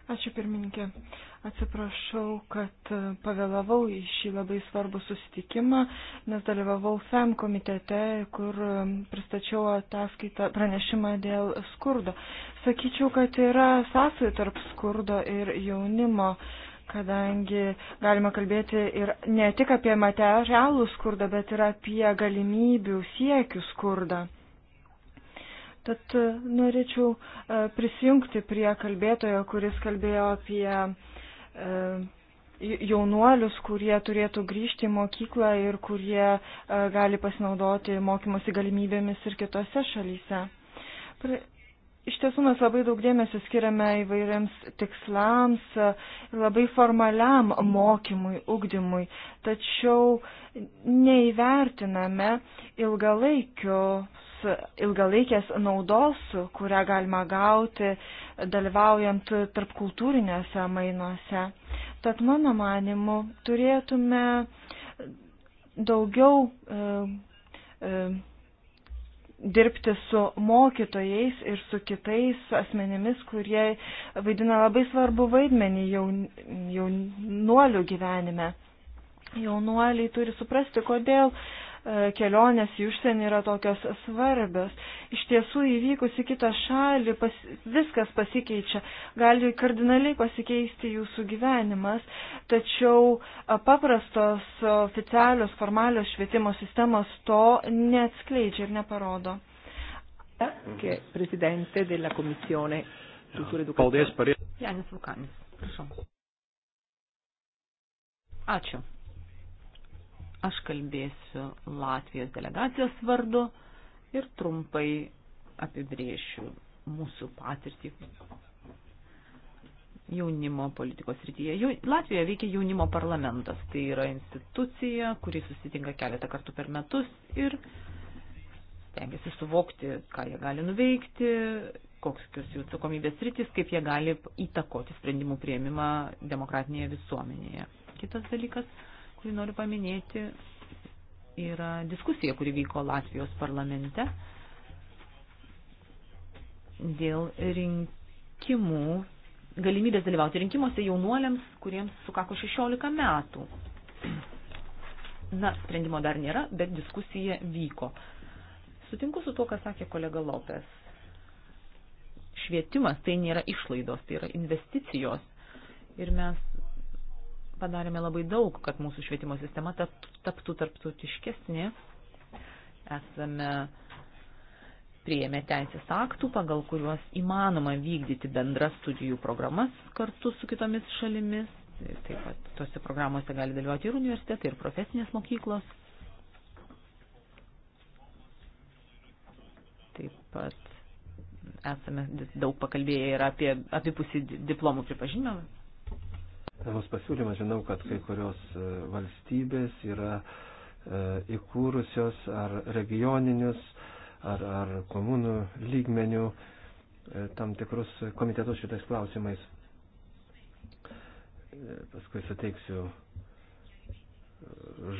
Ačiū pirmininkė. Uh, Atsiprašau, kad e, pavėlavau į šį labai svarbų susitikimą, nes dalyvavau FEM komitete, kur e, pristačiau ataskaitą pranešimą dėl skurdo. Sakyčiau, kad yra sąsajų tarp skurdo ir jaunimo, kadangi galima kalbėti ir ne tik apie materialų skurdą, bet ir apie galimybių siekių skurdą. Tad e, norėčiau prisijungti prie kalbėtojo, kuris kalbėjo apie E, jaunuolius, kurie turėtų grįžti į mokyklą ir kurie e, gali pasinaudoti mokymosi galimybėmis ir kitose šalyse. Iš tiesų mes labai daug dėmesio skiriame įvairiams tikslams, e, labai formaliam mokymui, ugdymui, tačiau neįvertiname ilgalaikio ilgalaikės naudos, kurią galima gauti dalyvaujant tarp kultūrinėse mainuose. Tad mano manimu turėtume daugiau e, e, dirbti su mokytojais ir su kitais asmenimis, kurie vaidina labai svarbu vaidmenį jaun, jaunuolių gyvenime. Jaunuoliai turi suprasti, kodėl e, E, kelionės į užsienį yra tokios svarbios. Iš tiesų įvykus į kitą šalį pas, viskas pasikeičia, gali kardinaliai pasikeisti jūsų gyvenimas, tačiau e, paprastos oficialios formalios švietimo sistemos to neatskleidžia ir neparodo. Paldies, Janis Vukanis. Prašau. Ačiū. Aš kalbėsiu Latvijos delegacijos vardu ir trumpai apibrėšiu mūsų patirtį jaunimo politikos rytyje. Latvijoje veikia jaunimo parlamentas. Tai yra institucija, kuri susitinka keletą kartų per metus ir stengiasi suvokti, ką jie gali nuveikti, kokios jų atsakomybės rytis, kaip jie gali įtakoti sprendimų prieimimą demokratinėje visuomenėje. Kitas dalykas kurį noriu paminėti, yra diskusija, kuri vyko Latvijos parlamente dėl rinkimų, galimybės dalyvauti rinkimuose jaunuoliams, kuriems sukako 16 metų. Na, sprendimo dar nėra, bet diskusija vyko. Sutinku su tuo, ką sakė kolega Lopes. Švietimas tai nėra išlaidos, tai yra investicijos. Ir mes padarėme labai daug, kad mūsų švietimo sistema taptų tarptautiškesnė. Esame prieėmė teisės aktų, pagal kuriuos įmanoma vykdyti bendras studijų programas kartu su kitomis šalimis. Taip pat tose programuose gali dalyvauti ir universitetai, ir profesinės mokyklos. Taip pat esame daug pakalbėję ir apie apipusį diplomų pripažinimą Tavos pasiūlymas, žinau, kad kai kurios e, valstybės yra e, įkūrusios ar regioninius, ar, ar komunų lygmenių e, tam tikrus komitetus šitais klausimais. Paskui suteiksiu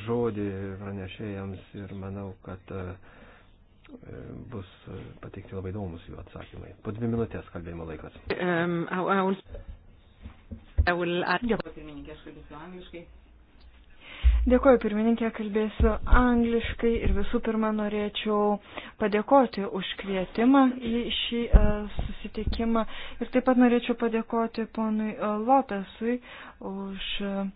žodį pranešėjams ir manau, kad bus pateikti labai įdomus jų atsakymai. Po dvi minutės kalbėjimo laikas. Um, au, au. Dėkuoju pirmininkė, aš kalbėsiu angliškai. Dėkuoju pirmininkė, kalbėsiu angliškai ir visų pirma norėčiau padėkoti už kvietimą į šį uh, susitikimą ir taip pat norėčiau padėkoti ponui uh, Lopesui už. Uh,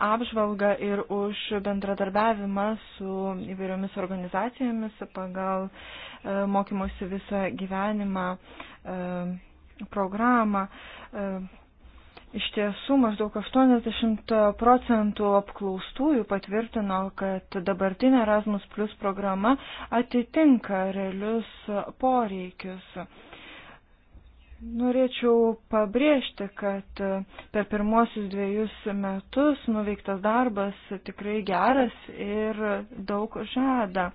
apžvalgą ir už bendradarbiavimą su įvairiomis organizacijomis pagal mokymosi visą gyvenimą programą. Iš tiesų, maždaug 80 procentų apklaustųjų patvirtino, kad dabartinė Erasmus Plus programa atitinka realius poreikius. Norėčiau pabrėžti, kad per pirmosius dviejus metus nuveiktas darbas tikrai geras ir daug žada.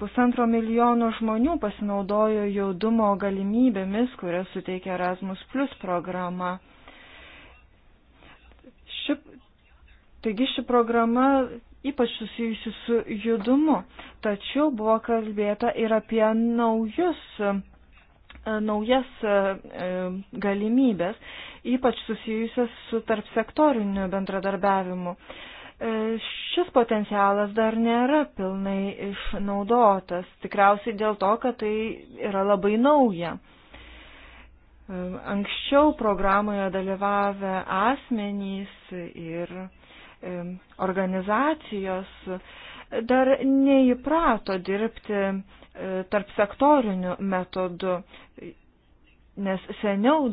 Pusantro milijono žmonių pasinaudojo jaudumo galimybėmis, kurias suteikia Erasmus Plus programa. Taigi ši programa ypač susijusi su judumu, tačiau buvo kalbėta ir apie naujus e, naujas e, e, galimybės, ypač susijusias su tarp sektoriniu bendradarbiavimu. Šis potencialas dar nėra pilnai išnaudotas, tikriausiai dėl to, kad tai yra labai nauja. Anksčiau programoje dalyvavę asmenys ir organizacijos dar neįprato dirbti e, tarp sektorinių metodų, nes seniau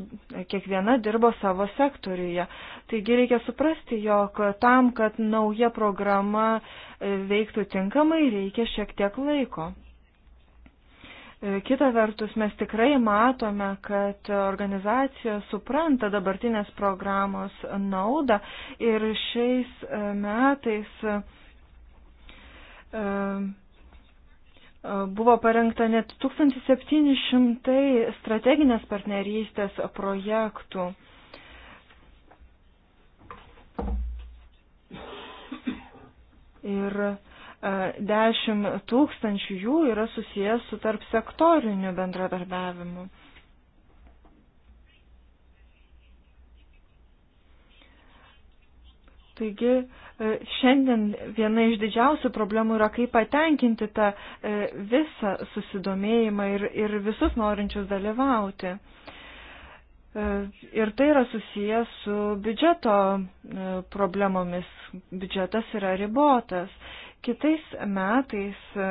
kiekviena dirbo savo sektoriuje. Taigi reikia suprasti, jog tam, kad nauja programa e, veiktų tinkamai, reikia šiek tiek laiko. E, kita vertus, mes tikrai matome, kad organizacijos supranta dabartinės programos naudą ir šiais e, metais e, buvo parengta net 1700 strateginės partnerystės projektų. Ir 10 tūkstančių jų yra susijęs su tarp sektoriniu bendradarbiavimu. Taigi e, šiandien viena iš didžiausių problemų yra kaip patenkinti tą e, visą susidomėjimą ir, ir visus norinčius dalyvauti. E, ir tai yra susijęs su biudžeto problemomis. Biudžetas yra ribotas Kitais metais e,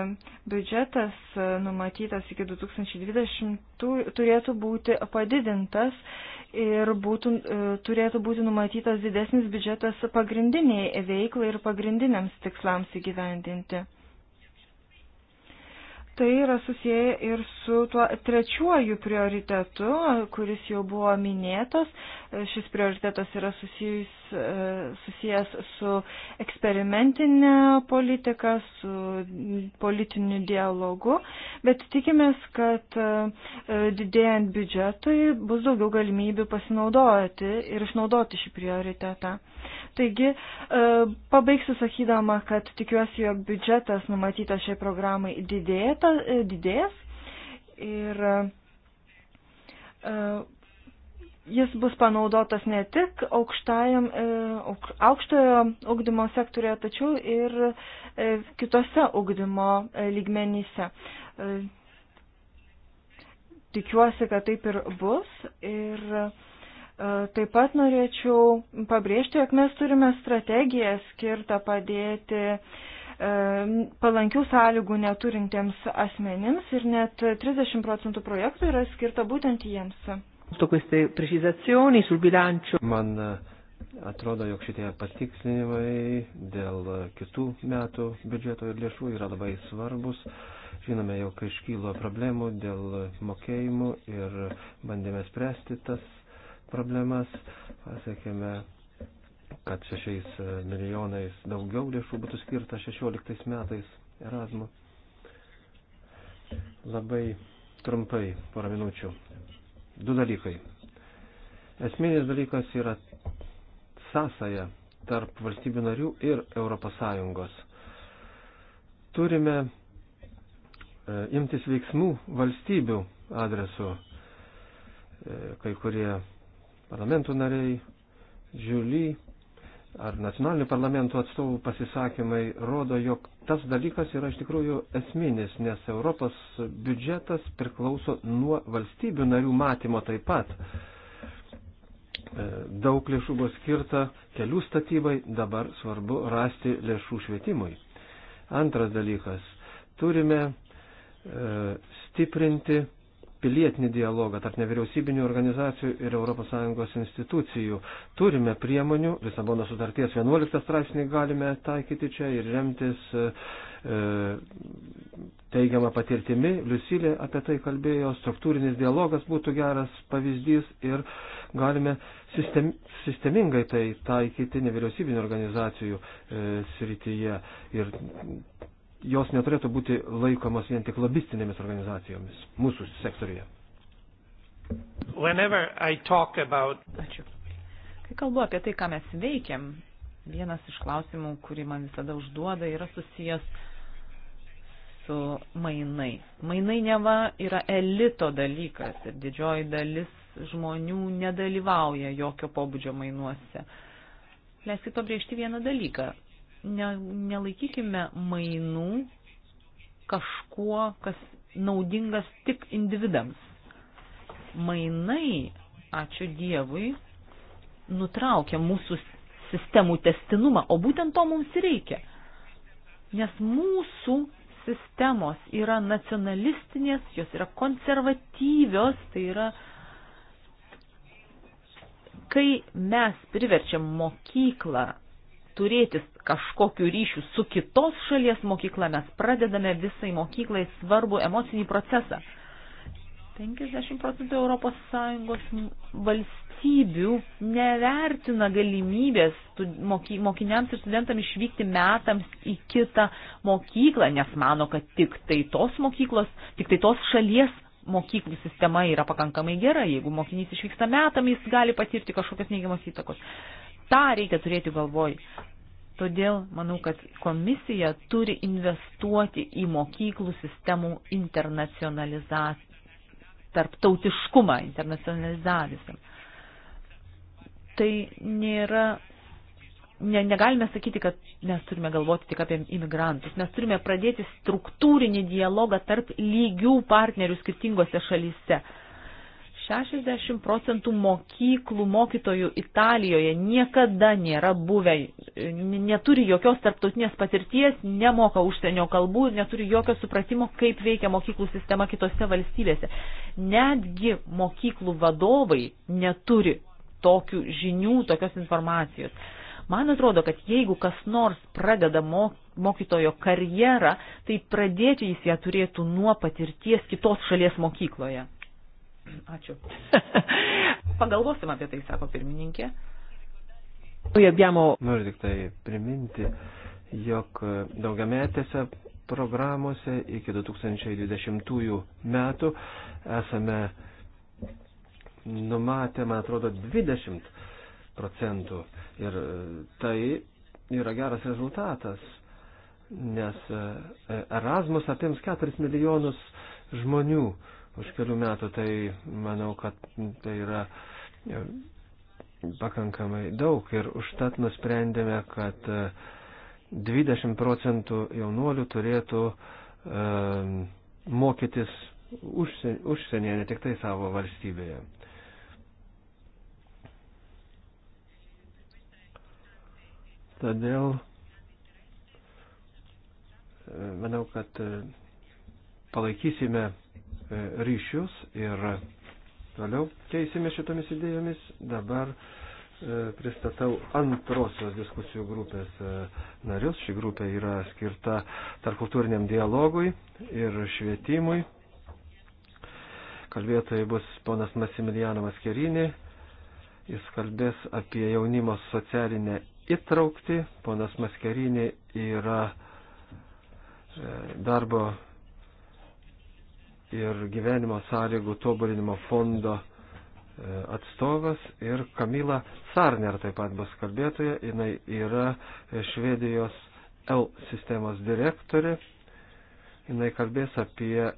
biudžetas e, numatytas iki 2020 turėtų būti padidintas ir būtų, e, turėtų būti numatytas didesnis biudžetas pagrindiniai veiklai ir pagrindiniams tikslams įgyvendinti. Tai yra susiję ir su tuo trečiuoju prioritetu, kuris jau buvo minėtas. Šis prioritetas yra susijus, e, susijęs su eksperimentinė politika, su politiniu dialogu, bet tikimės, kad e, didėjant biudžetui bus daugiau galimybių pasinaudoti ir išnaudoti šį prioritetą. Taigi, e, pabaigsiu sakydama, kad tikiuosi, jog biudžetas numatytas šiai programai didėja biudžetą didės ir e, jis bus panaudotas ne tik aukštajam, e, aukštojo ugdymo sektorėje, tačiau ir e, kitose ugdymo lygmenyse. Tikiuosi, kad taip ir bus. Ir taip pat norėčiau pabrėžti, jog mes turime strategiją skirtą padėti uh, palankių sąlygų neturintiems asmenims ir net 30 procentų projektų yra skirta būtent jiems. Man eh, atrodo, jog šitie patikslinimai dėl kitų metų biudžeto ir lėšų yra labai svarbus. Žinome, jog iškylo problemų dėl mokėjimų ir bandėme spręsti tas problemas. Pasiekėme kad 6 e, milijonais daugiau lėšų būtų skirta 16 metais Erasmus. Labai trumpai, porą minučių. Du dalykai. Esminis dalykas yra sąsaja tarp valstybių narių ir ES. Turime e, imtis veiksmų valstybių adresu. E, kai kurie parlamentų nariai, Žiuly ar nacionalinių parlamentų atstovų pasisakymai rodo, jog tas dalykas yra iš tikrųjų esminis, nes Europos biudžetas priklauso nuo valstybių narių matymo taip pat. E, daug lėšų buvo skirta kelių statybai, dabar svarbu rasti lėšų švietimui. Antras dalykas, turime e, stiprinti pilietinį dialogą tarp nevyriausybinių organizacijų ir ES institucijų. Turime priemonių, Lisabono sutarties 11 straipsnį galime taikyti čia ir remtis e, e teigiamą patirtimi. Liusilė apie tai kalbėjo, struktūrinis dialogas būtų geras pavyzdys ir galime sistem, sistemingai tai taikyti nevyriausybinio organizacijų e, srityje. Ir jos neturėtų būti laikomas vien tik lobistinėmis organizacijomis mūsų sektoriuje. About... Ačiū. Kai kalbu apie tai, ką mes veikiam, vienas iš klausimų, kurį man visada užduoda, yra susijęs su mainai. Mainai neva yra elito dalykas ir didžioji dalis žmonių nedalyvauja jokio pobūdžio mainuose. Leiskit pabrėžti vieną dalyką ne, nelaikykime mainų kažkuo, kas naudingas tik individams. Mainai, ačiū Dievui, nutraukia mūsų sistemų testinumą, o būtent to mums reikia. Nes mūsų sistemos yra nacionalistinės, jos yra konservatyvios, tai yra, kai mes priverčiam mokyklą turėti kažkokiu ryšiu su kitos šalies mokykla, mes pradedame visai mokyklai svarbu emocinį procesą. 50 procentų ES valstybių nevertina galimybės moky, mokiniams ir studentams išvykti metams į kitą mokyklą, nes mano, kad tik tai tos mokyklos, tik tai tos šalies mokyklų sistema yra pakankamai gera. Jeigu mokinys išvyksta metam, jis gali patirti kažkokias neigiamas įtakos. Ta reikia turėti galvoj. Todėl manau, kad komisija turi investuoti į mokyklų sistemų internacionalizaciją, tarptautiškumą, internacionalizavimą. Tai nėra, ne, negalime sakyti, kad mes turime galvoti tik apie imigrantus. Mes turime pradėti struktūrinį dialogą tarp lygių partnerių skirtingose šalyse. 60 procentų mokyklų mokytojų Italijoje niekada nėra buvę, neturi jokios tarptautinės patirties, nemoka užsienio kalbų, neturi jokio supratimo, kaip veikia mokyklų sistema kitose valstybėse. Netgi mokyklų vadovai neturi tokių žinių, tokios informacijos. Man atrodo, kad jeigu kas nors pradeda mokytojo karjerą, tai pradėti jis ją turėtų nuo patirties kitos šalies mokykloje. Ačiū. Pagalvosim apie tai, sako pirmininkė. Noriu tik tai priminti, jog daugiametėse programuose iki 2020 metų esame numatę, man atrodo, 20 procentų. Ir e, tai yra geras rezultatas, nes e, Erasmus apims 4 milijonus žmonių už kelių metų, tai manau, kad tai yra e, pakankamai daug ir užtat nusprendėme, kad 20 e, procentų jaunuolių turėtų e, mokytis užsienyje, ne tik tai savo valstybėje. Todėl manau, kad palaikysime E, ryšius ir toliau keisime šitomis idėjomis. Dabar e, pristatau antrosios diskusijų grupės e, narius. Ši grupė yra skirta tarpkultūriniam dialogui ir švietimui. Kalbėtojai bus ponas Masimilijano Maskerinį. Jis kalbės apie jaunimo socialinę įtraukti. Ponas Maskerinį yra darbo ir gyvenimo sąlygų tobulinimo fondo e, atstovas ir Kamila Sarner taip pat bus kalbėtoja. Jis yra e, Švedijos L sistemos direktorė. Jis kalbės apie e,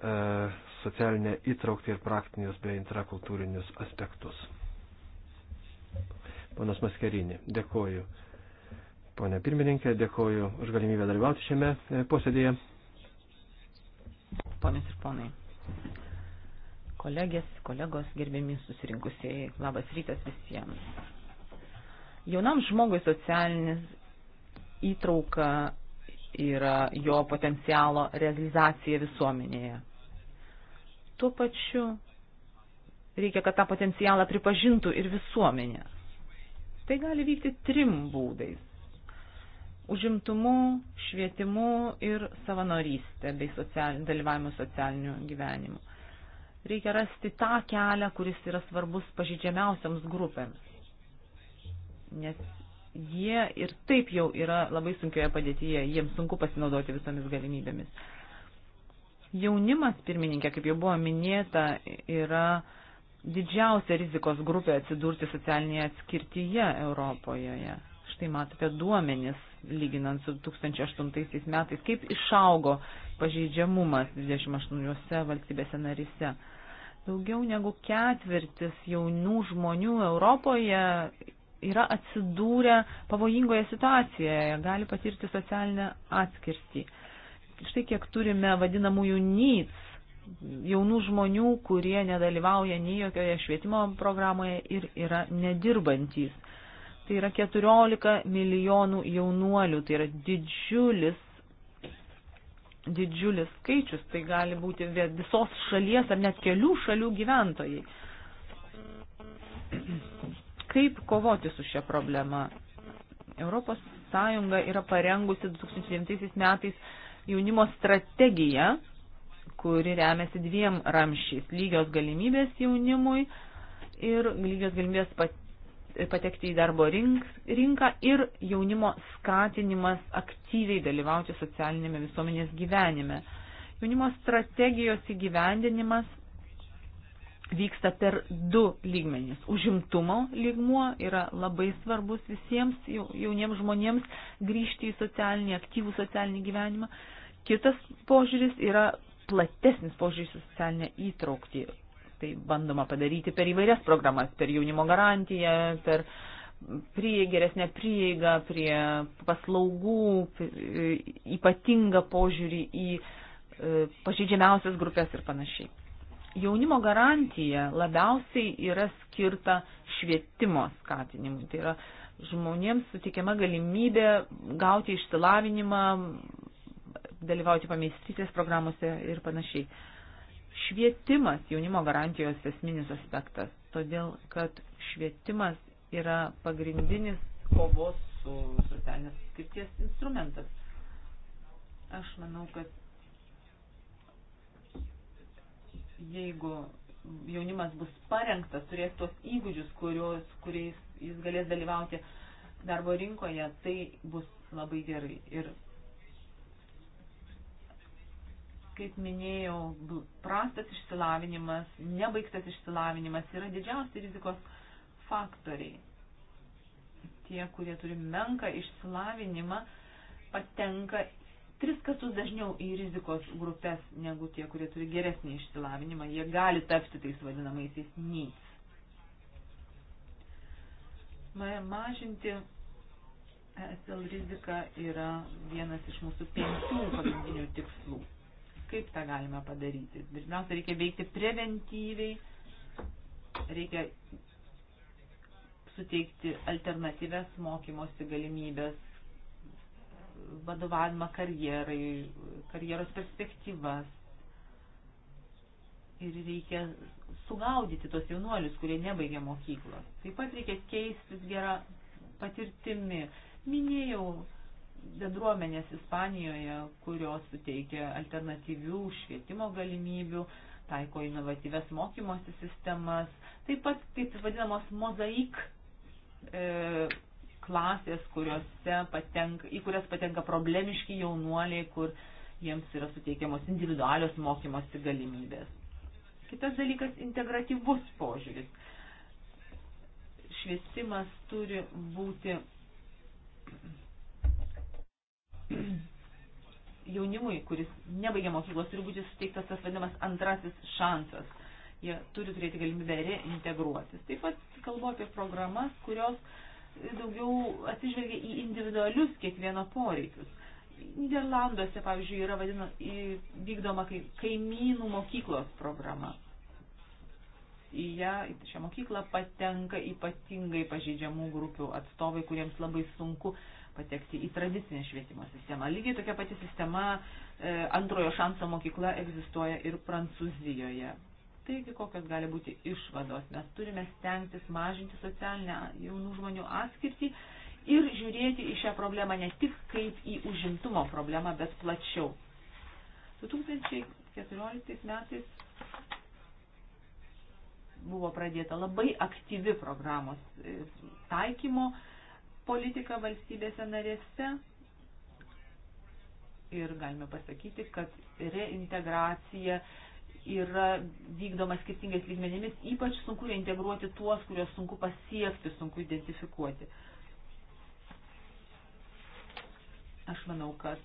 socialinę įtraukti ir praktinius bei intrakultūrinius aspektus. Ponas Maskerinė, dėkoju. Pone pirmininkė, dėkoju už galimybę dalyvauti šiame posėdėje. Ponas ir ponai. Kolegės, kolegos, gerbiami susirinkusiai, labas rytas visiems. Jaunam žmogui socialinis įtrauka yra jo potencialo realizacija visuomenėje. Tuo pačiu reikia, kad tą potencialą pripažintų ir visuomenė. Tai gali vykti trim būdais užimtumu, švietimu ir savanorystė bei socialin, dalyvavimu socialiniu gyvenimu. Reikia rasti tą kelią, kuris yra svarbus pažydžiamiausiams grupėms, nes jie ir taip jau yra labai sunkioje padėtyje, jiems sunku pasinaudoti visomis galimybėmis. Jaunimas, pirmininkė, kaip jau buvo minėta, yra didžiausia rizikos grupė atsidurti socialinėje atskirtyje Europoje. Štai matote duomenis lyginant su 2008 metais, kaip išaugo pažeidžiamumas 28 valstybėse narise. Daugiau negu ketvirtis jaunų žmonių Europoje yra atsidūrę pavojingoje situacijoje, gali patirti socialinę atskirtį. Štai kiek turime vadinamųjų needs, jaunų žmonių, kurie nedalyvauja nei jokioje švietimo programoje ir yra nedirbantys. Tai yra 14 milijonų jaunuolių, tai yra didžiulis, didžiulis skaičius, tai gali būti visos šalies ar net kelių šalių gyventojai. Kaip kovoti su šia problema? Europos Sąjunga yra parengusi 2009 metais jaunimo strategiją, kuri remiasi dviem ramšiais - lygios galimybės jaunimui ir lygios galimybės pat patekti į darbo rinką ir jaunimo skatinimas aktyviai dalyvauti socialinėme visuomenės gyvenime. Jaunimo strategijos įgyvendinimas vyksta per du lygmenys. Užimtumo lygmuo yra labai svarbus visiems jauniems žmonėms grįžti į socialinį, aktyvų socialinį gyvenimą. Kitas požiūris yra platesnis požiūris į socialinę įtraukti tai bandoma padaryti per įvairias programas, per jaunimo garantiją, per prie, geresnę prieigą prie paslaugų, ypatingą požiūrį į e, pažydžiamiausias grupės ir panašiai. Jaunimo garantija labiausiai yra skirta švietimo skatinimui. Tai yra žmonėms sutikiama galimybė gauti išsilavinimą, dalyvauti pameistrystės programuose ir panašiai. Uh, švietimas jaunimo garantijos esminis aspektas, todėl kad švietimas yra pagrindinis kovos su socialinės skirties instrumentas. Aš manau, kad jeigu jaunimas bus parengtas, turės tos įgūdžius, kurios, kuriais jis galės dalyvauti darbo rinkoje, tai bus labai gerai. Ir kaip minėjau, prastas išsilavinimas, nebaigtas išsilavinimas yra didžiausi rizikos faktoriai. Tie, kurie turi menką išsilavinimą, patenka tris kartus dažniau į rizikos grupės negu tie, kurie turi geresnį išsilavinimą. Jie gali tapti tais vadinamaisiais needs. Mažinti SL riziką yra vienas iš mūsų penkių pagrindinių tikslų. Kaip tą galime padaryti? Pirmiausia, reikia veikti preventyviai, reikia suteikti alternatyves mokymosi galimybės, vadovavimą karjerai, karjeros perspektyvas. Ir reikia sugaudyti tos jaunuolius, kurie nebaigia mokyklos. Taip pat reikia keistis gerą patirtimi. Minėjau bendruomenės Ispanijoje, kurios suteikia alternatyvių švietimo galimybių, taiko inovatyves mokymosi sistemas, taip pat taip vadinamos mozaik e, klasės, kuriuose patenka, į kurias patenka problemiški jaunuoliai, kur jiems yra suteikiamos individualios mokymosi galimybės. Kitas dalykas - integratyvus požiūris. Švietimas turi būti jaunimui, kuris nebaigia mokyklos, turi būti suteiktas tas vadinamas antrasis šansas. Jie turi turėti galimybę reintegruotis. Taip pat kalbu apie programas, kurios daugiau atsižvelgia į individualius kiekvieno poreikius. Niderlanduose, pavyzdžiui, yra vadino, vykdoma kaimynų mokyklos programa. Į ją, į šią mokyklą patenka ypatingai pažeidžiamų grupių atstovai, kuriems labai sunku uh, patekti į tradicinę švietimo sistemą. Lygiai tokia pati sistema e, antrojo šanso mokykla egzistuoja ir Prancūzijoje. Taigi, kokios gali būti išvados? Mes turime stengtis mažinti socialinę jaunų žmonių atskirtį ir žiūrėti į šią problemą ne tik kaip į užimtumo problemą, bet plačiau. 2014 metais buvo pradėta labai aktyvi programos e, taikymo politiką valstybėse narėse. Ir galime pasakyti, kad reintegracija yra vykdoma skirtingais lygmenimis, ypač sunku reintegruoti tuos, kuriuos sunku pasiekti, sunku identifikuoti. Aš manau, kad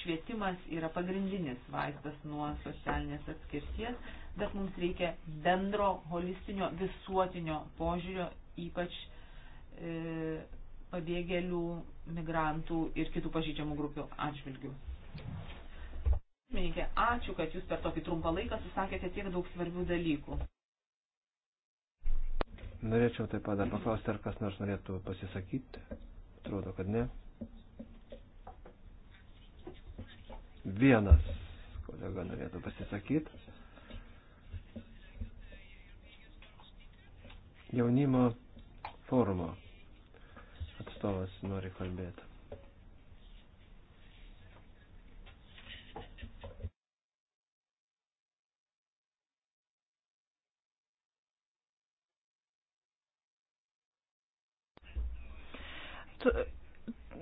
švietimas yra pagrindinis vaistas nuo socialinės atskirties, bet mums reikia bendro, holistinio, visuotinio požiūrio, ypač e, pabėgėlių, migrantų ir kitų pažydžiamų grupių atžvilgių. Pirmininkė, ačiū, kad jūs per tokį trumpą laiką susakėte tiek daug svarbių dalykų. Norėčiau taip pat dar paklausti, ar kas nors norėtų pasisakyti. Atrodo, kad ne. Vienas kolega norėtų pasisakyti. Jaunimo forumo atstovas nori kalbėti.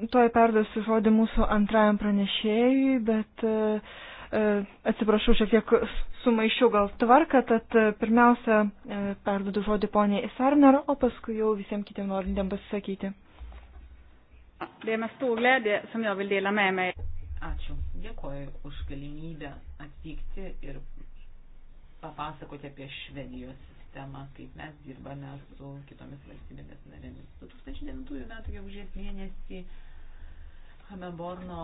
Tuoj perduosiu žodį mūsų antrajam pranešėjui, bet e, e, atsiprašau, šiek tiek sumaišiau gal tvarką, tad e, pirmiausia perduodu žodį poniai Sarner, o paskui jau visiems kitiem norintiem pasisakyti. Det är med stor glädje som jag vill dela med mig. Ačiū. Dėkoju už galimybę atvykti ir papasakoti apie Švedijos sistemą, kaip mes dirbame su kitomis valstybėmis narėmis. 2009 m. gegužės mėnesį Hameborno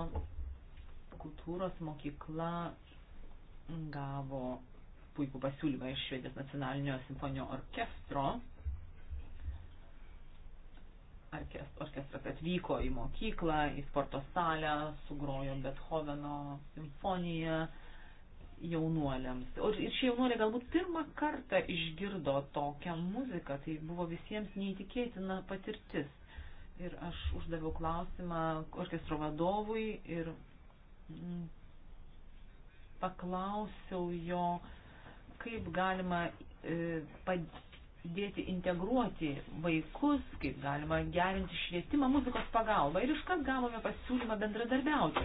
kultūros mokykla gavo puikų pasiūlymą iš Švedijos nacionalinio simfoninio orkestro orkestras atvyko į mokyklą, į sporto salę, sugrojo Bethoveno simfoniją jaunuoliams. Ir šie jaunuoliai galbūt pirmą kartą išgirdo tokią muziką, tai buvo visiems neįtikėtina patirtis. Ir aš uždaviau klausimą orkestro vadovui ir mm, paklausiau jo, kaip galima e, padėti dėti integruoti vaikus, kaip galima gerinti švietimą muzikos pagalba ir iškart gavome pasiūlymą bendradarbiauti.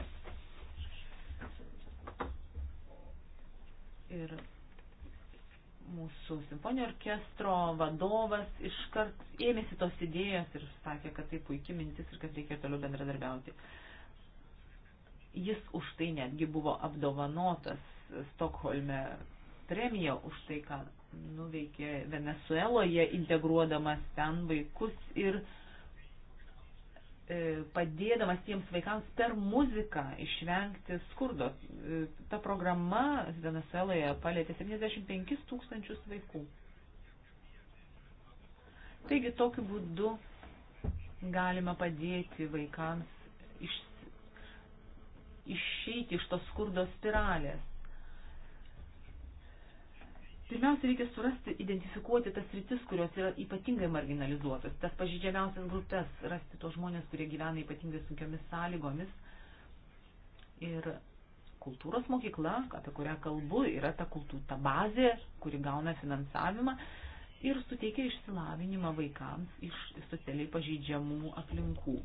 Ir mūsų simfonio orkestro vadovas iškart ėmėsi tos idėjos ir sakė, kad tai puikia mintis ir kad reikia toliau bendradarbiauti. Jis už tai netgi buvo apdovanotas Stokholme premija už tai, ką nuveikė Venezueloje, integruodamas ten vaikus ir e, padėdamas tiems vaikams per muziką išvengti skurdo. E, ta programa Venezueloje palėtė 75 tūkstančius vaikų. Taigi tokiu būdu galima padėti vaikams iš, išeiti iš tos skurdo spiralės. Pirmiausia, reikia surasti, identifikuoti tas rytis, kurios yra ypatingai marginalizuotas, tas pažydžiamiausias grupės, rasti tos žmonės, kurie gyvena ypatingai sunkiomis sąlygomis. Ir kultūros mokykla, apie kurią kalbu, yra ta kultūra, ta bazė, kuri gauna finansavimą ir suteikia išsilavinimą vaikams iš socialiai pažydžiamų aplinkų.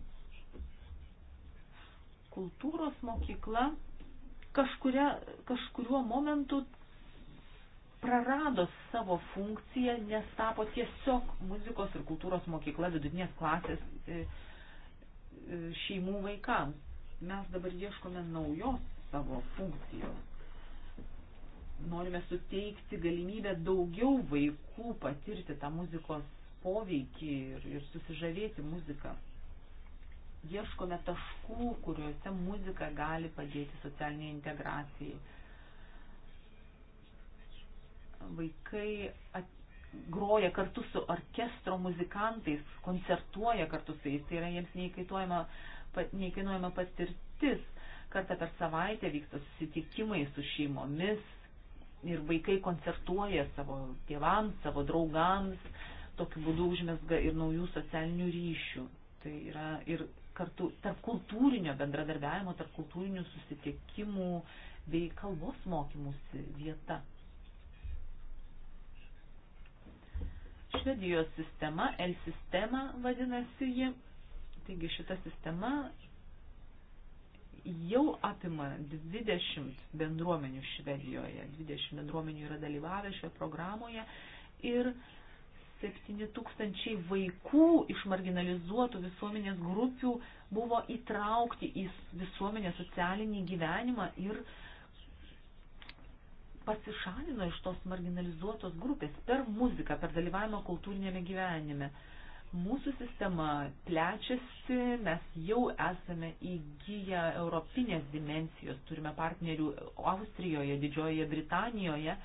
Kultūros mokykla kažkuria, kažkuriuo momentu prarado savo funkciją, nes tapo tiesiog muzikos ir kultūros mokykla vidutinės klasės e, e, šeimų vaikams. Mes dabar ieškome naujos savo funkcijos. Norime suteikti galimybę daugiau vaikų patirti tą muzikos poveikį ir, ir susižavėti muziką. Ieškome taškų, kuriuose muzika gali padėti socialiniai integracijai Vaikai at, groja kartu su orkestro muzikantais, koncertuoja kartu su jais, tai yra jiems neįkaituojama, neįkainuojama patirtis. Kartą per savaitę vyksta susitikimai su šeimomis ir vaikai koncertuoja savo tėvams, savo draugams, tokiu būdu užmesga ir naujų socialinių ryšių. Tai yra ir kartu tarp kultūrinio bendradarbiavimo, tarp kultūrinių susitikimų bei kalbos mokymusi vieta. Švedijos sistema, L sistema vadinasi ji. Taigi šita sistema jau apima 20 bendruomenių Švedijoje. 20 bendruomenių yra dalyvavę šioje programoje ir 7 tūkstančiai vaikų iš marginalizuotų visuomenės grupių buvo įtraukti į visuomenės socialinį gyvenimą ir uh, pasišalino iš tos marginalizuotos grupės per muziką, per dalyvavimą kultūrinėme gyvenime. Mūsų sistema plečiasi, mes jau esame įgyję europinės dimensijos, turime partnerių Austrijoje, Didžiojoje Britanijoje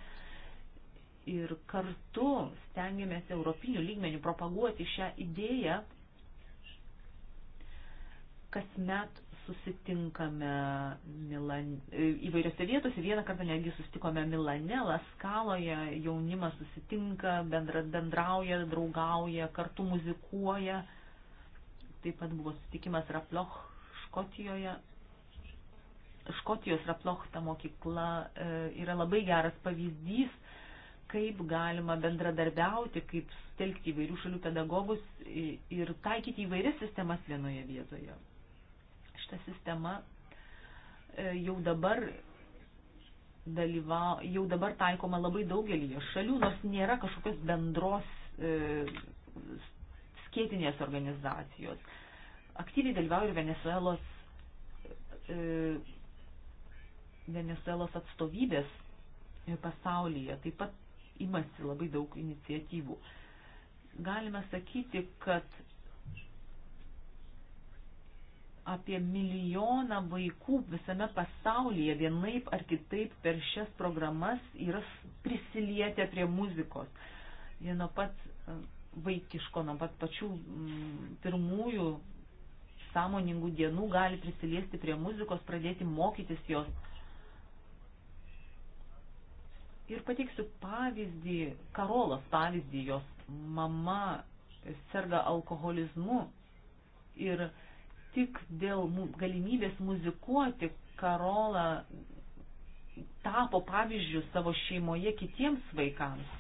ir kartu stengiamės europinių lygmenių propaguoti šią idėją kasmet susitinkame Milan, e, įvairiose vietose, vieną kartą netgi susitikome Milane, Laskaloje, jaunimas susitinka, bendra, bendrauja, draugauja, kartu muzikuoja. Taip pat buvo susitikimas Raploch Škotijoje. Škotijos Raploch ta mokykla e, yra labai geras pavyzdys, kaip galima bendradarbiauti, kaip telkti įvairių šalių pedagogus ir taikyti įvairias sistemas vienoje vietoje šita sistema e, jau dabar dalyva, jau dabar taikoma labai daugelį šalių, nors nėra kažkokios bendros e, skėtinės organizacijos. Aktyviai dalyvauja ir Venezuelos, e, Venezuelos atstovybės pasaulyje, taip pat imasi labai daug iniciatyvų. Galime sakyti, kad apie milijoną vaikų visame pasaulyje vienaip ar kitaip per šias programas yra prisilietę prie muzikos. Jie nuo pat e, vaikiško, nuo pat pačių mm, pirmųjų sąmoningų dienų gali prisiliesti prie muzikos, pradėti mokytis jos. Ir pateiksiu pavyzdį, Karolos pavyzdį, jos mama serga alkoholizmu ir tik dėl galimybės muzikuoti Karola tapo pavyzdžių savo šeimoje kitiems vaikams.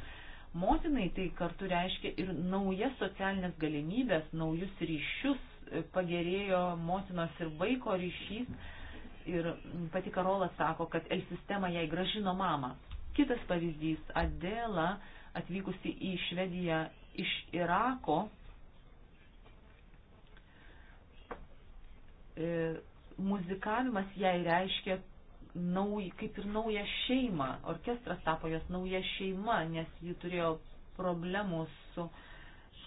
Motinai tai kartu reiškia ir naujas socialinės galimybės, naujus ryšius, e, pagerėjo motinos ir vaiko ryšys ir pati Karola sako, kad El sistema jai gražino mamą. Kitas pavyzdys, Adela atvykusi į Švediją iš Irako, E, muzikavimas jai reiškia nauj, kaip ir naują šeimą. Orkestras tapo jos nauja šeima, nes ji turėjo problemų su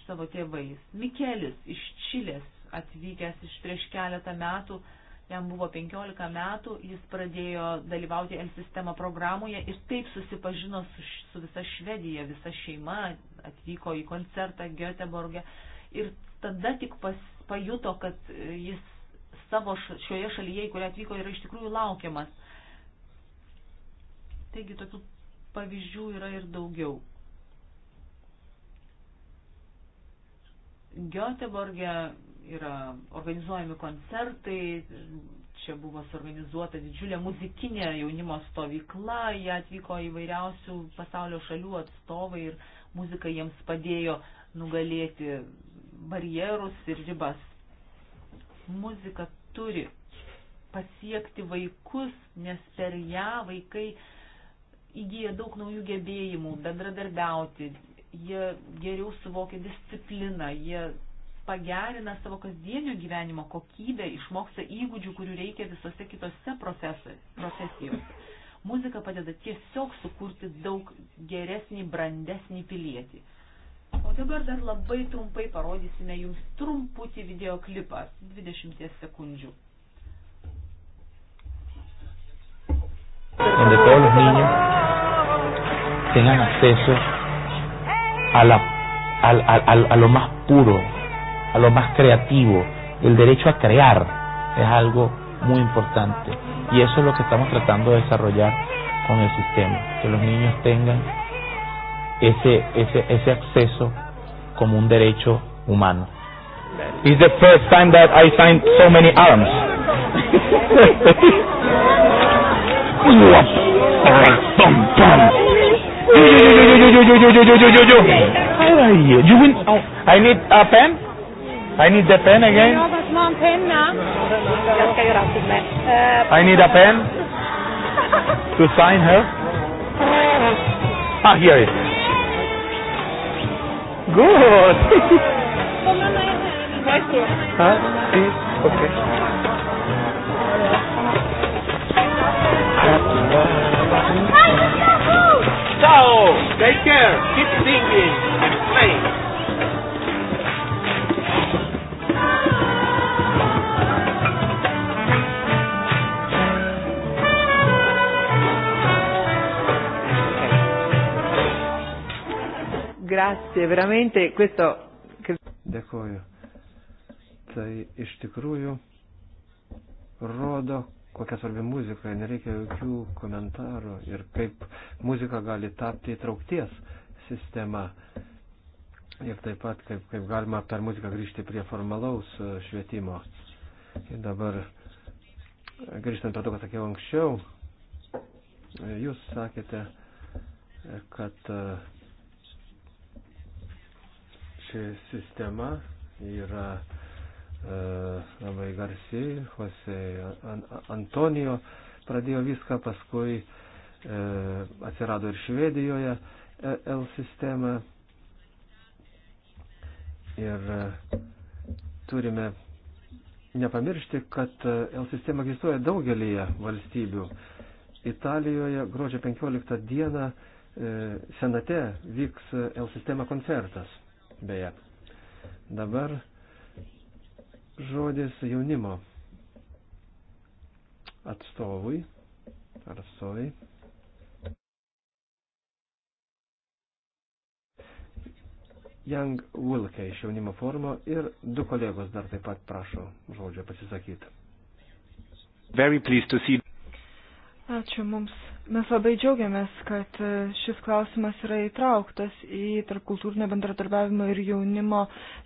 savo tėvais. Mikelis iš Čilės atvykęs iš prieš keletą metų, jam buvo 15 metų, jis pradėjo dalyvauti L sistema programoje ir taip susipažino su, su visa Švedija, visa šeima atvyko į koncertą Göteborge ir tada tik pas, pajuto, kad jis savo šioje šalyje, į kurią atvyko, yra iš tikrųjų laukiamas. Taigi tokių pavyzdžių yra ir daugiau. Göteborge yra organizuojami koncertai, čia buvo suorganizuota didžiulė muzikinė jaunimo stovykla, jie atvyko įvairiausių pasaulio šalių atstovai ir muzika jiems padėjo nugalėti barjerus ir ribas. Muzika turi pasiekti vaikus, nes per ją vaikai įgyja daug naujų gebėjimų bendradarbiauti, jie geriau suvokia discipliną, jie pagerina savo kasdienio gyvenimo kokybę, išmoksta įgūdžių, kurių reikia visose kitose profesijose. Muzika padeda tiesiog sukurti daug geresnį, brandesnį pilietį. O dabar dar labai trumpai parodysime jums trumputį videoklipą 20 sekundžių. Donde todos los niños tengan acceso a, la, a, a, a, a lo más puro, a lo más creativo. El derecho a crear es algo muy importante. Y eso es lo que estamos tratando de desarrollar con el sistema. Que los niños tengan ese, ese, ese acceso como un derecho humano. It's the first time that I signed so many arms. you win. Oh, I need a pen. I need the pen again. I need a pen to sign her. Ah, here it is. Good. huh? See? Okay. Ciao. Take care. Keep singing. Grazie, veramente questo. Dėkoju. Tai iš tikrųjų rodo, kokia svarbi muzika, nereikia jokių komentarų ir kaip muzika gali tapti įtraukties sistema. Ir taip pat, kaip, kaip galima per muziką grįžti prie formalaus e, švietimo. Ir dabar, e, grįžtant prie to, ką sakiau anksčiau, e, jūs sakėte, kad uh, ši sistema yra e, labai garsiai. Jose Antonijo pradėjo viską, paskui e, atsirado ir Švedijoje e, L sistema. Ir e, turime nepamiršti, kad e, L sistema egzistuoja daugelįje valstybių. Italijoje gruodžio 15 dieną senate vyks L sistema koncertas beje. Dabar žodis jaunimo atstovui ar atstoviai. Young Wilke iš jaunimo forumo ir du kolegos dar taip pat prašo žodžio pasisakyti. Ačiū mums Mes labai džiaugiamės, kad e, šis klausimas yra įtrauktas į tarpkultūrinio bendradarbiavimo ir jaunimo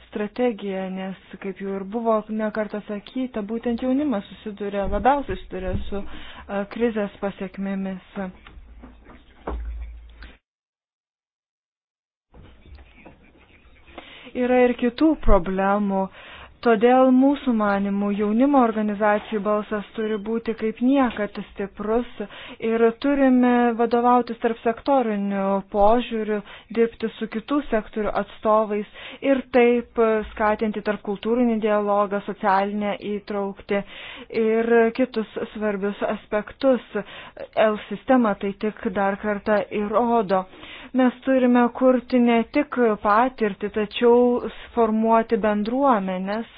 strategiją, nes, kaip jau ir buvo nekartą sakyta, būtent jaunimas susiduria, labiausiai susiduria su e, krizės pasiekmėmis. Yra ir kitų problemų, Todėl mūsų manimų jaunimo organizacijų balsas turi būti kaip niekad stiprus ir turime vadovautis tarp sektorinių požiūrių, dirbti su kitų sektorių atstovais ir taip skatinti tarp kultūrinį dialogą, socialinę įtraukti ir kitus svarbius aspektus. L sistema tai tik dar kartą įrodo. Mes turime kurti ne tik patirtį, tačiau formuoti bendruomenės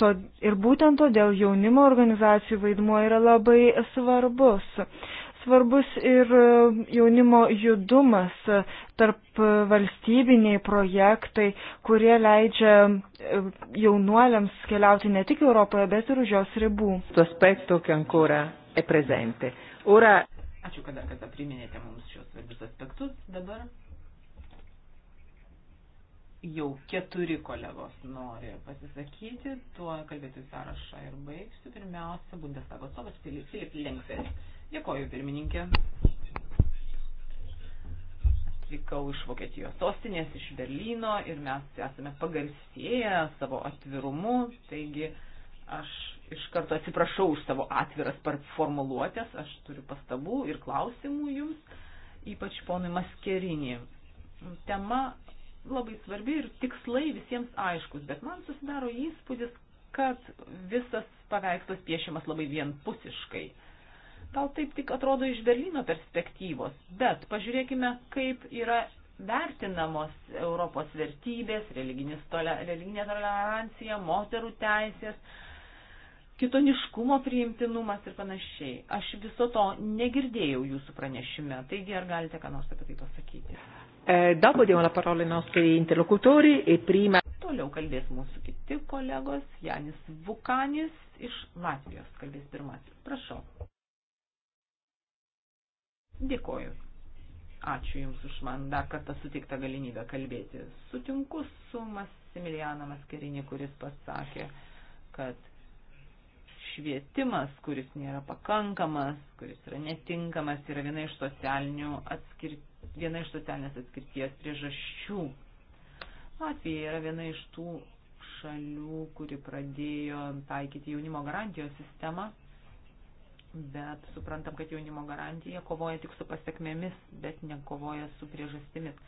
To, ir būtent todėl jaunimo organizacijų vaidmuo yra labai svarbus. Svarbus ir e, jaunimo judumas, e, tarp valstybiniai projektai, kurie leidžia e, jaunuoliams keliauti ne tik Europoje, bet ir už jos ribų. Tuo aspektu, kai ancora è presente. Ora... Ačiū, kada, kada priminėte mums šios svarbius aspektus. Dabar jau keturi kolegos nori pasisakyti, tuo kalbėtojų sąrašą ir baigsiu. Pirmiausia, Bundestago atstovas Filip, Filip Lenkfeld. Dėkoju, pirmininkė. Atvykau iš Vokietijos sostinės, iš Berlyno ir mes esame pagarsėję savo atvirumu, taigi aš iš karto atsiprašau už savo atviras formuluotės, aš turiu pastabų ir klausimų jums, ypač ponui Maskerinį. Tema labai svarbi ir tikslai visiems aiškus, bet man susidaro įspūdis, kad visas paveikslas piešimas labai vienpusiškai. Gal taip tik atrodo iš Berlyno perspektyvos, bet pažiūrėkime, kaip yra vertinamos Europos vertybės, tole, religinė tolerancija, moterų teisės, kitoniškumo priimtinumas ir panašiai. Aš viso to negirdėjau jūsų pranešime, taigi ar galite ką nors apie tai pasakyti? E, dopo diamo la parola ai nostri interlocutori e prima. Toliau kalbės mūsų kiti kolegos, Janis Vukanis iš Latvijos kalbės pirmasis. Prašau. Dėkoju. Ačiū Jums už man dar kartą sutiktą galimybę kalbėti. Sutinku su Massimiliano Maskerinį, kuris pasakė, kad švietimas, kuris nėra pakankamas, kuris yra netinkamas, yra viena iš socialinių atskirti viena iš socialinės atskirties priežasčių. Latvija yra viena iš tų šalių, kuri pradėjo taikyti jaunimo garantijos sistemą, bet suprantam, kad jaunimo garantija kovoja tik su pasiekmėmis, bet nekovoja su priežastimis.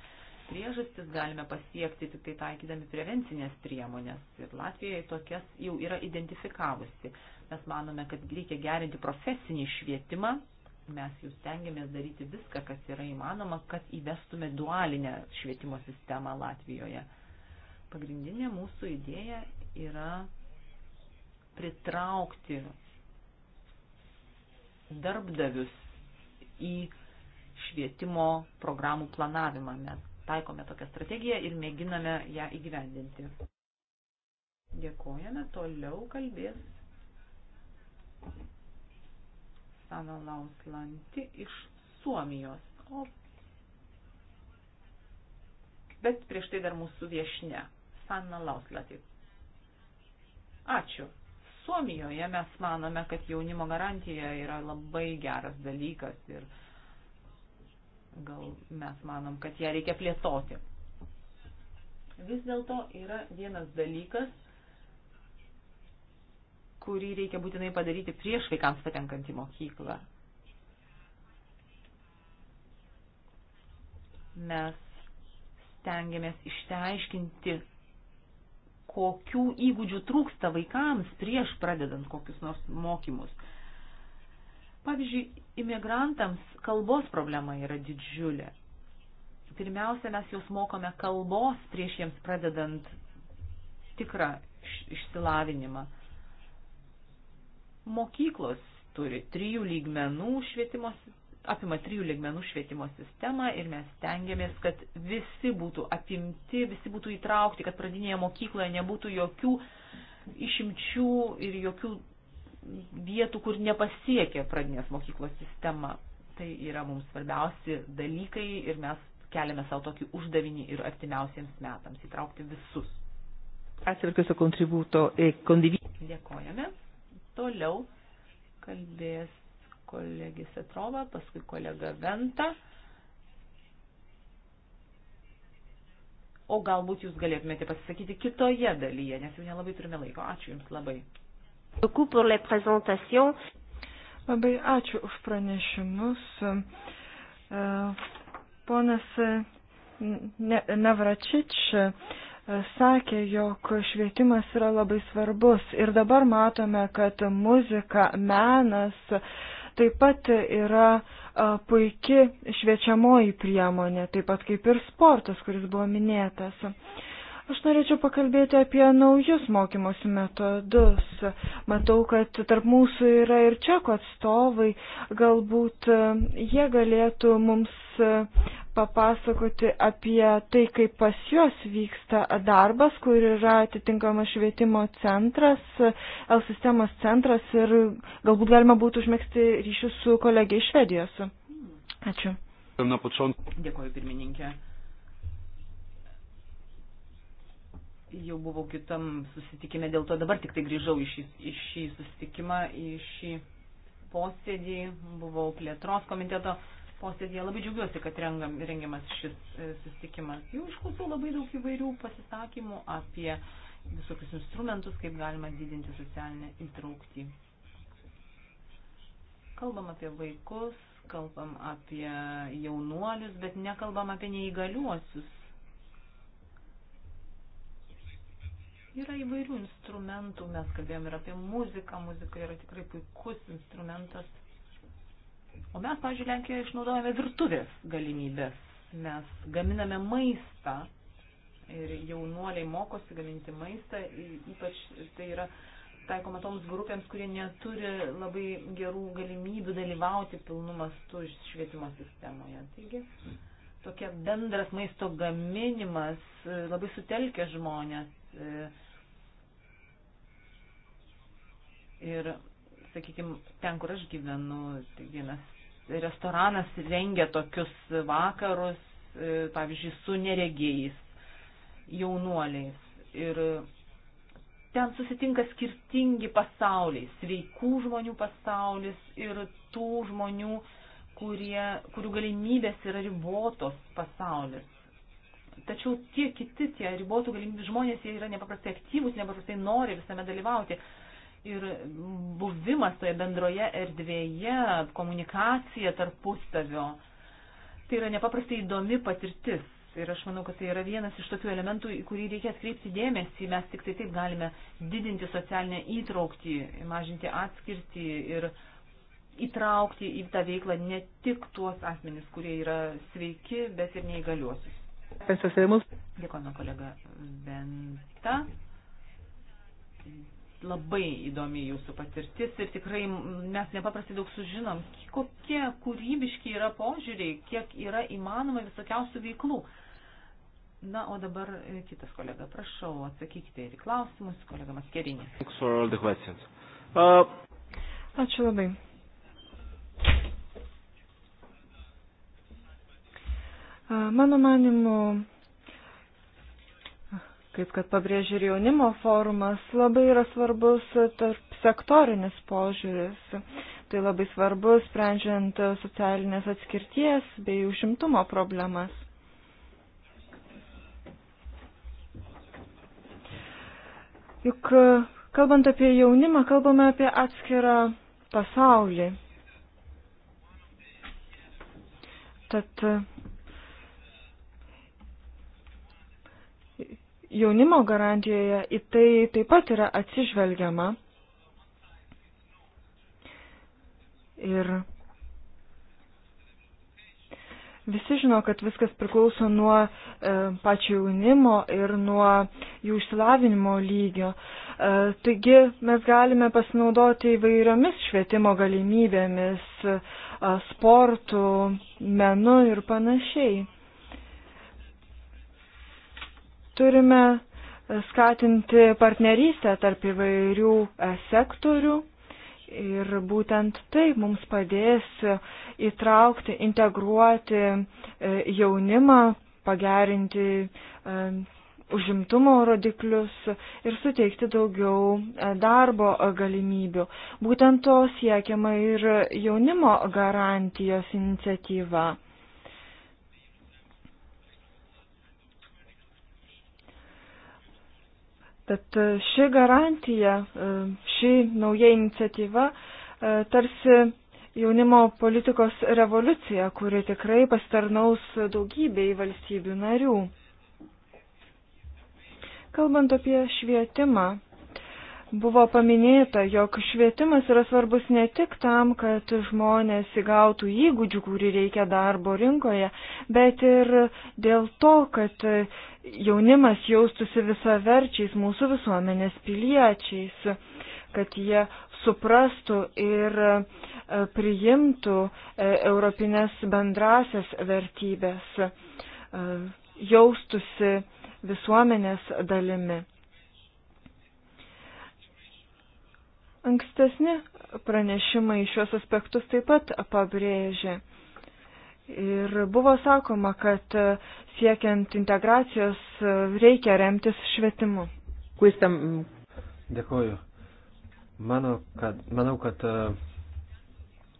Priežastis galime pasiekti tik tai taikydami prevencinės priemonės ir Latvija tokias jau yra identifikavusi. Mes manome, kad reikia gerinti profesinį švietimą mes jūs tengiamės daryti viską, kas yra įmanoma, kad įvestume dualinę švietimo sistemą Latvijoje. Pagrindinė mūsų idėja yra pritraukti darbdavius į švietimo programų planavimą. Mes taikome tokią strategiją ir mėginame ją įgyvendinti. Dėkojame, toliau kalbės Sana Lauslanti iš Suomijos. O... Bet prieš tai dar mūsų viešne. Sana Lauslati. Ačiū. Suomijoje mes manome, kad jaunimo garantija yra labai geras dalykas ir gal mes manom, kad ją reikia plėtoti. Vis dėlto yra vienas dalykas, kurį reikia būtinai padaryti prieš vaikams patenkant į mokyklą. Mes stengiamės išteiškinti, kokių įgūdžių trūksta vaikams prieš pradedant kokius nors mokymus. Pavyzdžiui, imigrantams kalbos problema yra didžiulė. Pirmiausia, mes juos mokome kalbos prieš jiems pradedant tikrą išsilavinimą. Mokyklos turi trijų lygmenų švietimo, apima trijų lygmenų švietimo sistemą ir mes stengiamės, kad visi būtų apimti, visi būtų įtraukti, kad pradinėje mokykloje nebūtų jokių išimčių ir jokių vietų, kur nepasiekia pradinės mokyklos sistema. Tai yra mums svarbiausi dalykai ir mes keliame savo tokį uždavinį ir artimiausiems metams įtraukti visus. Ačiū ir jūsų kontributo e, kondividį. Dėkojame. Toliau kalbės kolegė Setrova, paskui kolega Venta. O galbūt jūs galėtumėte pasisakyti kitoje dalyje, nes jau nelabai turime laiko. Ačiū Jums labai. Labai ačiū už pranešimus. E, ponas e, Navračič. Ne, sakė, jog švietimas yra labai svarbus. Ir dabar matome, kad muzika, menas taip pat yra puikia šviečiamoji priemonė, taip pat kaip ir sportas, kuris buvo minėtas. Aš norėčiau pakalbėti apie naujus mokymosi metodus. Matau, kad tarp mūsų yra ir čekų atstovai. Galbūt e, jie galėtų mums e, papasakoti apie tai, kaip pas juos vyksta darbas, kur yra atitinkamas švietimo centras, L sistemos centras ir galbūt galima būtų užmėgsti ryšius su kolegiai iš Švedijos. Ačiū. Dėkuoju pirmininkė jau buvau kitam susitikime, dėl to dabar tik tai grįžau į šį, į šį susitikimą, į šį posėdį, buvau plėtros komiteto posėdėje. Labai džiaugiuosi, kad rengam, rengiamas šis e, susitikimas. Jau išklausiau labai daug įvairių pasisakymų apie visokius instrumentus, kaip galima didinti socialinę įtraukti. Kalbam apie vaikus, kalbam apie jaunuolius, bet nekalbam apie neįgaliuosius Yra įvairių instrumentų, mes kalbėjom ir apie muziką, muzika yra tikrai puikus instrumentas. O mes, pažiūrėjau, Lenkijoje išnaudojame virtuvės galimybės. Mes gaminame maistą ir jaunuoliai mokosi gaminti maistą, ypač tai yra taikoma toms grupėms, kurie neturi labai gerų galimybių dalyvauti pilnu mastu švietimo sistemoje. Taigi, tokia bendras maisto gaminimas e, labai sutelkia žmonės e, Ir, sakykime, ten, kur aš gyvenu, tai vienas restoranas rengia tokius vakarus, e, pavyzdžiui, su neregiais, jaunuoliais. Ir ten susitinka skirtingi pasauliai, sveikų žmonių pasaulis ir tų žmonių, kurie, kurių galimybės yra ribotos pasaulis. Tačiau tie kiti, tie ribotų galimybių žmonės, jie yra nepaprastai aktyvus, nepaprastai nori visame dalyvauti. Ir buvimas toje bendroje erdvėje, komunikacija tarpusavio, tai yra nepaprastai įdomi patirtis. Ir aš manau, kad tai yra vienas iš tokių elementų, į kurį reikia atkreipti dėmesį. Mes tik tai taip galime didinti socialinę įtraukti, mažinti atskirtį ir įtraukti į tą veiklą ne tik tuos asmenys, kurie yra sveiki, bet ir neįgaliuosius. Dėkojame kolega Venta. Labai įdomi jūsų patirtis ir tikrai mes nepaprastai daug sužinom, kokie kūrybiški yra požiūriai, kiek yra įmanoma visokiausių veiklų. Na, o dabar e, kitas kolega, prašau, atsakykite ir į klausimus, kolega Maskerinė. Uh, Ačiū labai. Uh, mano manimu, kaip kad pabrėžė ir jaunimo forumas, labai yra svarbus tarp sektorinis požiūris. Tai labai svarbu sprendžiant socialinės atskirties bei užimtumo problemas. Juk kalbant apie jaunimą, kalbame apie atskirą pasaulį. Tad jaunimo garantijoje į tai taip pat yra atsižvelgiama. Ir visi žino, kad viskas priklauso nuo e, pačio jaunimo ir nuo jų išsilavinimo lygio. E, taigi mes galime pasinaudoti įvairiomis švietimo galimybėmis, e, sportu, menu ir panašiai. Turime skatinti partnerystę tarp įvairių e, sektorių ir būtent tai mums padės įtraukti, integruoti e, jaunimą, pagerinti e, užimtumo rodiklius ir suteikti daugiau darbo galimybių. Būtent to siekiama ir jaunimo garantijos iniciatyva. Tad e, ši garantija, e, ši nauja iniciatyva e, tarsi jaunimo politikos revoliucija, kuri tikrai pastarnaus daugybei valstybių narių. Kalbant apie švietimą, buvo paminėta, jog švietimas yra svarbus ne tik tam, kad žmonės įgautų įgūdžių, kurį reikia darbo rinkoje, bet ir dėl to, kad jaunimas jaustųsi visaverčiais mūsų visuomenės piliečiais, kad jie suprastų ir e, priimtų e, europinės bendrasias vertybės, e, jaustusi visuomenės dalimi. Ankstesni pranešimai šios aspektus taip pat pabrėžė. Ir buvo sakoma, kad siekiant integracijos reikia remtis švietimu. Kuistam. Dėkuoju. Manau, kad, manau, kad e,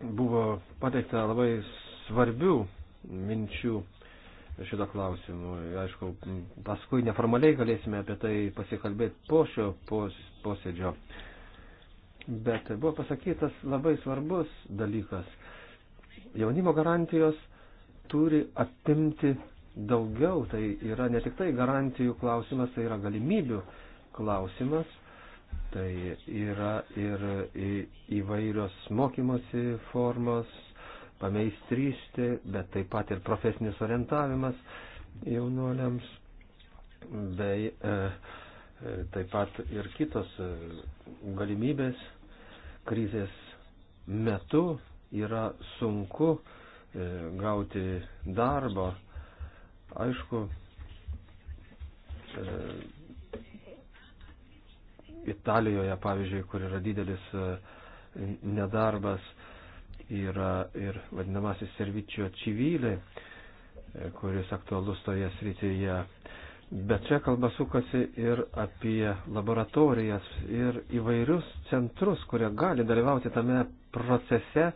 buvo pateikta labai svarbių minčių šito klausimu. Aišku, paskui neformaliai galėsime apie tai pasikalbėti po šio pos, posėdžio. Po bet buvo pasakytas labai svarbus dalykas. Jaunimo garantijos turi apimti daugiau, tai yra ne tik tai garantijų klausimas, tai yra galimybių klausimas, tai yra ir įvairios mokymosi formos, pameistrystė, bet taip pat ir profesinis orientavimas jaunuoliams, bei e, e taip pat ir kitos e, galimybės krizės metu yra sunku e, gauti darbą. Aišku, e, Italijoje, pavyzdžiui, kur yra didelis e, nedarbas, yra ir vadinamasis servičio civilė, kuris aktualus toje srityje. Bet čia kalba sukasi ir apie laboratorijas ir įvairius centrus, kurie gali dalyvauti tame procese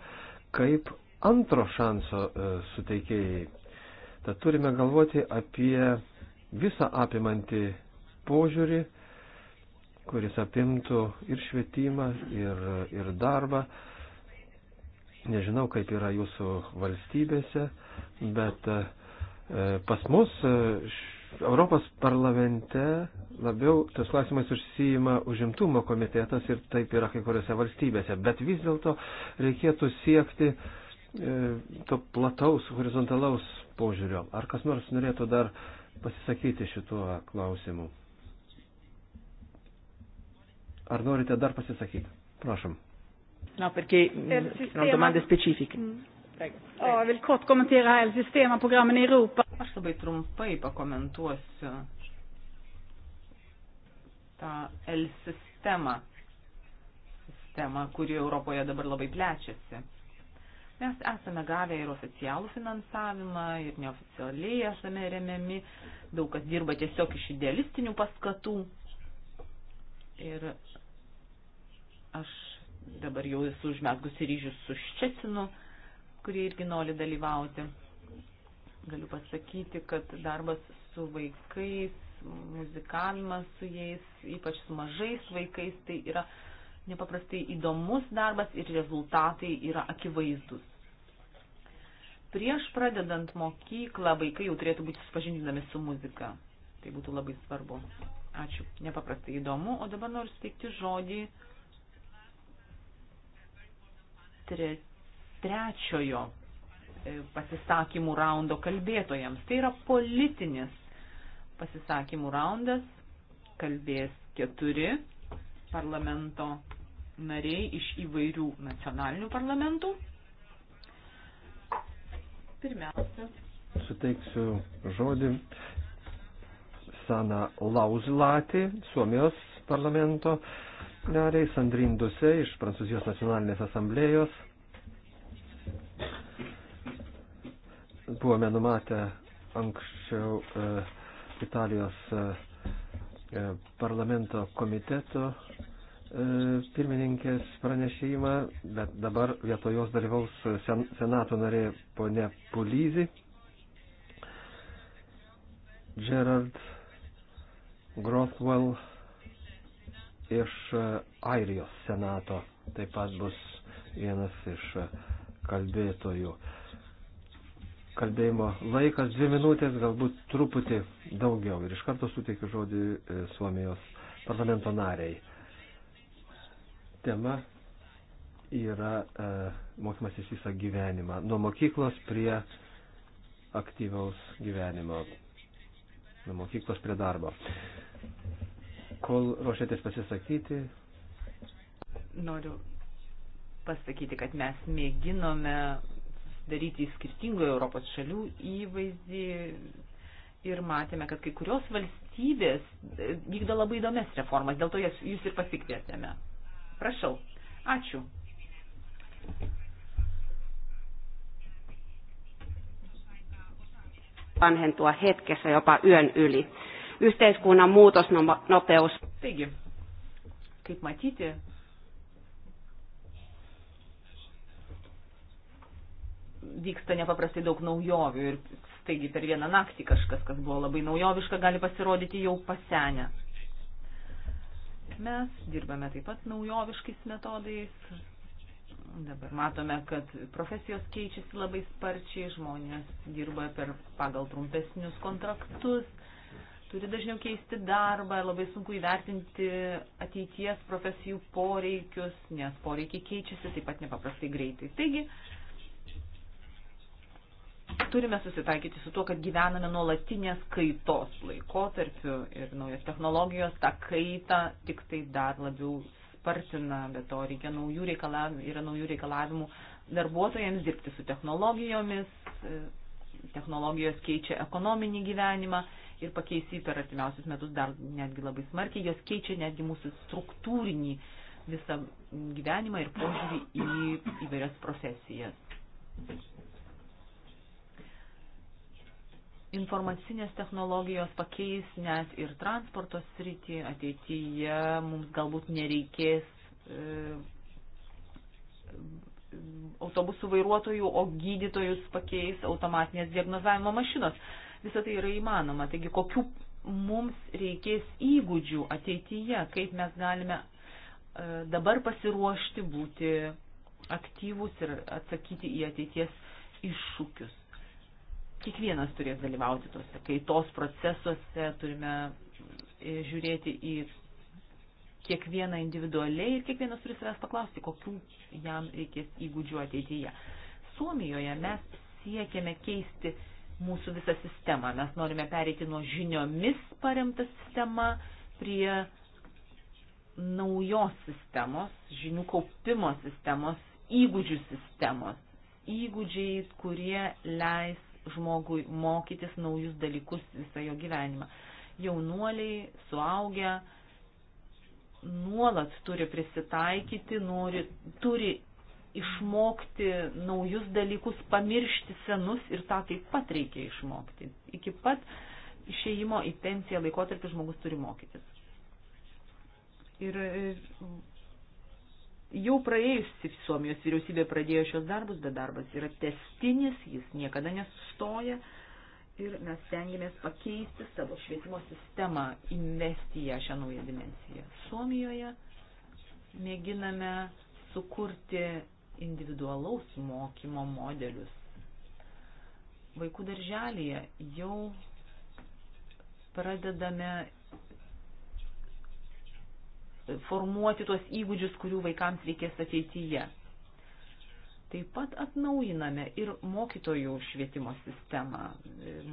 kaip antro šanso e, suteikėjai. Tad turime galvoti apie visą apimantį požiūrį, kuris apimtų ir švietimą, ir, ir darbą. Nežinau, kaip yra jūsų valstybėse, bet e, pas mus e, Europos parlamente labiau tas klausimas užsijima užimtumo komitetas ir taip yra kai kuriuose valstybėse, bet vis dėlto reikėtų siekti e, to plataus, horizontalaus požiūrio. Ar kas nors norėtų dar pasisakyti šituo klausimu? Ar norite dar pasisakyti? Prašom. No, perché mm, sono domande specifiche. Mm. Prego, prego. Oh, jag vill kort kommentera el-sistema-programmen i Europa. Aš labai trumpai pakomentuosiu tą L sistemą, sistemą, kuri Europoje dabar labai plečiasi. Mes esame gavę ir oficialų finansavimą, ir neoficialiai esame remiami, daug kas dirba tiesiog iš idealistinių paskatų. Ir aš dabar jau esu užmėgusi ryžius su Ščecinu, kurie irgi nori dalyvauti. Galiu pasakyti, kad darbas su vaikais, muzikavimas su jais, ypač su mažais vaikais, tai yra nepaprastai įdomus darbas ir rezultatai yra akivaizdus. Prieš pradedant mokyklą vaikai jau turėtų būti supažindinami su muzika. Tai būtų labai svarbu. Ačiū, nepaprastai įdomu. O dabar noriu suteikti žodį tre, trečiojo E, pasisakymų raundo kalbėtojams. Tai yra politinis pasisakymų raundas, kalbės keturi parlamento nariai iš įvairių nacionalinių parlamentų. Pirmiausia. Suteiksiu žodį Sana Lauzlatį, Suomijos parlamento nariai, Sandrin Duse iš Prancūzijos nacionalinės asamblėjos buvome numatę anksčiau e, Italijos e, e, parlamento komiteto e, pirmininkės pranešimą, bet dabar vietoj jos dalyvaus sen, senato narė ponė Pulyzi. Gerard Grothwell iš Airijos senato taip pat bus vienas iš kalbėtojų. E, kalbėjimo laikas dvi minutės, galbūt truputį daugiau. Ir iš karto suteikiu žodį e, Suomijos parlamento nariai. Tema yra e, mokymasis visą gyvenimą, nuo mokyklos prie aktyvaus gyvenimo, nuo mokyklos prie darbo. Kol ruošiatės pasisakyti. Noriu pasakyti, kad mes mėginome daryti skirtingų Europos šalių įvaizdį. Ir matėme, kad kai kurios valstybės e, vykdo labai įdomias reformas, dėl to jūs ir pasikvietėme. Prašau. Ačiū. vanhentua hetkessä jopa yön yli. Yhteiskunnan muutosnopeus. Taigi, kaip matyti, vyksta nepaprastai daug naujovių ir taigi per vieną naktį kažkas, kas buvo labai naujoviška, gali pasirodyti jau pasenę. Mes dirbame taip pat naujoviškais metodais. Dabar matome, kad profesijos keičiasi labai sparčiai, žmonės dirba per, pagal trumpesnius kontraktus, turi dažniau keisti darbą, labai sunku įvertinti ateities profesijų poreikius, nes poreikiai keičiasi taip pat nepaprastai greitai. Taigi, turime susitaikyti su tuo, kad gyvename nuolatinės kaitos laikotarpiu ir naujos technologijos tą kaitą tik tai dar labiau spartina, bet to reikia naujų reikalavimų, yra naujų reikalavimų darbuotojams dirbti su technologijomis, technologijos keičia ekonominį gyvenimą ir pakeisį per artimiausius metus dar netgi labai smarkiai, jos keičia netgi mūsų struktūrinį visą gyvenimą ir požiūrį į įvairias profesijas. informacinės technologijos pakeis net ir transporto sritį ateityje, mums galbūt nereikės e, autobusų vairuotojų, o gydytojus pakeis automatinės diagnozavimo mašinos. Visą tai yra įmanoma. Taigi, kokių mums reikės įgūdžių ateityje, kaip mes galime e, dabar pasiruošti būti aktyvus ir atsakyti į ateities iššūkius kiekvienas turės dalyvauti tose kaitos procesuose, turime e, žiūrėti į kiekvieną individualiai ir kiekvienas turi savęs paklausti, kokių jam reikės įgūdžių ateityje. Suomijoje mes siekiame keisti mūsų visą sistemą. Mes norime pereiti nuo žiniomis paremtą sistemą prie naujos sistemos, žinių kaupimo sistemos, įgūdžių sistemos. Įgūdžiai, kurie leis žmogui mokytis naujus dalykus visą jo gyvenimą. Jaunuoliai, suaugę, nuolat turi prisitaikyti, nori, turi išmokti naujus dalykus, pamiršti senus ir tą taip pat reikia išmokti. Iki pat išėjimo į pensiją laikotarpį žmogus turi mokytis. Ir Jau praėjusi Suomijos vyriausybė pradėjo šios darbus, bet darbas yra testinis, jis niekada nesustoja ir mes stengiamės pakeisti savo švietimo sistemą, investi ją šią naują dimensiją. Suomijoje mėginame sukurti individualaus mokymo modelius. Vaikų darželėje jau pradedame formuoti tuos įgūdžius, kurių vaikams reikės ateityje. Taip pat atnaujiname ir mokytojų švietimo sistemą.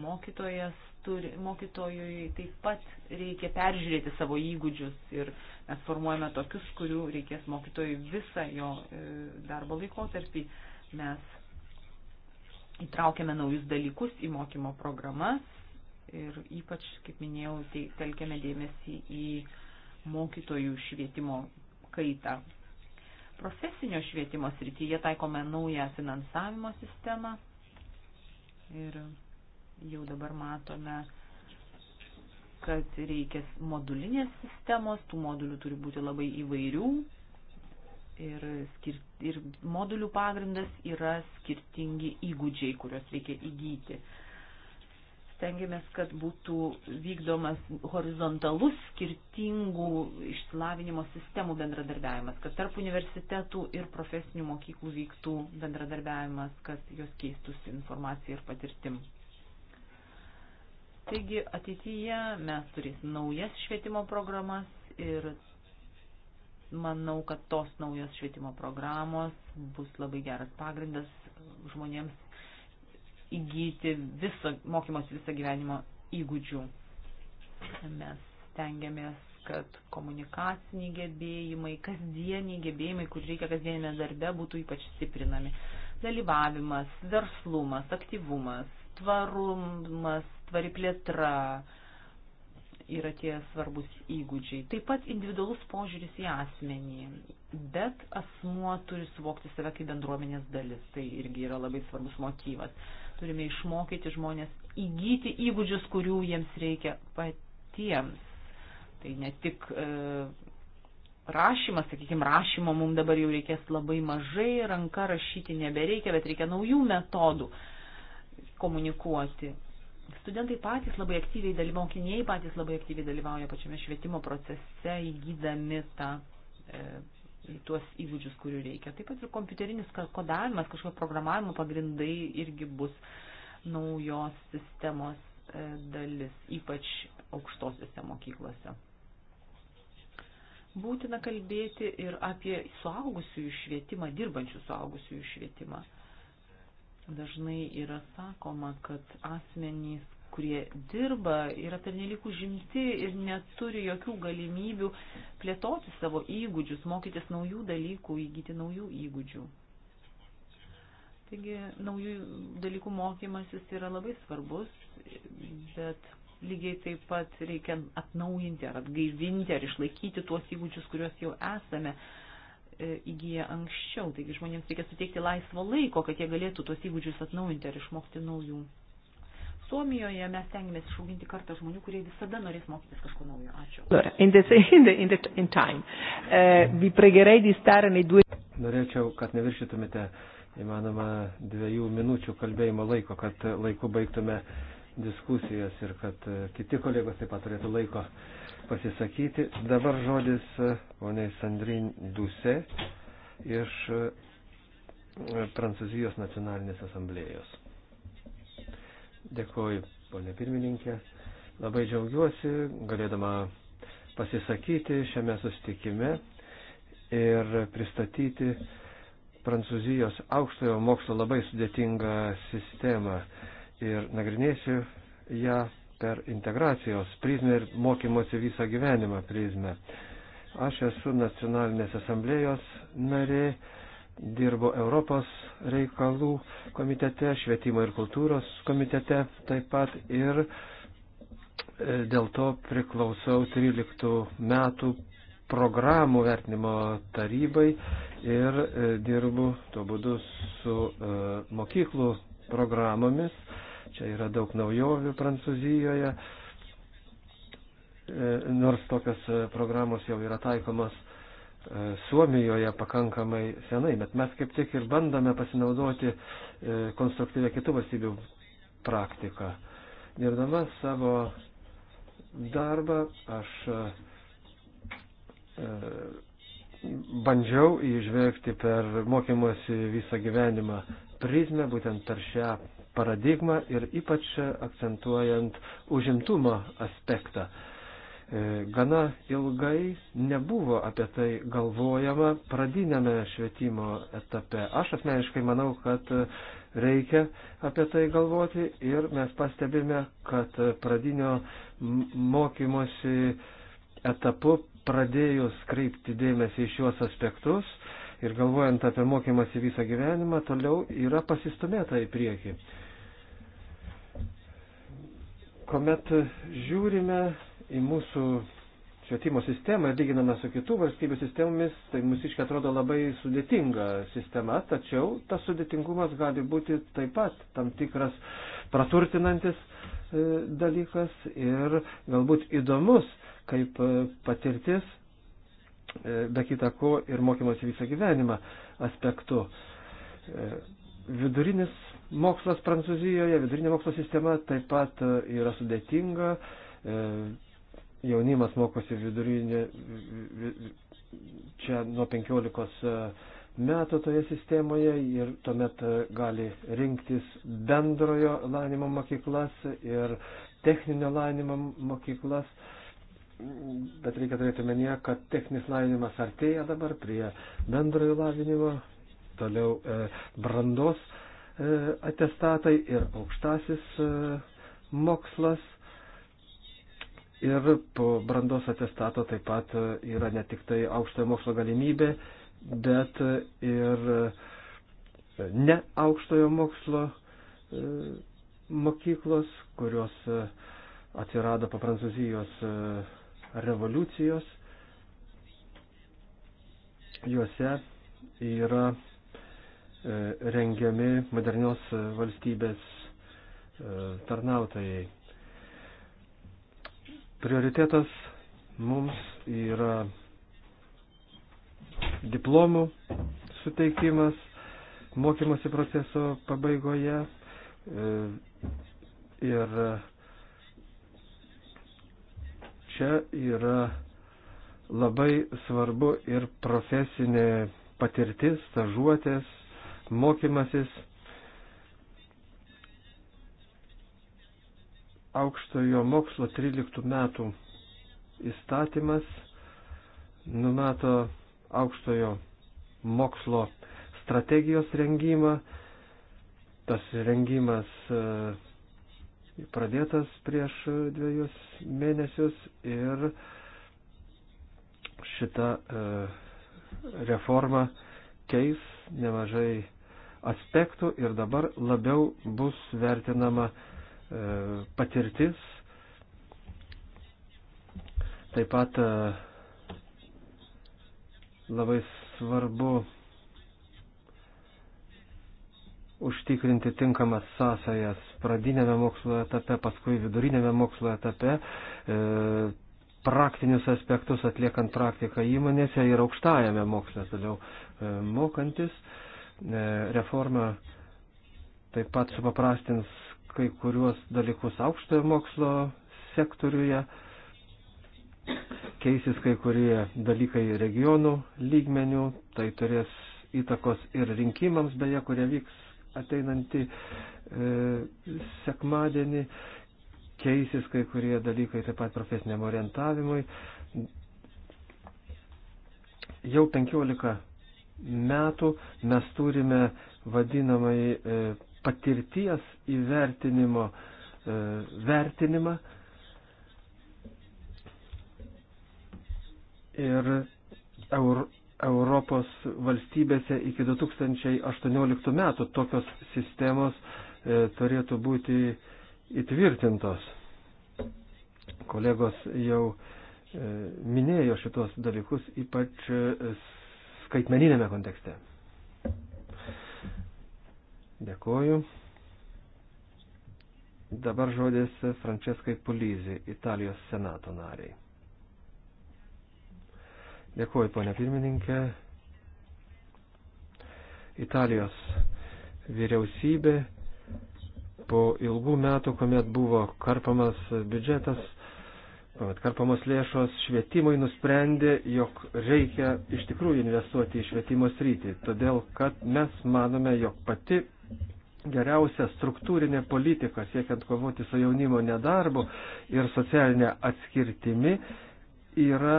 Mokytojas turi, mokytojui taip pat reikia peržiūrėti savo įgūdžius ir mes formuojame tokius, kurių reikės mokytojui visą jo e, darbo laikotarpį. Mes įtraukiame naujus dalykus į mokymo programas ir ypač, kaip minėjau, telkiame dėmesį į, į mokytojų švietimo kaitą. Profesinio švietimo srityje taikome naują finansavimo sistemą ir jau dabar matome, kad reikia modulinės sistemos, tų modulių turi būti labai įvairių ir, skir, ir modulių pagrindas yra skirtingi įgūdžiai, kuriuos reikia įgyti stengiamės, kad būtų vykdomas horizontalus skirtingų išsilavinimo sistemų bendradarbiavimas, kad tarp universitetų ir profesinių mokyklų vyktų bendradarbiavimas, kad jos keistųsi informacija ir patirtim. Taigi ateityje mes turėsim naujas švietimo programas ir manau, kad tos naujos švietimo programos bus labai geras pagrindas žmonėms įgyti viso, mokymosi visą gyvenimo įgūdžių. Mes tengiamės, kad komunikaciniai gebėjimai, kasdieniai gebėjimai, kur reikia kasdienėme darbe, būtų ypač stiprinami. Dalyvavimas, verslumas, aktyvumas, tvarumas, tvari plėtra yra tie svarbus įgūdžiai. Taip pat individualus požiūris į asmenį, bet asmuo turi suvokti save kaip bendruomenės dalis. Tai irgi yra labai svarbus motyvas Turime išmokyti žmonės įgyti įgūdžius, kurių jiems reikia patiems. Tai ne tik e, rašymas, sakykime, rašymo mums dabar jau reikės labai mažai, ranka rašyti nebereikia, bet reikia naujų metodų komunikuoti. Studentai patys labai aktyviai dalyvauja, mokiniai patys labai aktyviai dalyvauja pačiame švietimo procese, įgydami tą e, tuos įgūdžius, kurių reikia. Taip pat ir kompiuterinis kodavimas, kažkokio programavimo pagrindai irgi bus naujos sistemos e, dalis, ypač aukštosiuose mokyklose. Būtina kalbėti ir apie suaugusiųjų švietimą, dirbančių suaugusiųjų švietimą. Dažnai yra sakoma, kad asmenys, kurie dirba, yra pernelyg užimti ir neturi jokių galimybių plėtoti savo įgūdžius, mokytis naujų dalykų, įgyti naujų įgūdžių. Taigi naujų dalykų mokymasis yra labai svarbus, bet lygiai taip pat reikia atnaujinti ar atgaivinti ar išlaikyti tuos įgūdžius, kuriuos jau esame e, įgyję anksčiau. Taigi žmonėms reikia suteikti laisvo laiko, kad jie galėtų tuos įgūdžius atnaujinti ar išmokti naujų. Suomijoje mes tengiamės išauginti kartą žmonių, kurie visada norės mokytis kažko naujo. Ačiū. In the, in the, in the, in time. Uh, due... Norėčiau, kad neviršytumėte įmanoma dviejų minučių kalbėjimo laiko, kad laiku baigtume diskusijas ir kad eh, kiti kolegos taip pat turėtų laiko pasisakyti. Dabar žodis eh, poniai Sandrin Duse iš Prancūzijos nacionalinės asamblėjos. Dėkuoju, ponė pirmininkė. Labai džiaugiuosi galėdama pasisakyti šiame sustikime ir pristatyti Prancūzijos aukštojo mokslo labai sudėtingą sistemą ir nagrinėsiu ją per integracijos prizmę ir mokymosi visą gyvenimą prizmę. Aš esu nacionalinės asamblėjos narė dirbo Europos reikalų komitete, švietimo ir kultūros komitete taip pat ir e, dėl to priklausau 13 metų programų vertinimo tarybai ir e, dirbu tuo būdu su e, mokyklų programomis. Čia yra daug naujovių Prancūzijoje, nors tokios programos jau yra taikomas E, Suomijoje pakankamai senai, bet mes kaip tik ir bandome pasinaudoti e, konstruktyvę kitų valstybių praktiką. Dirbdama savo darbą aš e, bandžiau įžvelgti per mokymosi visą gyvenimą prizmę, būtent per šią paradigmą ir ypač akcentuojant užimtumo aspektą. E, gana ilgai nebuvo apie tai galvojama pradinėme švietimo etape. Aš asmeniškai manau, kad reikia apie tai galvoti ir mes pastebime, kad pradinio mokymosi etapu pradėjus kreipti dėmesį į šiuos aspektus ir galvojant apie mokymasi visą gyvenimą, toliau yra pasistumėta į priekį. Komet žiūrime į mūsų švietimo sistemą ir lyginame su kitų valstybių sistemomis, tai mūsiškai atrodo labai sudėtinga sistema, tačiau tas sudėtingumas gali būti taip pat tam tikras praturtinantis e, dalykas ir galbūt įdomus kaip e, patirtis, e, be kita ko, ir mokymosi visą gyvenimą aspektu. Vidurinis mokslas Prancūzijoje, vidurinė mokslo sistema taip pat yra sudėtinga, jaunimas mokosi vidurinė, čia nuo 15 e, metų toje sistemoje ir tuomet e, gali rinktis bendrojo lanimo mokyklas ir techninio lanimo mokyklas. Bet reikia turėti menyje, kad techninis lavinimas artėja dabar prie bendrojo lavinimo, toliau e, brandos e, atestatai ir aukštasis e, mokslas Ir po brandos atestato taip pat yra ne tik tai aukštojo mokslo galimybė, bet ir ne aukštojo mokslo e, mokyklos, kurios e, atsirado po Prancūzijos e, revoliucijos. Juose yra rengiami modernios valstybės tarnautojai. Prioritetas mums yra diplomų suteikimas mokymosi proceso pabaigoje e, ir čia yra labai svarbu ir profesinė patirtis, stažuotės, mokymasis aukštojo mokslo 13 metų įstatymas numato aukštojo mokslo strategijos rengimą. Tas rengimas e, pradėtas prieš dviejus mėnesius ir šita e, reforma keis nemažai aspektų ir dabar labiau bus vertinama E, patirtis. Taip pat e, labai svarbu užtikrinti tinkamas sąsajas pradinėme mokslo etape, paskui vidurinėme mokslo etape, e, praktinius aspektus atliekant praktiką įmonėse ir aukštajame moksle toliau mokantis. Reforma taip pat supaprastins kai kuriuos dalykus aukštojo mokslo sektoriuje, keisis kai kurie dalykai regionų lygmenių, tai turės įtakos ir rinkimams, beje, kurie vyks ateinantį e, sekmadienį, keisis kai kurie dalykai taip pat profesiniam orientavimui. Jau 15 metų mes turime vadinamai e, patirties įvertinimo e, vertinimą. Ir Euro, Europos valstybėse iki 2018 metų tokios sistemos e, turėtų būti įtvirtintos. Kolegos jau e, minėjo šitos dalykus, ypač e, skaitmeninėme kontekste. Dėkoju. Dabar žodis Franceskai Pulyzi, Italijos senato nariai. Dėkuoju, ponia pirmininkė. Italijos vyriausybė po ilgų metų, kuomet buvo karpamas biudžetas, atkarpamos lėšos švietimui nusprendė, jog reikia iš tikrųjų investuoti į švietimo sritį, todėl kad mes manome, jog pati geriausia struktūrinė politika siekiant kovoti su jaunimo nedarbu ir socialinė atskirtimi yra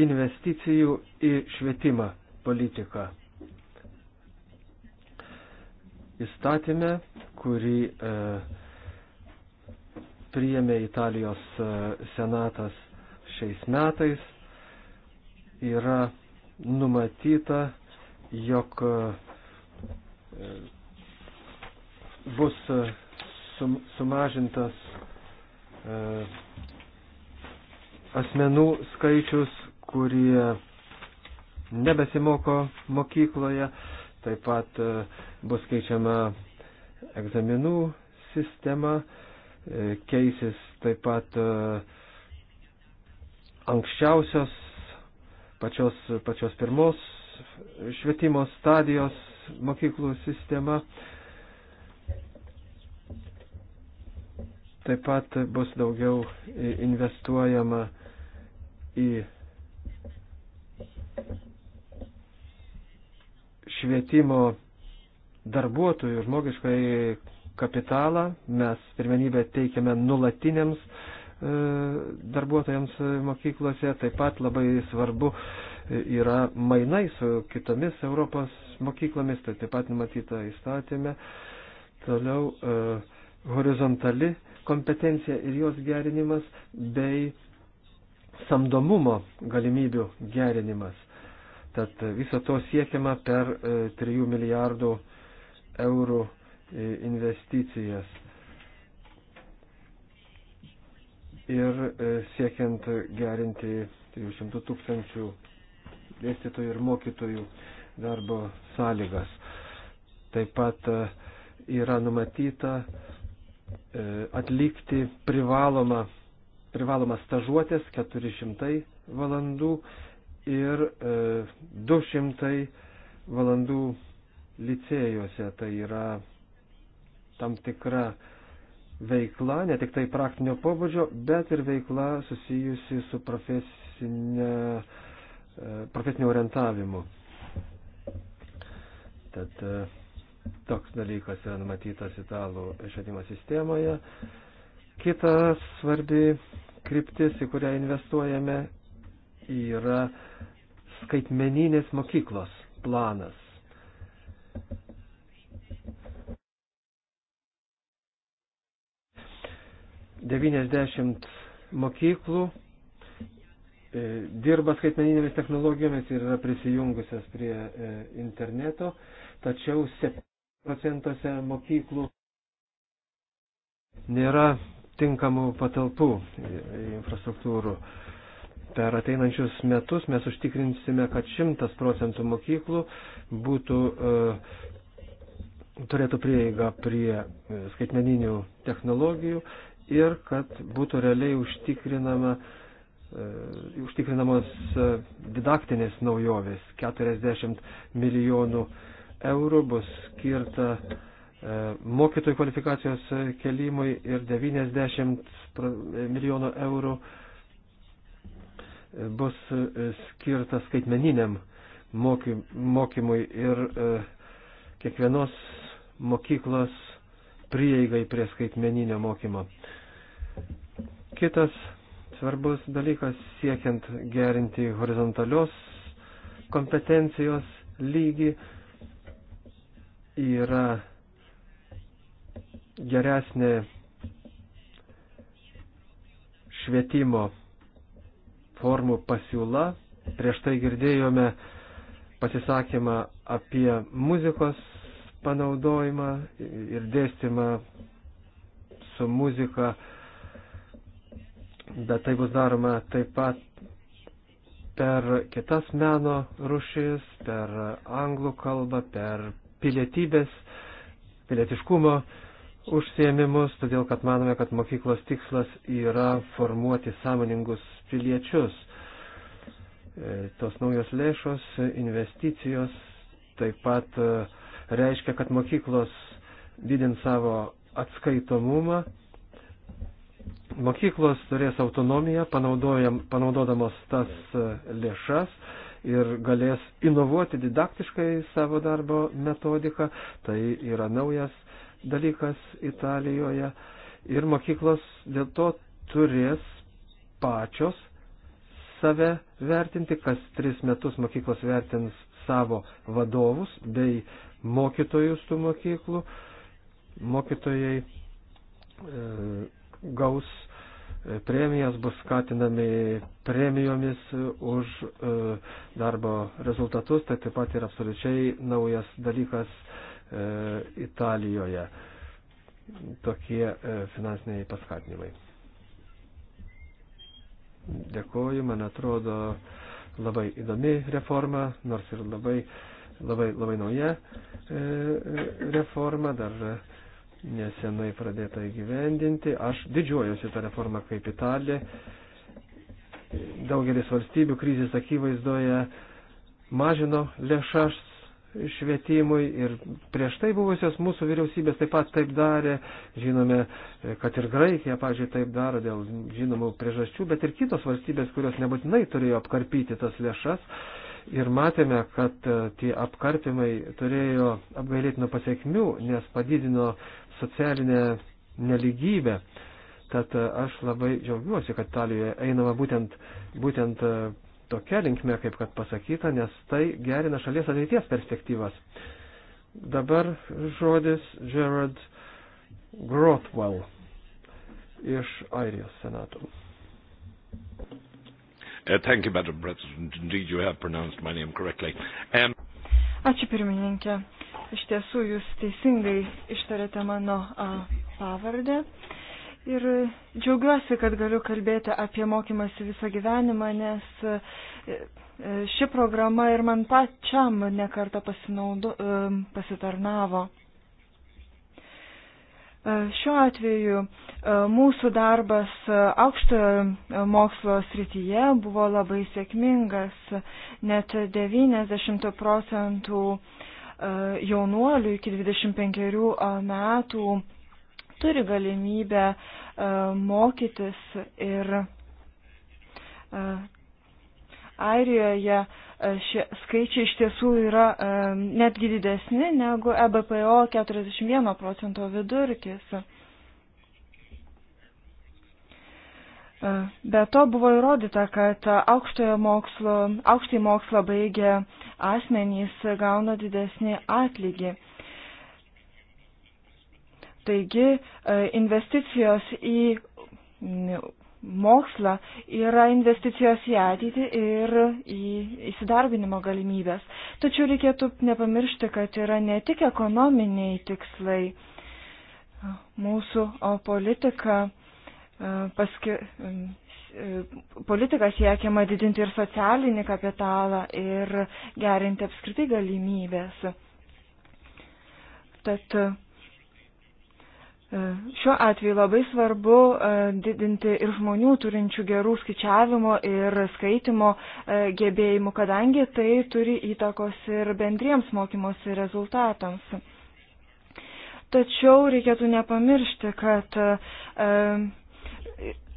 investicijų į švietimą politiką. Įstatymė, kurį e, priėmė Italijos e, senatas šiais metais, yra numatyta, jog e, bus e, sumažintas asmenų skaičius, kurie nebesimoko mokykloje, taip pat bus keičiama egzaminų sistema, E, keisis taip pat e, anksčiausios pačios, pačios pirmos švietimo stadijos mokyklų sistema. Taip pat bus daugiau investuojama į švietimo darbuotojų žmogiškai kapitalą, mes pirmenybę teikiame nulatiniams e, darbuotojams e, mokyklose, taip pat labai svarbu e, yra mainai su kitomis Europos mokyklomis, tai taip pat numatyta įstatymė. Toliau horizontali kompetencija ir jos gerinimas bei samdomumo galimybių gerinimas. Tad viso to siekiama per 3 milijardų eurų investicijas. Ir e, siekiant gerinti 300 tūkstančių dėstytojų ir mokytojų darbo sąlygas. Taip pat e, yra numatyta e, atlikti privalomą, privalomą stažuotės 400 valandų ir 200 valandų licėjuose. Tai yra tam tikra veikla, ne tik tai praktinio pobūdžio, bet ir veikla susijusi su profesinė, e, profesiniu orientavimu. Tad e, toks dalykas yra numatytas italų švietimo sistemoje. Kita svarbi kryptis, į kurią investuojame, yra skaitmeninės mokyklos planas. 90 mokyklų e, dirba skaitmeninėmis technologijomis ir yra prisijungusios prie e, interneto, tačiau 7 procentuose mokyklų nėra tinkamų patalpų infrastruktūrų. Per ateinančius metus mes užtikrinsime, kad 100 procentų mokyklų būtų, e, turėtų prieigą prie e, skaitmeninių technologijų ir kad būtų realiai užtikrinama, e, užtikrinamos e, didaktinės naujovės. 40 milijonų eurų bus skirta e, mokytojų kvalifikacijos kelimui ir 90 milijonų eurų bus skirta skaitmeniniam mokymui ir kiekvienos mokyklos prieigai prie skaitmeninio mokymo. Kitas svarbus dalykas siekiant gerinti horizontalios kompetencijos lygį yra geresnė švietimo formų pasiūla. Prieš tai girdėjome pasisakymą apie muzikos panaudojimą ir dėstymą su muzika, bet tai bus daroma taip pat per kitas meno rušis, per anglų kalbą, per pilietybės, pilietiškumo užsiemimus, todėl kad manome, kad mokyklos tikslas yra formuoti sąmoningus piliečius. E, tos naujos lėšos, investicijos taip pat uh, reiškia, kad mokyklos didins savo atskaitomumą. Mokyklos turės autonomiją, panaudodamos tas e, lėšas ir galės inovuoti didaktiškai savo darbo metodiką. Tai yra naujas dalykas Italijoje. Ir mokyklos dėl to turės pačios save vertinti, kas tris metus mokyklos vertins savo vadovus bei mokytojus tų mokyklų. Mokytojai e, gaus e, premijas, bus skatinami premijomis už e, darbo rezultatus, tai taip pat ir absoliučiai naujas dalykas e, Italijoje tokie e, finansiniai paskatinimai. Dėkoju, man atrodo, labai įdomi reforma, nors ir labai e, labai, labai nauja e, e, reforma, dar nesenai pradėta įgyvendinti. Aš didžiuojuosi tą reformą kaip Italija. Daugelis valstybių krizės akivaizdoje mažino lėšas švietimui ir prieš tai buvusios mūsų vyriausybės taip pat taip darė, žinome, kad ir Graikija, pažiūrėjau, taip daro dėl žinomų priežasčių, bet ir kitos valstybės, kurios nebūtinai turėjo apkarpyti tas lėšas, Ir matėme, kad e, tie apkarpimai turėjo apgailėtinų pasiekmių, nes padidino socialinę neligybę. Tad e, aš labai džiaugiuosi, kad Italijoje einama būtent, būtent e, tokia linkme, kaip kad pasakyta, nes tai gerina šalies ateities perspektyvas. Dabar žodis Gerard Grothwell iš Airijos senato. Uh, thank you, Madam President. Indeed, you have pronounced my name correctly. Um... Ačiū pirmininkė. Iš tiesų, jūs teisingai ištarėte mano a, pavardę. Ir džiaugiuosi, kad galiu kalbėti apie mokymasi visą gyvenimą, nes a, e, e, ši programa ir man pačiam nekarta pasinaudo, a, e, pasitarnavo. E, šiuo atveju e, mūsų darbas e, aukštojo mokslo srityje buvo labai sėkmingas, net 90 procentų jaunuolių iki 25 metų turi galimybę mokytis ir Airijoje šie skaičiai iš tiesų yra e, netgi didesni negu EBPO 41 procento vidurkis. E, be to buvo įrodyta, kad aukštojo mokslo, aukštai mokslo baigė asmenys gauna didesnį atlygį. Taigi e, investicijos į mokslą yra investicijos į ateitį ir į įsidarbinimo galimybės. Tačiau reikėtų nepamiršti, kad yra ne tik ekonominiai tikslai. Mūsų politika, e, paski, e, politika siekiama didinti ir socialinį kapitalą ir gerinti apskritai galimybės. Tad Šiuo atveju labai svarbu e, didinti ir žmonių turinčių gerų skaičiavimo ir skaitimo e, gebėjimų, kadangi tai turi įtakos ir bendriems mokymosi rezultatams. Tačiau reikėtų nepamiršti, kad e,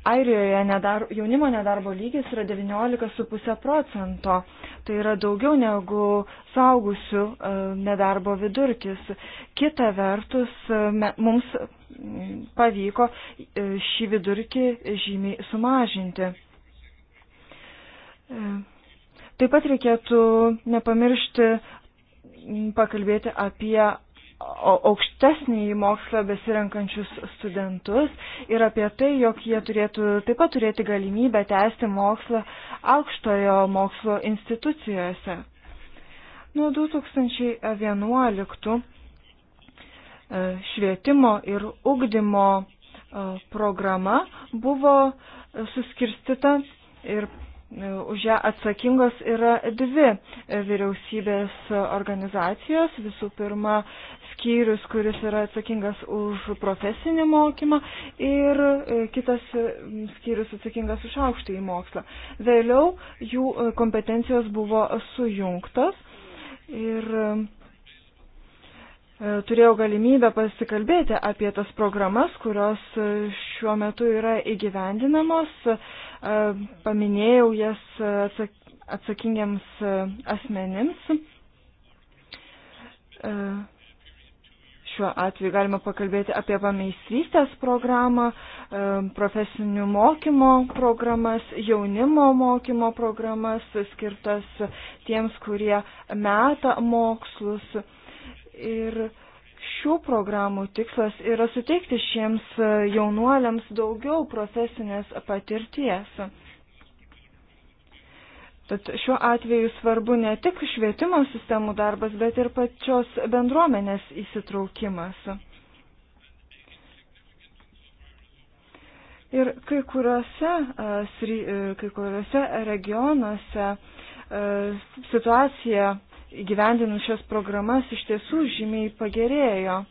Airijoje nedar, jaunimo nedarbo lygis yra 19,5 procento. Tai yra daugiau negu saugusių e, nedarbo vidurkis. Kita vertus, e, mums pavyko e, šį vidurkį žymiai sumažinti. Taip pat reikėtų nepamiršti pakalbėti apie aukštesnį mokslą besirenkančius studentus ir apie tai, jog jie turėtų taip pat turėti galimybę tęsti mokslą aukštojo mokslo institucijose. Nuo 2011 e, švietimo ir ugdymo e, programa buvo suskirstita ir e, už ją atsakingos yra dvi vyriausybės organizacijos. Visų pirma, skyrius, kuris yra atsakingas už profesinį mokymą ir e, kitas e, skyrius atsakingas už aukštąjį mokslą. Vėliau jų e, kompetencijos buvo sujungtos ir turėjau galimybę pasikalbėti apie tas programas, kurios šiuo metu yra įgyvendinamos. Paminėjau jas atsakingiams asmenims šiuo atveju galima pakalbėti apie pameistrystės programą, e, profesinių mokymo programas, jaunimo mokymo programas skirtas tiems, kurie meta mokslus. Ir šių programų tikslas yra suteikti šiems jaunuoliams daugiau profesinės patirties. Tad šiuo atveju svarbu ne tik švietimo sistemų darbas, bet ir pačios bendruomenės įsitraukimas. Ir kai kuriuose, e, kai kuriuose regionuose e, situacija įgyvendinus šias programas iš tiesų žymiai pagerėjo.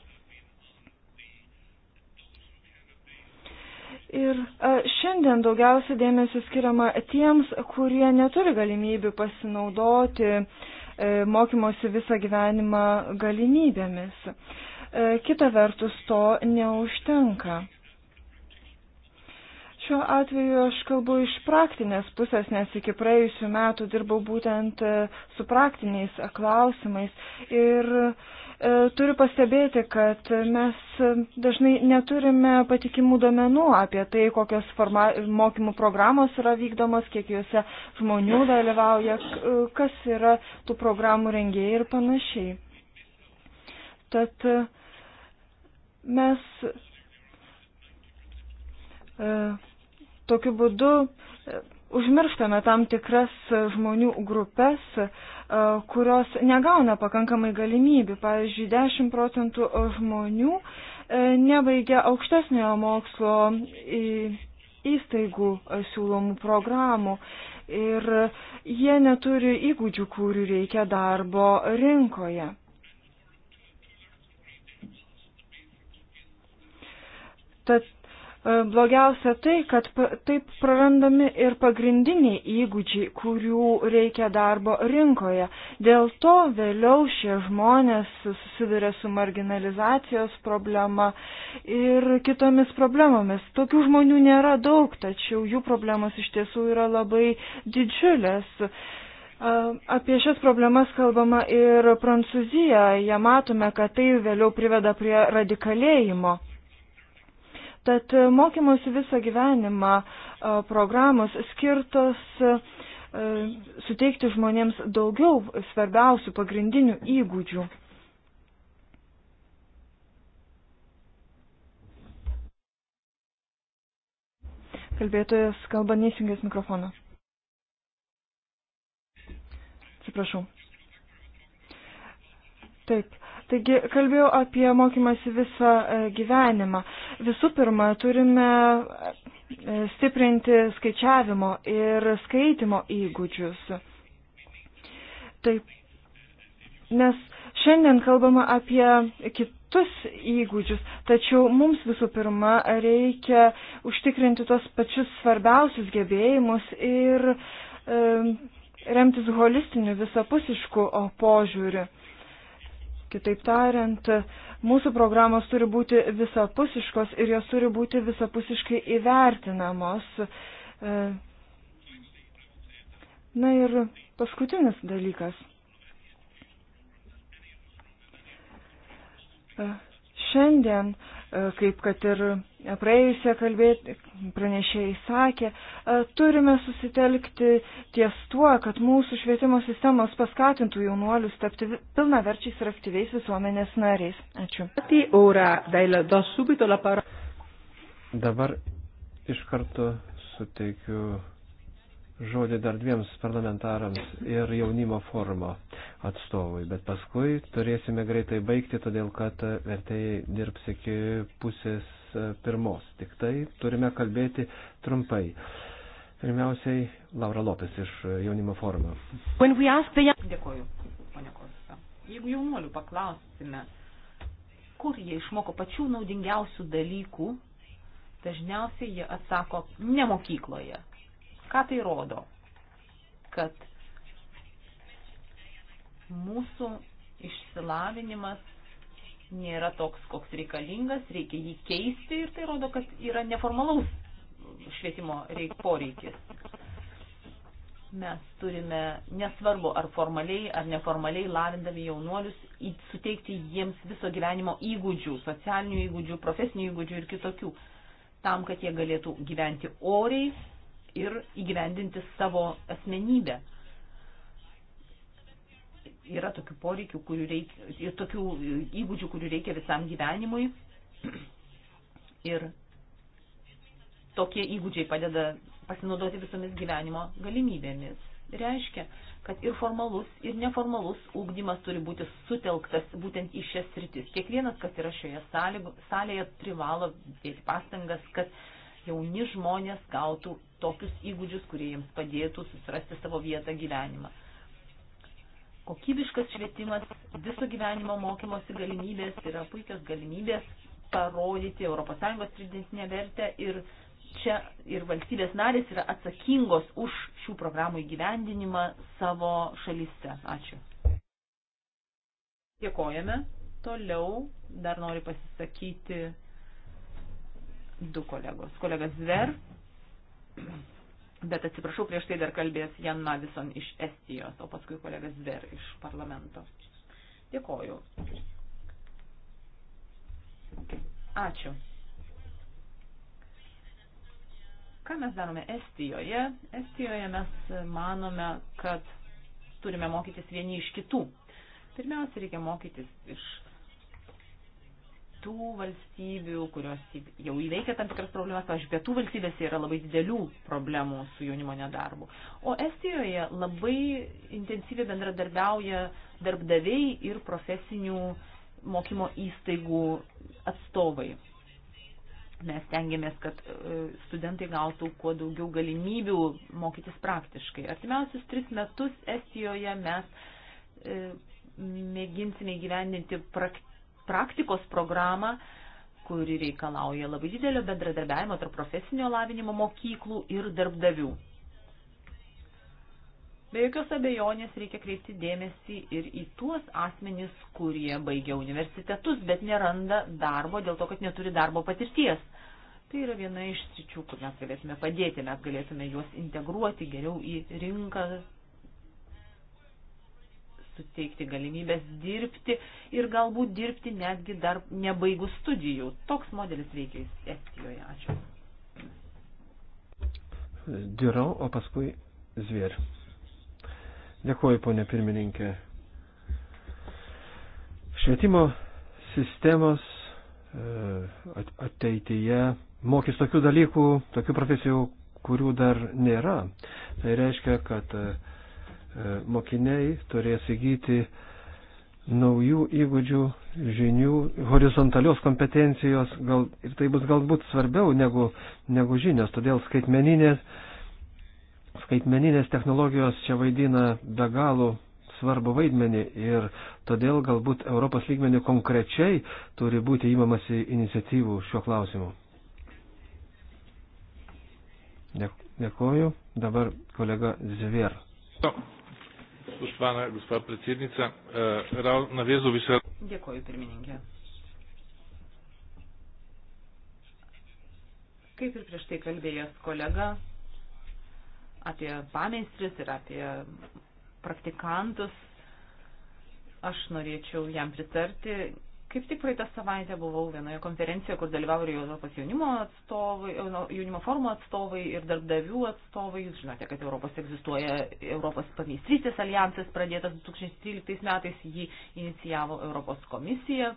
Ir e, šiandien daugiausia dėmesio skiriama tiems, kurie neturi galimybių pasinaudoti e, mokymosi visą gyvenimą galimybėmis. E, kita vertus, to neužtenka. Šiuo atveju aš kalbu iš praktinės pusės, nes iki praėjusių metų dirbau būtent su praktiniais klausimais ir uh, E, turiu pastebėti, kad mes dažnai neturime patikimų duomenų apie tai, kokios forma, mokymų programos yra vykdomos, kiek juose žmonių dalyvauja, kas yra tų programų rengėjai ir panašiai. Tad e, mes e, tokiu būdu užmirštame tam tikras žmonių grupės, E, kurios negauna pakankamai galimybių. Pavyzdžiui, 10 procentų žmonių e, nebaigia aukštesniojo mokslo įstaigų e, siūlomų programų ir jie neturi įgūdžių, kurių reikia darbo rinkoje. Tad E, blogiausia tai, kad taip prarandami ir pagrindiniai įgūdžiai, kurių reikia darbo rinkoje. Dėl to vėliau šie žmonės susiduria su marginalizacijos problema ir kitomis problemomis. Tokių žmonių nėra daug, tačiau jų problemos iš tiesų yra labai didžiulės. E, apie šias problemas kalbama ir Prancūzija. Jie matome, kad tai vėliau priveda prie radikalėjimo. Tad mokymus visą gyvenimą programos skirtos suteikti žmonėms daugiau svarbiausių pagrindinių įgūdžių. Kalbėtojas kalba neįsingęs mikrofoną. Atsiprašau. Taip, Taigi kalbėjau apie mokymąsi visą e, gyvenimą. Visų pirma, turime e, stiprinti skaičiavimo ir skaitimo įgūdžius. Taip, nes šiandien kalbama apie kitus įgūdžius, tačiau mums visų pirma reikia užtikrinti tos pačius svarbiausius gebėjimus ir e, remtis holistiniu visapusišku požiūriu. Kitaip tariant, mūsų programos turi būti visapusiškos ir jos turi būti visapusiškai įvertinamos. Na ir paskutinis dalykas. Šiandien uh, kaip kad ir praėjusią kalbėti, pranešėjai sakė, e, turime susitelkti ties tuo, kad mūsų švietimo sistemos paskatintų jaunuolius tapti pilnaverčiais ir aktyviais visuomenės nariais. Ačiū. Dabar iš karto suteikiu žodį dar dviems parlamentarams ir jaunimo forumo atstovui, bet paskui turėsime greitai baigti, todėl kad vertėjai dirbs iki pusės e, pirmos. Tik tai turime kalbėti trumpai. Pirmiausiai Laura Lopes iš jaunimo forumo. The... Dėkoju, ponia Korsa. Jeigu jaunuolių paklausime, kur jie išmoko pačių naudingiausių dalykų, dažniausiai jie atsako ne mokykloje, Ką tai rodo? Kad mūsų išsilavinimas nėra toks, koks reikalingas, reikia jį keisti ir tai rodo, kad yra neformalaus švietimo reik poreikis. Mes turime, nesvarbu ar formaliai ar neformaliai lavindami jaunuolius, suteikti jiems viso gyvenimo įgūdžių, socialinių įgūdžių, profesinių įgūdžių ir kitokių, tam, kad jie galėtų gyventi oriai ir įgyvendinti savo asmenybę. Yra tokių poreikių, kurių reikia, ir tokių įgūdžių, kurių reikia visam gyvenimui. Ir tokie įgūdžiai padeda pasinaudoti visomis gyvenimo galimybėmis. Reiškia, kad ir formalus, ir neformalus ūkdymas turi būti sutelktas būtent į šias sritis. Kiekvienas, kas yra šioje salėje, privalo dėti pastangas, kad jauni žmonės gautų tokius įgūdžius, kurie jiems padėtų susirasti savo vietą gyvenimą. Kokybiškas švietimas, viso gyvenimo mokymosi galimybės yra puikios galimybės parodyti ES pridėtinę vertę ir čia ir valstybės narės yra atsakingos už šių programų įgyvendinimą savo šalyse. Ačiū. Dėkojame. Toliau dar noriu pasisakyti du kolegos. Kolegas Zver, bet atsiprašau, prieš tai dar kalbės Jan Madison iš Estijos, o paskui kolegas Zver iš parlamento. Dėkoju. Ačiū. Ką mes darome Estijoje? Estijoje mes manome, kad turime mokytis vieni iš kitų. Pirmiausia, reikia mokytis iš tų valstybių, kurios jau įveikia tam tikras problemas, pavyzdžiui, pietų valstybėse yra labai didelių problemų su jaunimo nedarbu. O Estijoje labai intensyviai bendradarbiauja darbdaviai ir profesinių mokymo įstaigų atstovai. Mes tengiamės, kad e, studentai gautų kuo daugiau galimybių mokytis praktiškai. Artimiausius tris metus Estijoje mes e, mėginsime įgyvendinti praktiškai praktikos programą, kuri reikalauja labai didelio bendradarbiavimo tarp profesinio lavinimo mokyklų ir darbdavių. Be jokios abejonės reikia kreipti dėmesį ir į tuos asmenys, kurie baigia universitetus, bet neranda darbo dėl to, kad neturi darbo patirties. Tai yra viena iš sričių, kur mes galėtume padėti, mes galėtume juos integruoti geriau į rinką, suteikti galimybės dirbti ir galbūt dirbti netgi dar nebaigus studijų. Toks modelis veikia Estijoje. Ačiū. Dirau, o paskui zvier. Dėkuoju, ponė pirmininkė. Švietimo sistemos e, ateityje mokys tokių dalykų, tokių profesijų, kurių dar nėra. Tai reiškia, kad uh, E, mokiniai turės įgyti naujų įgūdžių, žinių, horizontalios kompetencijos, gal, ir tai bus galbūt svarbiau negu, negu žinios, todėl skaitmeninės, skaitmeninės technologijos čia vaidina be galo svarbu vaidmenį ir todėl galbūt Europos lygmenių konkrečiai turi būti įmamasi iniciatyvų šiuo klausimu. Dėkuoju. Dabar kolega Zivier. Spoštovana gospa predsednica, eh, rav, navezal bi se. Dėkoju, pirmininkė. Kaip ir prieš tai kalbėjęs kolega apie pameistris ir apie praktikantus, aš norėčiau jam pritarti Kaip tik praeitą savaitę buvau vienoje konferencijoje, kur dalyvavo ir Europos jaunimo atstovai, jaunimo forumo atstovai ir darbdavių atstovai. Jūs žinote, kad Europos egzistuoja Europos pameistrystės alijansas, pradėtas 2013 metais, jį inicijavo Europos komisija.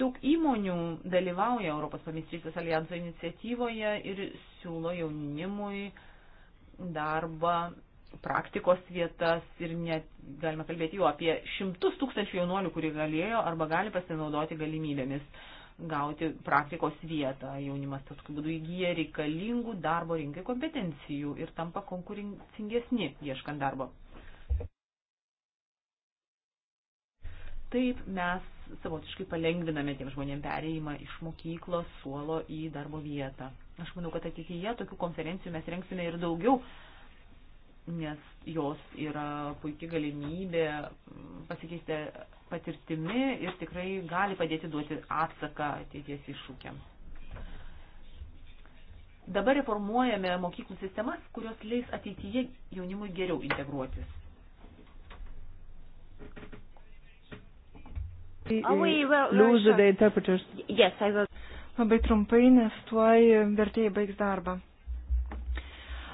Daug įmonių dalyvauja Europos pameistrystės alijanso iniciatyvoje ir siūlo jaunimui darbą praktikos vietas ir net galime kalbėti jau apie šimtus tūkstančių jaunuolių, kurie galėjo arba gali pasinaudoti galimybėmis gauti praktikos vietą. Jaunimas tokiu būdu įgyja reikalingų darbo rinkai kompetencijų ir tampa konkurencingesni ieškant darbo. Taip mes savotiškai palengviname tiem žmonėm perėjimą iš mokyklos suolo į darbo vietą. Aš manau, kad ateityje tokių konferencijų mes rengsime ir daugiau nes jos yra puikia galimybė pasikeisti patirtimi ir tikrai gali padėti duoti atsaką ateities iššūkiams. Dabar reformuojame mokyklų sistemas, kurios leis ateityje jaunimui geriau integruotis. Lūžu the interpreters. Yes, I will. Labai trumpai, nes tuoj vertėjai baigs darbą.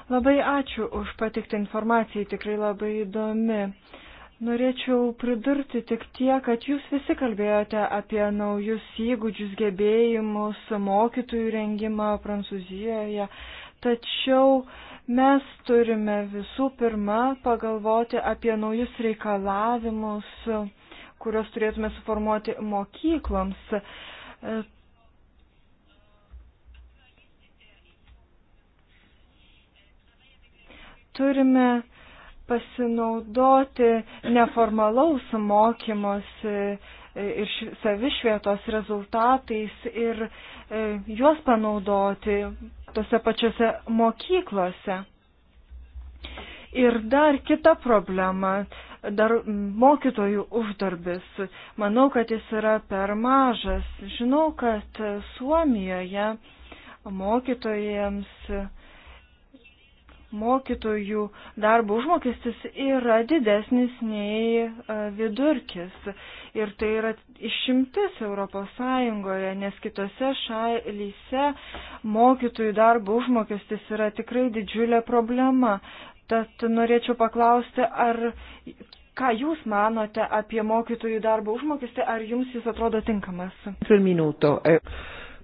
Labai ačiū už patiktą informaciją, tikrai labai įdomi. Norėčiau pridurti tik tie, kad jūs visi kalbėjote apie naujus įgūdžius, gebėjimus, mokytojų rengimą Prancūzijoje, tačiau mes turime visų pirma pagalvoti apie naujus reikalavimus, kuriuos turėtume suformuoti mokykloms. turime pasinaudoti neformalaus mokymosi e, ir savišvietos rezultatais ir e, juos panaudoti tose pačiose mokyklose. Ir dar kita problema dar mokytojų uždarbis. Manau, kad jis yra per mažas. Žinau, kad Suomijoje mokytojams mokytojų darbo užmokestis yra didesnis nei e, vidurkis. Ir tai yra išimtis ES, nes kitose šalyse mokytojų darbo užmokestis yra tikrai didžiulė problema. Tad norėčiau paklausti, ar ką Jūs manote apie mokytojų darbo užmokestį, ar Jums jis atrodo tinkamas? Minuto.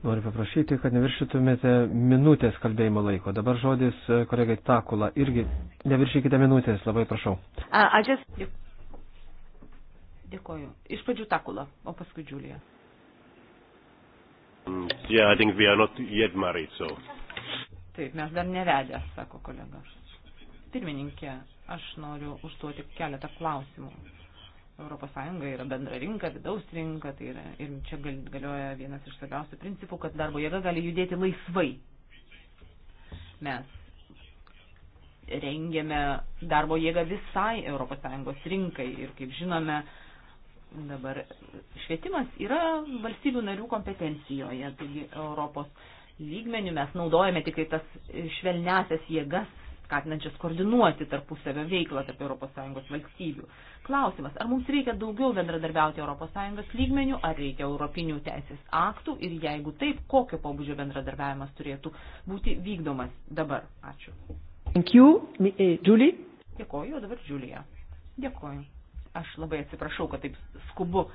Noriu paprašyti, kad neviršytumėte minutės kalbėjimo laiko. Dabar žodis e, kolegai Takula. Irgi neviršykite minutės, labai prašau. A, just... Dėkoju. Iš pradžių Takula, o paskui Džiulija. Yeah, I think we are not yet married, so. Taip, mes dar nevedę, sako kolega. Pirmininkė, aš noriu užduoti keletą klausimų ES yra bendra rinka, vidaus rinka, tai yra, ir čia galioja vienas iš svarbiausių principų, kad darbo jėga gali judėti laisvai. Mes rengėme darbo jėgą visai ES rinkai ir, kaip žinome, dabar švietimas yra valstybių narių kompetencijoje, taigi Europos lygmenių mes naudojame tik tai tas švelnesias jėgas skatinančias koordinuoti tarpusavio veiklą tarp ES valstybių. Klausimas, ar mums reikia daugiau bendradarbiauti ES lygmenių, ar reikia europinių teisės aktų ir jeigu taip, kokio pobūdžio bendradarbiavimas turėtų būti vykdomas dabar. Ačiū. Thank you, e, Julie. Dėkoju, o dabar Julija. Dėkoju. Aš labai atsiprašau, kad taip skubu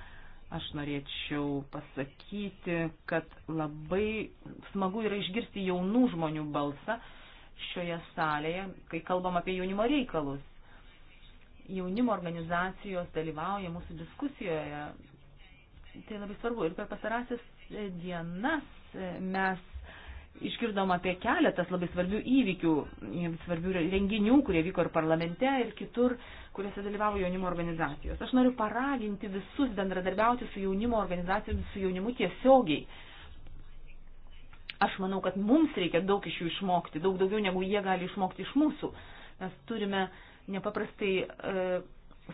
aš norėčiau pasakyti, kad labai smagu yra išgirsti jaunų žmonių balsą, šioje salėje, kai kalbam apie jaunimo reikalus. Jaunimo organizacijos dalyvauja mūsų diskusijoje. Tai labai svarbu. Ir per pasarasis e, dienas e, mes išgirdom apie keletas labai svarbių įvykių, svarbių renginių, kurie vyko ir parlamente, ir kitur, kuriuose dalyvavo jaunimo organizacijos. Aš noriu paraginti visus bendradarbiauti su jaunimo organizacijomis, su jaunimu tiesiogiai Aš manau, kad mums reikia daug iš jų išmokti, daug daugiau negu jie gali išmokti iš mūsų. Mes turime nepaprastai e,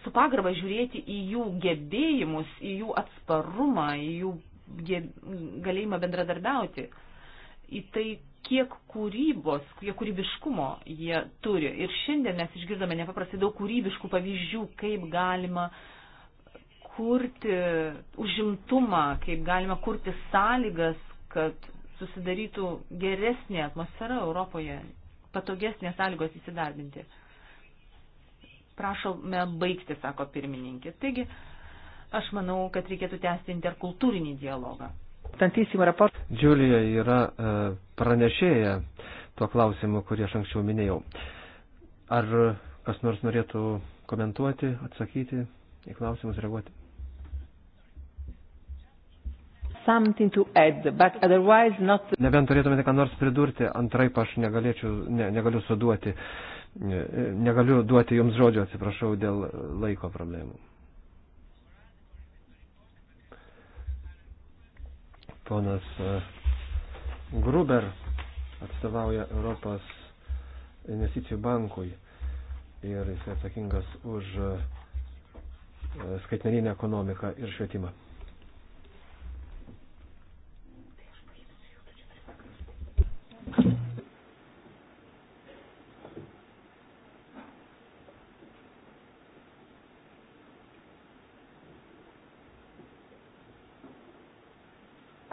su pagarba žiūrėti į jų gebėjimus, į jų atsparumą, į jų geb... galėjimą bendradarbiauti, į tai, kiek kūrybos, kiek kūrybiškumo jie turi. Ir šiandien mes išgirdome nepaprastai daug kūrybiškų pavyzdžių, kaip galima kurti užimtumą, kaip galima kurti sąlygas, kad susidarytų geresnė atmosfera Europoje, patogesnės sąlygos įsidarbinti. Prašome baigti, sako pirmininkė. Taigi, aš manau, kad reikėtų tęsti interkultūrinį dialogą. Džiulija yra e, pranešėja tuo klausimu, kurį aš anksčiau minėjau. Ar kas nors norėtų komentuoti, atsakyti į klausimus, reaguoti? something to add, but otherwise not. Nebent turėtumėte ką nors pridurti, antraip aš negalėčiau, ne, negaliu suduoti, ne, negaliu duoti jums žodžio, atsiprašau, dėl laiko problemų. Ponas e, Gruber atstovauja Europos investicijų bankui ir jis atsakingas už e, skaitmeninę ekonomiką ir švietimą.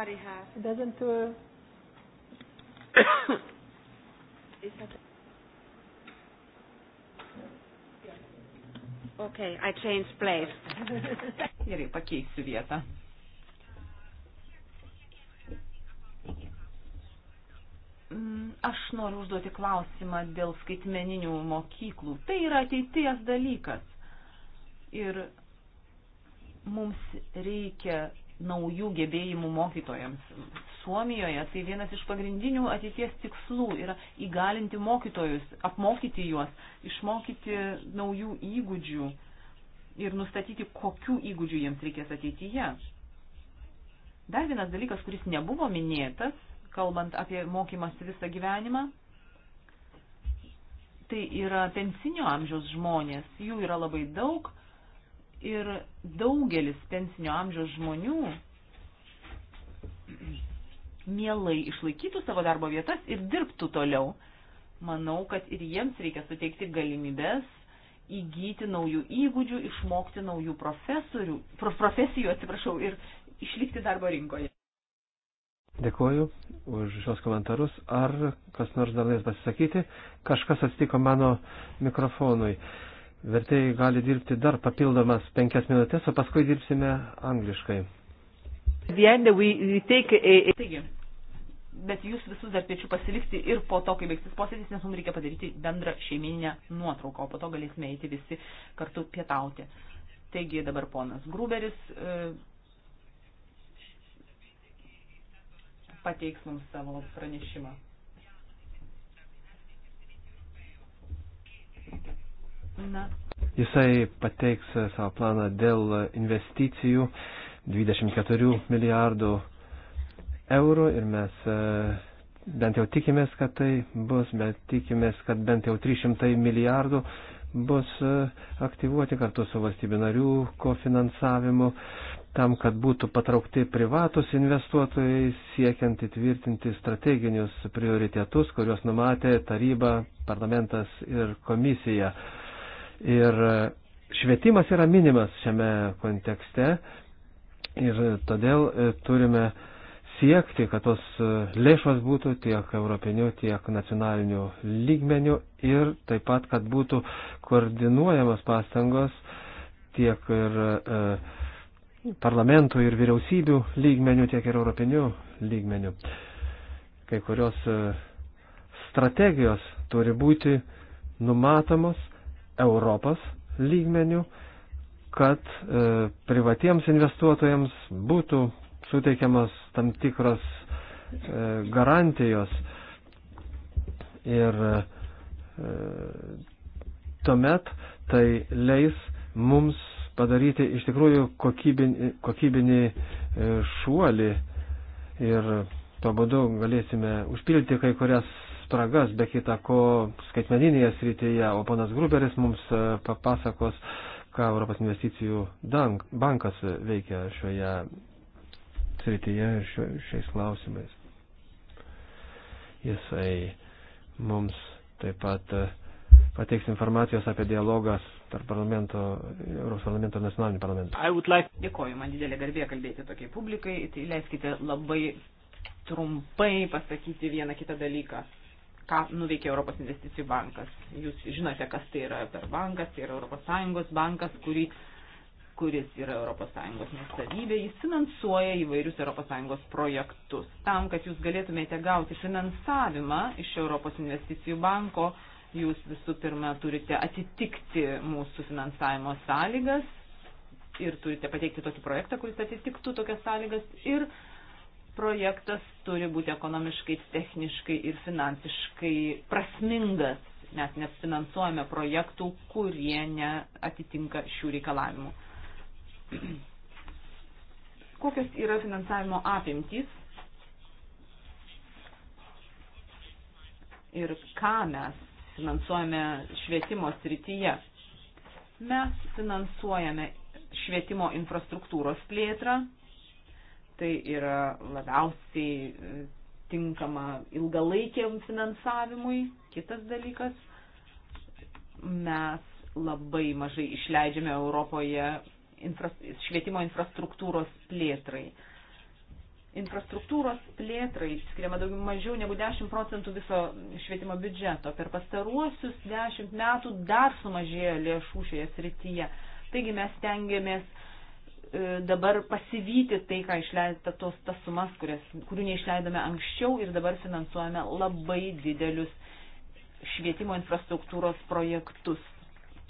everybody has. It doesn't. Uh, is that Okay, I change place. Gerai, pakeisiu vietą. Mm, aš noriu užduoti klausimą dėl skaitmeninių mokyklų. Tai yra ateities dalykas. Ir mums reikia naujų gebėjimų mokytojams. Suomijoje tai vienas iš pagrindinių ateities tikslų yra įgalinti mokytojus, apmokyti juos, išmokyti naujų įgūdžių ir nustatyti, kokių įgūdžių jiems reikės ateityje. Dar vienas dalykas, kuris nebuvo minėtas, kalbant apie mokymąsi visą gyvenimą, tai yra pensinio amžiaus žmonės. Jų yra labai daug Ir daugelis pensinio amžiaus žmonių mielai išlaikytų savo darbo vietas ir dirbtų toliau. Manau, kad ir jiems reikia suteikti galimybės įgyti naujų įgūdžių, išmokti naujų profesorių, pro, profesijų, atsiprašau, ir išlikti darbo rinkoje. Dėkuoju už šios komentarus. Ar kas nors dar norės pasisakyti? Kažkas atsitiko mano mikrofonui. Uh, Vertėjai gali dirbti dar papildomas penkias minutės, o paskui dirbsime angliškai. Taigi, bet jūs visus dar kviečiu pasilikti ir po to, kai baigsis posėdis, nes mums reikia padaryti bendrą šeiminę nuotrauką, o po to galėsime eiti visi kartu pietauti. Taigi dabar ponas Gruberis e, pateiks mums savo pranešimą. Jisai pateiks e, savo planą dėl investicijų 24 milijardų eurų ir mes e, bent jau tikimės, kad tai bus, bet tikimės, kad bent jau 300 milijardų bus e, aktyvuoti kartu su valstybių narių kofinansavimu, tam, kad būtų patraukti privatus investuotojai, siekiant įtvirtinti strateginius prioritetus, kuriuos numatė taryba, parlamentas ir komisija. Ir švietimas yra minimas šiame kontekste ir todėl e, turime siekti, kad tos e, lėšos būtų tiek europinių, tiek nacionalinių lygmenių ir taip pat, kad būtų koordinuojamos pastangos tiek ir e, parlamentų ir vyriausybių lygmenių, tiek ir europinių lygmenių. Kai kurios e, strategijos turi būti numatomos Europos lygmenių, kad e, privatiems investuotojams būtų suteikiamas tam tikros e, garantijos ir e, tuomet tai leis mums padaryti iš tikrųjų kokybinį, kokybinį e, šuolį ir tuo būdu galėsime užpildyti kai kurias spragas, be kita ko skaitmeninėje srityje, o ponas Gruberis mums e, papasakos, ką Europos investicijų dank, bankas veikia šioje srityje ir šio, šiais klausimais. Jisai mums taip pat e, pateiks informacijos apie dialogas tarp parlamento, Europos parlamento ir nacionalinių parlamentų. Like... Dėkoju, man didelė garbė kalbėti tokiai publikai, tai leiskite labai trumpai pasakyti vieną kitą dalyką ką nuveikė Europos investicijų bankas. Jūs žinote, kas tai yra per bankas, tai yra ES bankas, kurį, kuris yra ES nuosavybė, jis finansuoja įvairius ES projektus. Tam, kad jūs galėtumėte gauti finansavimą iš Europos investicijų banko, jūs visų pirma turite atitikti mūsų finansavimo sąlygas ir turite pateikti tokį projektą, kuris atitiktų tokias sąlygas ir uh, projektas turi būti ekonomiškai, techniškai ir finansiškai prasmingas. Mes nefinansuojame projektų, kurie neatitinka šių reikalavimų. Kokios yra finansavimo apimtys ir ką mes finansuojame švietimo srityje? Mes finansuojame švietimo infrastruktūros plėtrą, tai yra labiausiai e, tinkama ilgalaikiam finansavimui. Kitas dalykas, mes labai mažai išleidžiame Europoje infras, švietimo infrastruktūros plėtrai. Infrastruktūros plėtrai skiriama daugiau mažiau negu 10 procentų viso švietimo biudžeto. Per pastaruosius 10 metų dar sumažėjo lėšų šioje srityje. Taigi mes tengiamės E, dabar pasivyti tai, ką išleidome, tos tas sumas, kurias, kurių neišleidome anksčiau ir dabar finansuojame labai didelius švietimo infrastruktūros projektus.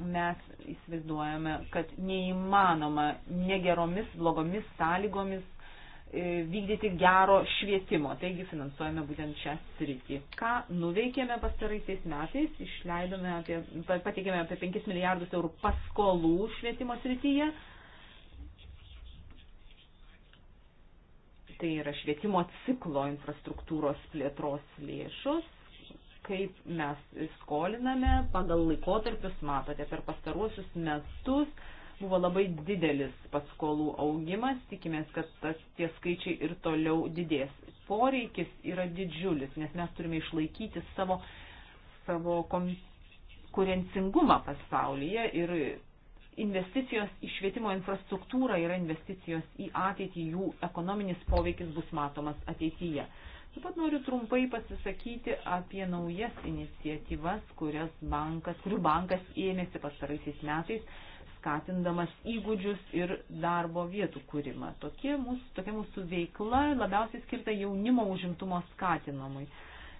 Mes įsivaizduojame, kad neįmanoma negeromis, blogomis sąlygomis e, vykdyti gero švietimo. Taigi finansuojame būtent šią sritį. Ką nuveikėme pastaraisiais metais? Išleidome apie, patikėme apie 5 milijardus eurų paskolų švietimo srityje. tai yra švietimo ciklo infrastruktūros plėtros lėšos, kaip mes skoliname pagal laikotarpius, matote, per pastaruosius metus buvo labai didelis paskolų augimas, tikimės, kad tas, tie skaičiai ir toliau didės. Poreikis yra didžiulis, nes mes turime išlaikyti savo, savo konkurencingumą pasaulyje ir investicijos į švietimo infrastruktūrą yra investicijos į ateitį, jų ekonominis poveikis bus matomas ateityje. Taip pat noriu trumpai pasisakyti apie naujas iniciatyvas, kurias bankas, kurių bankas ėmėsi pastaraisiais metais, skatindamas įgūdžius ir darbo vietų kūrimą. Tokie mūsų, tokia mūsų veikla labiausiai skirta jaunimo užimtumo skatinamui.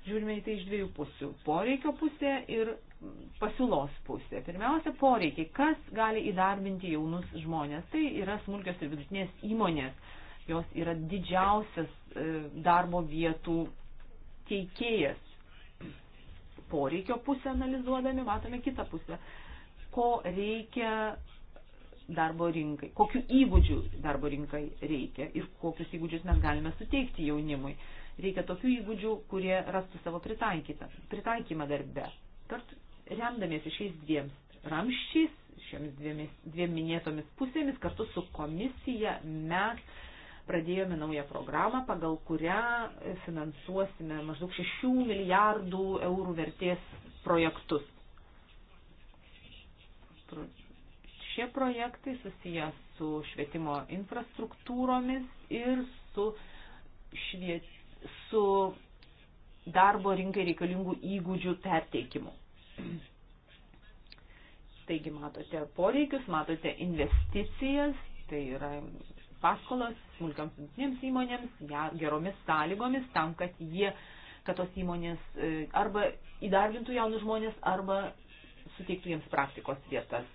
Žiūrime į tai iš dviejų pusių - poreikio pusė ir pasiūlos pusė. Pirmiausia, poreikiai. Kas gali įdarbinti jaunus žmonės? Tai yra smulkios ir vidutinės įmonės. Jos yra didžiausias e, darbo vietų teikėjas. Poreikio pusę analizuodami matome kitą pusę. Ko reikia darbo rinkai, kokiu įgūdžiu darbo rinkai reikia ir kokius įgūdžius mes galime suteikti jaunimui. Reikia tokių įgūdžių, kurie rastų savo pritaikymą darbe. Kart, remdamiesi šiais dviem ramščiais, šiomis dviemis, dviem minėtomis pusėmis, kartu su komisija mes pradėjome naują programą, pagal kurią finansuosime maždaug 6 milijardų eurų vertės projektus. Šie projektai susiję su švietimo infrastruktūromis ir su, švie, su darbo rinkai reikalingų įgūdžių perteikimu. Taigi matote poreikius, matote investicijas, tai yra paskolas smulkiams vidutinėms įmonėms, ja, geromis sąlygomis, tam, kad jie, kad tos įmonės e, arba įdarbintų jaunus žmonės, arba suteiktų jiems praktikos vietas.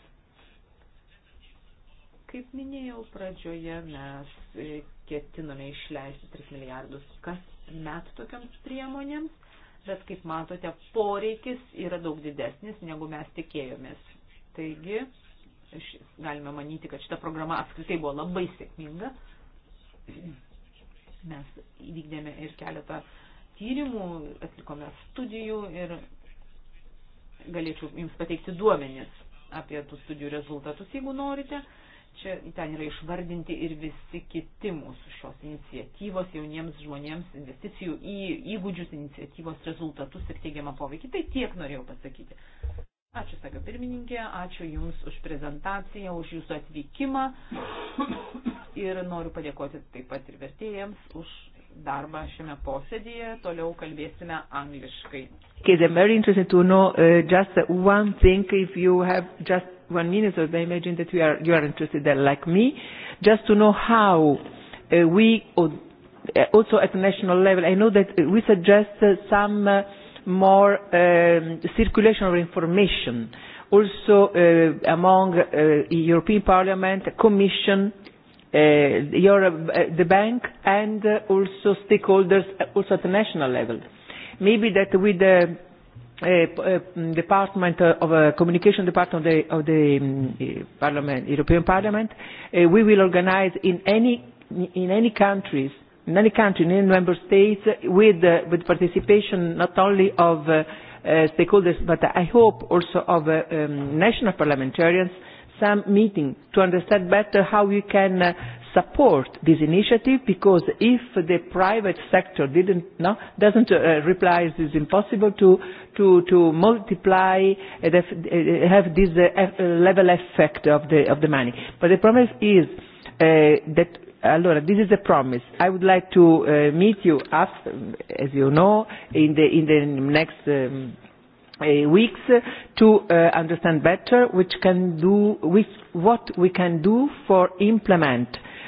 Kaip minėjau pradžioje, mes e, ketiname išleisti 3 milijardus kas met tokiams priemonėms bet kaip matote, poreikis yra daug didesnis, negu mes tikėjomės. Taigi, galime manyti, kad šita programa apskritai buvo labai sėkminga. Mes įvykdėme ir keletą tyrimų, atlikome studijų ir galėčiau jums pateikti duomenis apie tų studijų rezultatus, jeigu norite. Čia ten yra išvardinti ir visi kiti mūsų šios iniciatyvos jauniems žmonėms, investicijų į įgūdžius, iniciatyvos rezultatus ir teigiamą poveikį. Tai tiek norėjau pasakyti. Ačiū, sako pirmininkė, ačiū Jums už prezentaciją, už Jūsų atvykimą ir noriu padėkoti taip pat ir vertėjams už darbą šiame posėdėje. Toliau kalbėsime angliškai. Okay, one minute, so I imagine that we are, you are interested there like me, just to know how uh, we, uh, also at national level, I know that we suggest uh, some uh, more um, circulation of information, also uh, among uh, European Parliament, Commission, uh, your, uh, the bank, and uh, also stakeholders, uh, also at the national level. Maybe that with the uh, department uh, of uh, communication department of the, of the um, parliament, European Parliament, uh, we will organize in any in any countries, in any country, in any member states, with uh, with participation not only of uh, uh, stakeholders, but I hope also of uh, um, national parliamentarians, some meeting to understand better how we can. Uh, support this initiative because if the private sector didn't, no, doesn't uh, reply, it is impossible to, to, to multiply and uh, uh, have this uh, uh, level effect of the, of the money. But the promise is uh, that Allora, this is a promise. I would like to uh, meet you, after, as you know, in the, in the next um, uh, weeks to uh, understand better which can do, which, what we can do for implement uh,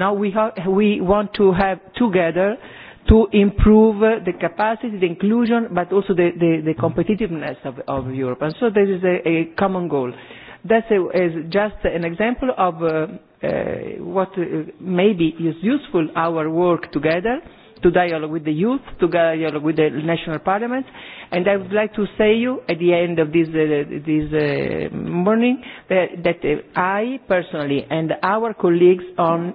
Now we, ha we want to have together to improve uh, the capacity, the inclusion, but also the, the, the competitiveness of, of Europe. And so this is a, a common goal. That is just an example of uh, uh, what uh, maybe is useful our work together to dialogue with the youth, to dialogue with the national parliaments. And I would like to say you at the end of this, uh, this uh, morning that, that uh, I personally and our colleagues on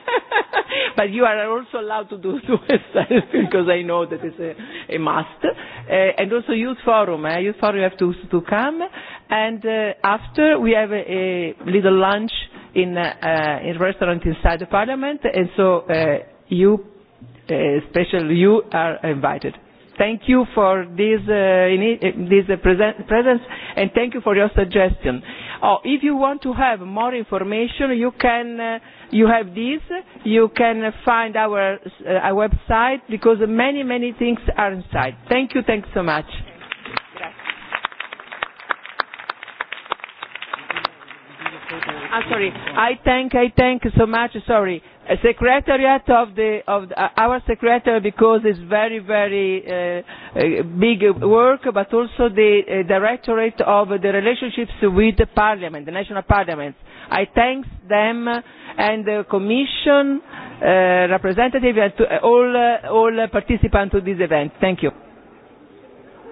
but you are also allowed to do two exercises because I know that it's a, a must. Uh, and also youth forum, eh? youth forum you have to, to come. And uh, after we have a, a little lunch in uh, uh in restaurant inside the parliament, and so uh, you, uh, especially you, are invited. Thank you for this, uh, in, uh, this uh, present, presence, and thank you for your suggestion. Uh, Oh, if you want to have more information, you can uh, you have this. You can find our uh, our website because many many things are inside. Thank you. Thanks so much. I'm ah, sorry. I thank I thank so much. Sorry a secretariat of the of the, uh, our secretary because it's very very uh, uh, big work but also the uh, directorate of the relationships with the parliament the national parliaments i thank them and the commission uh, representative and to uh, all uh, all participants to this event thank you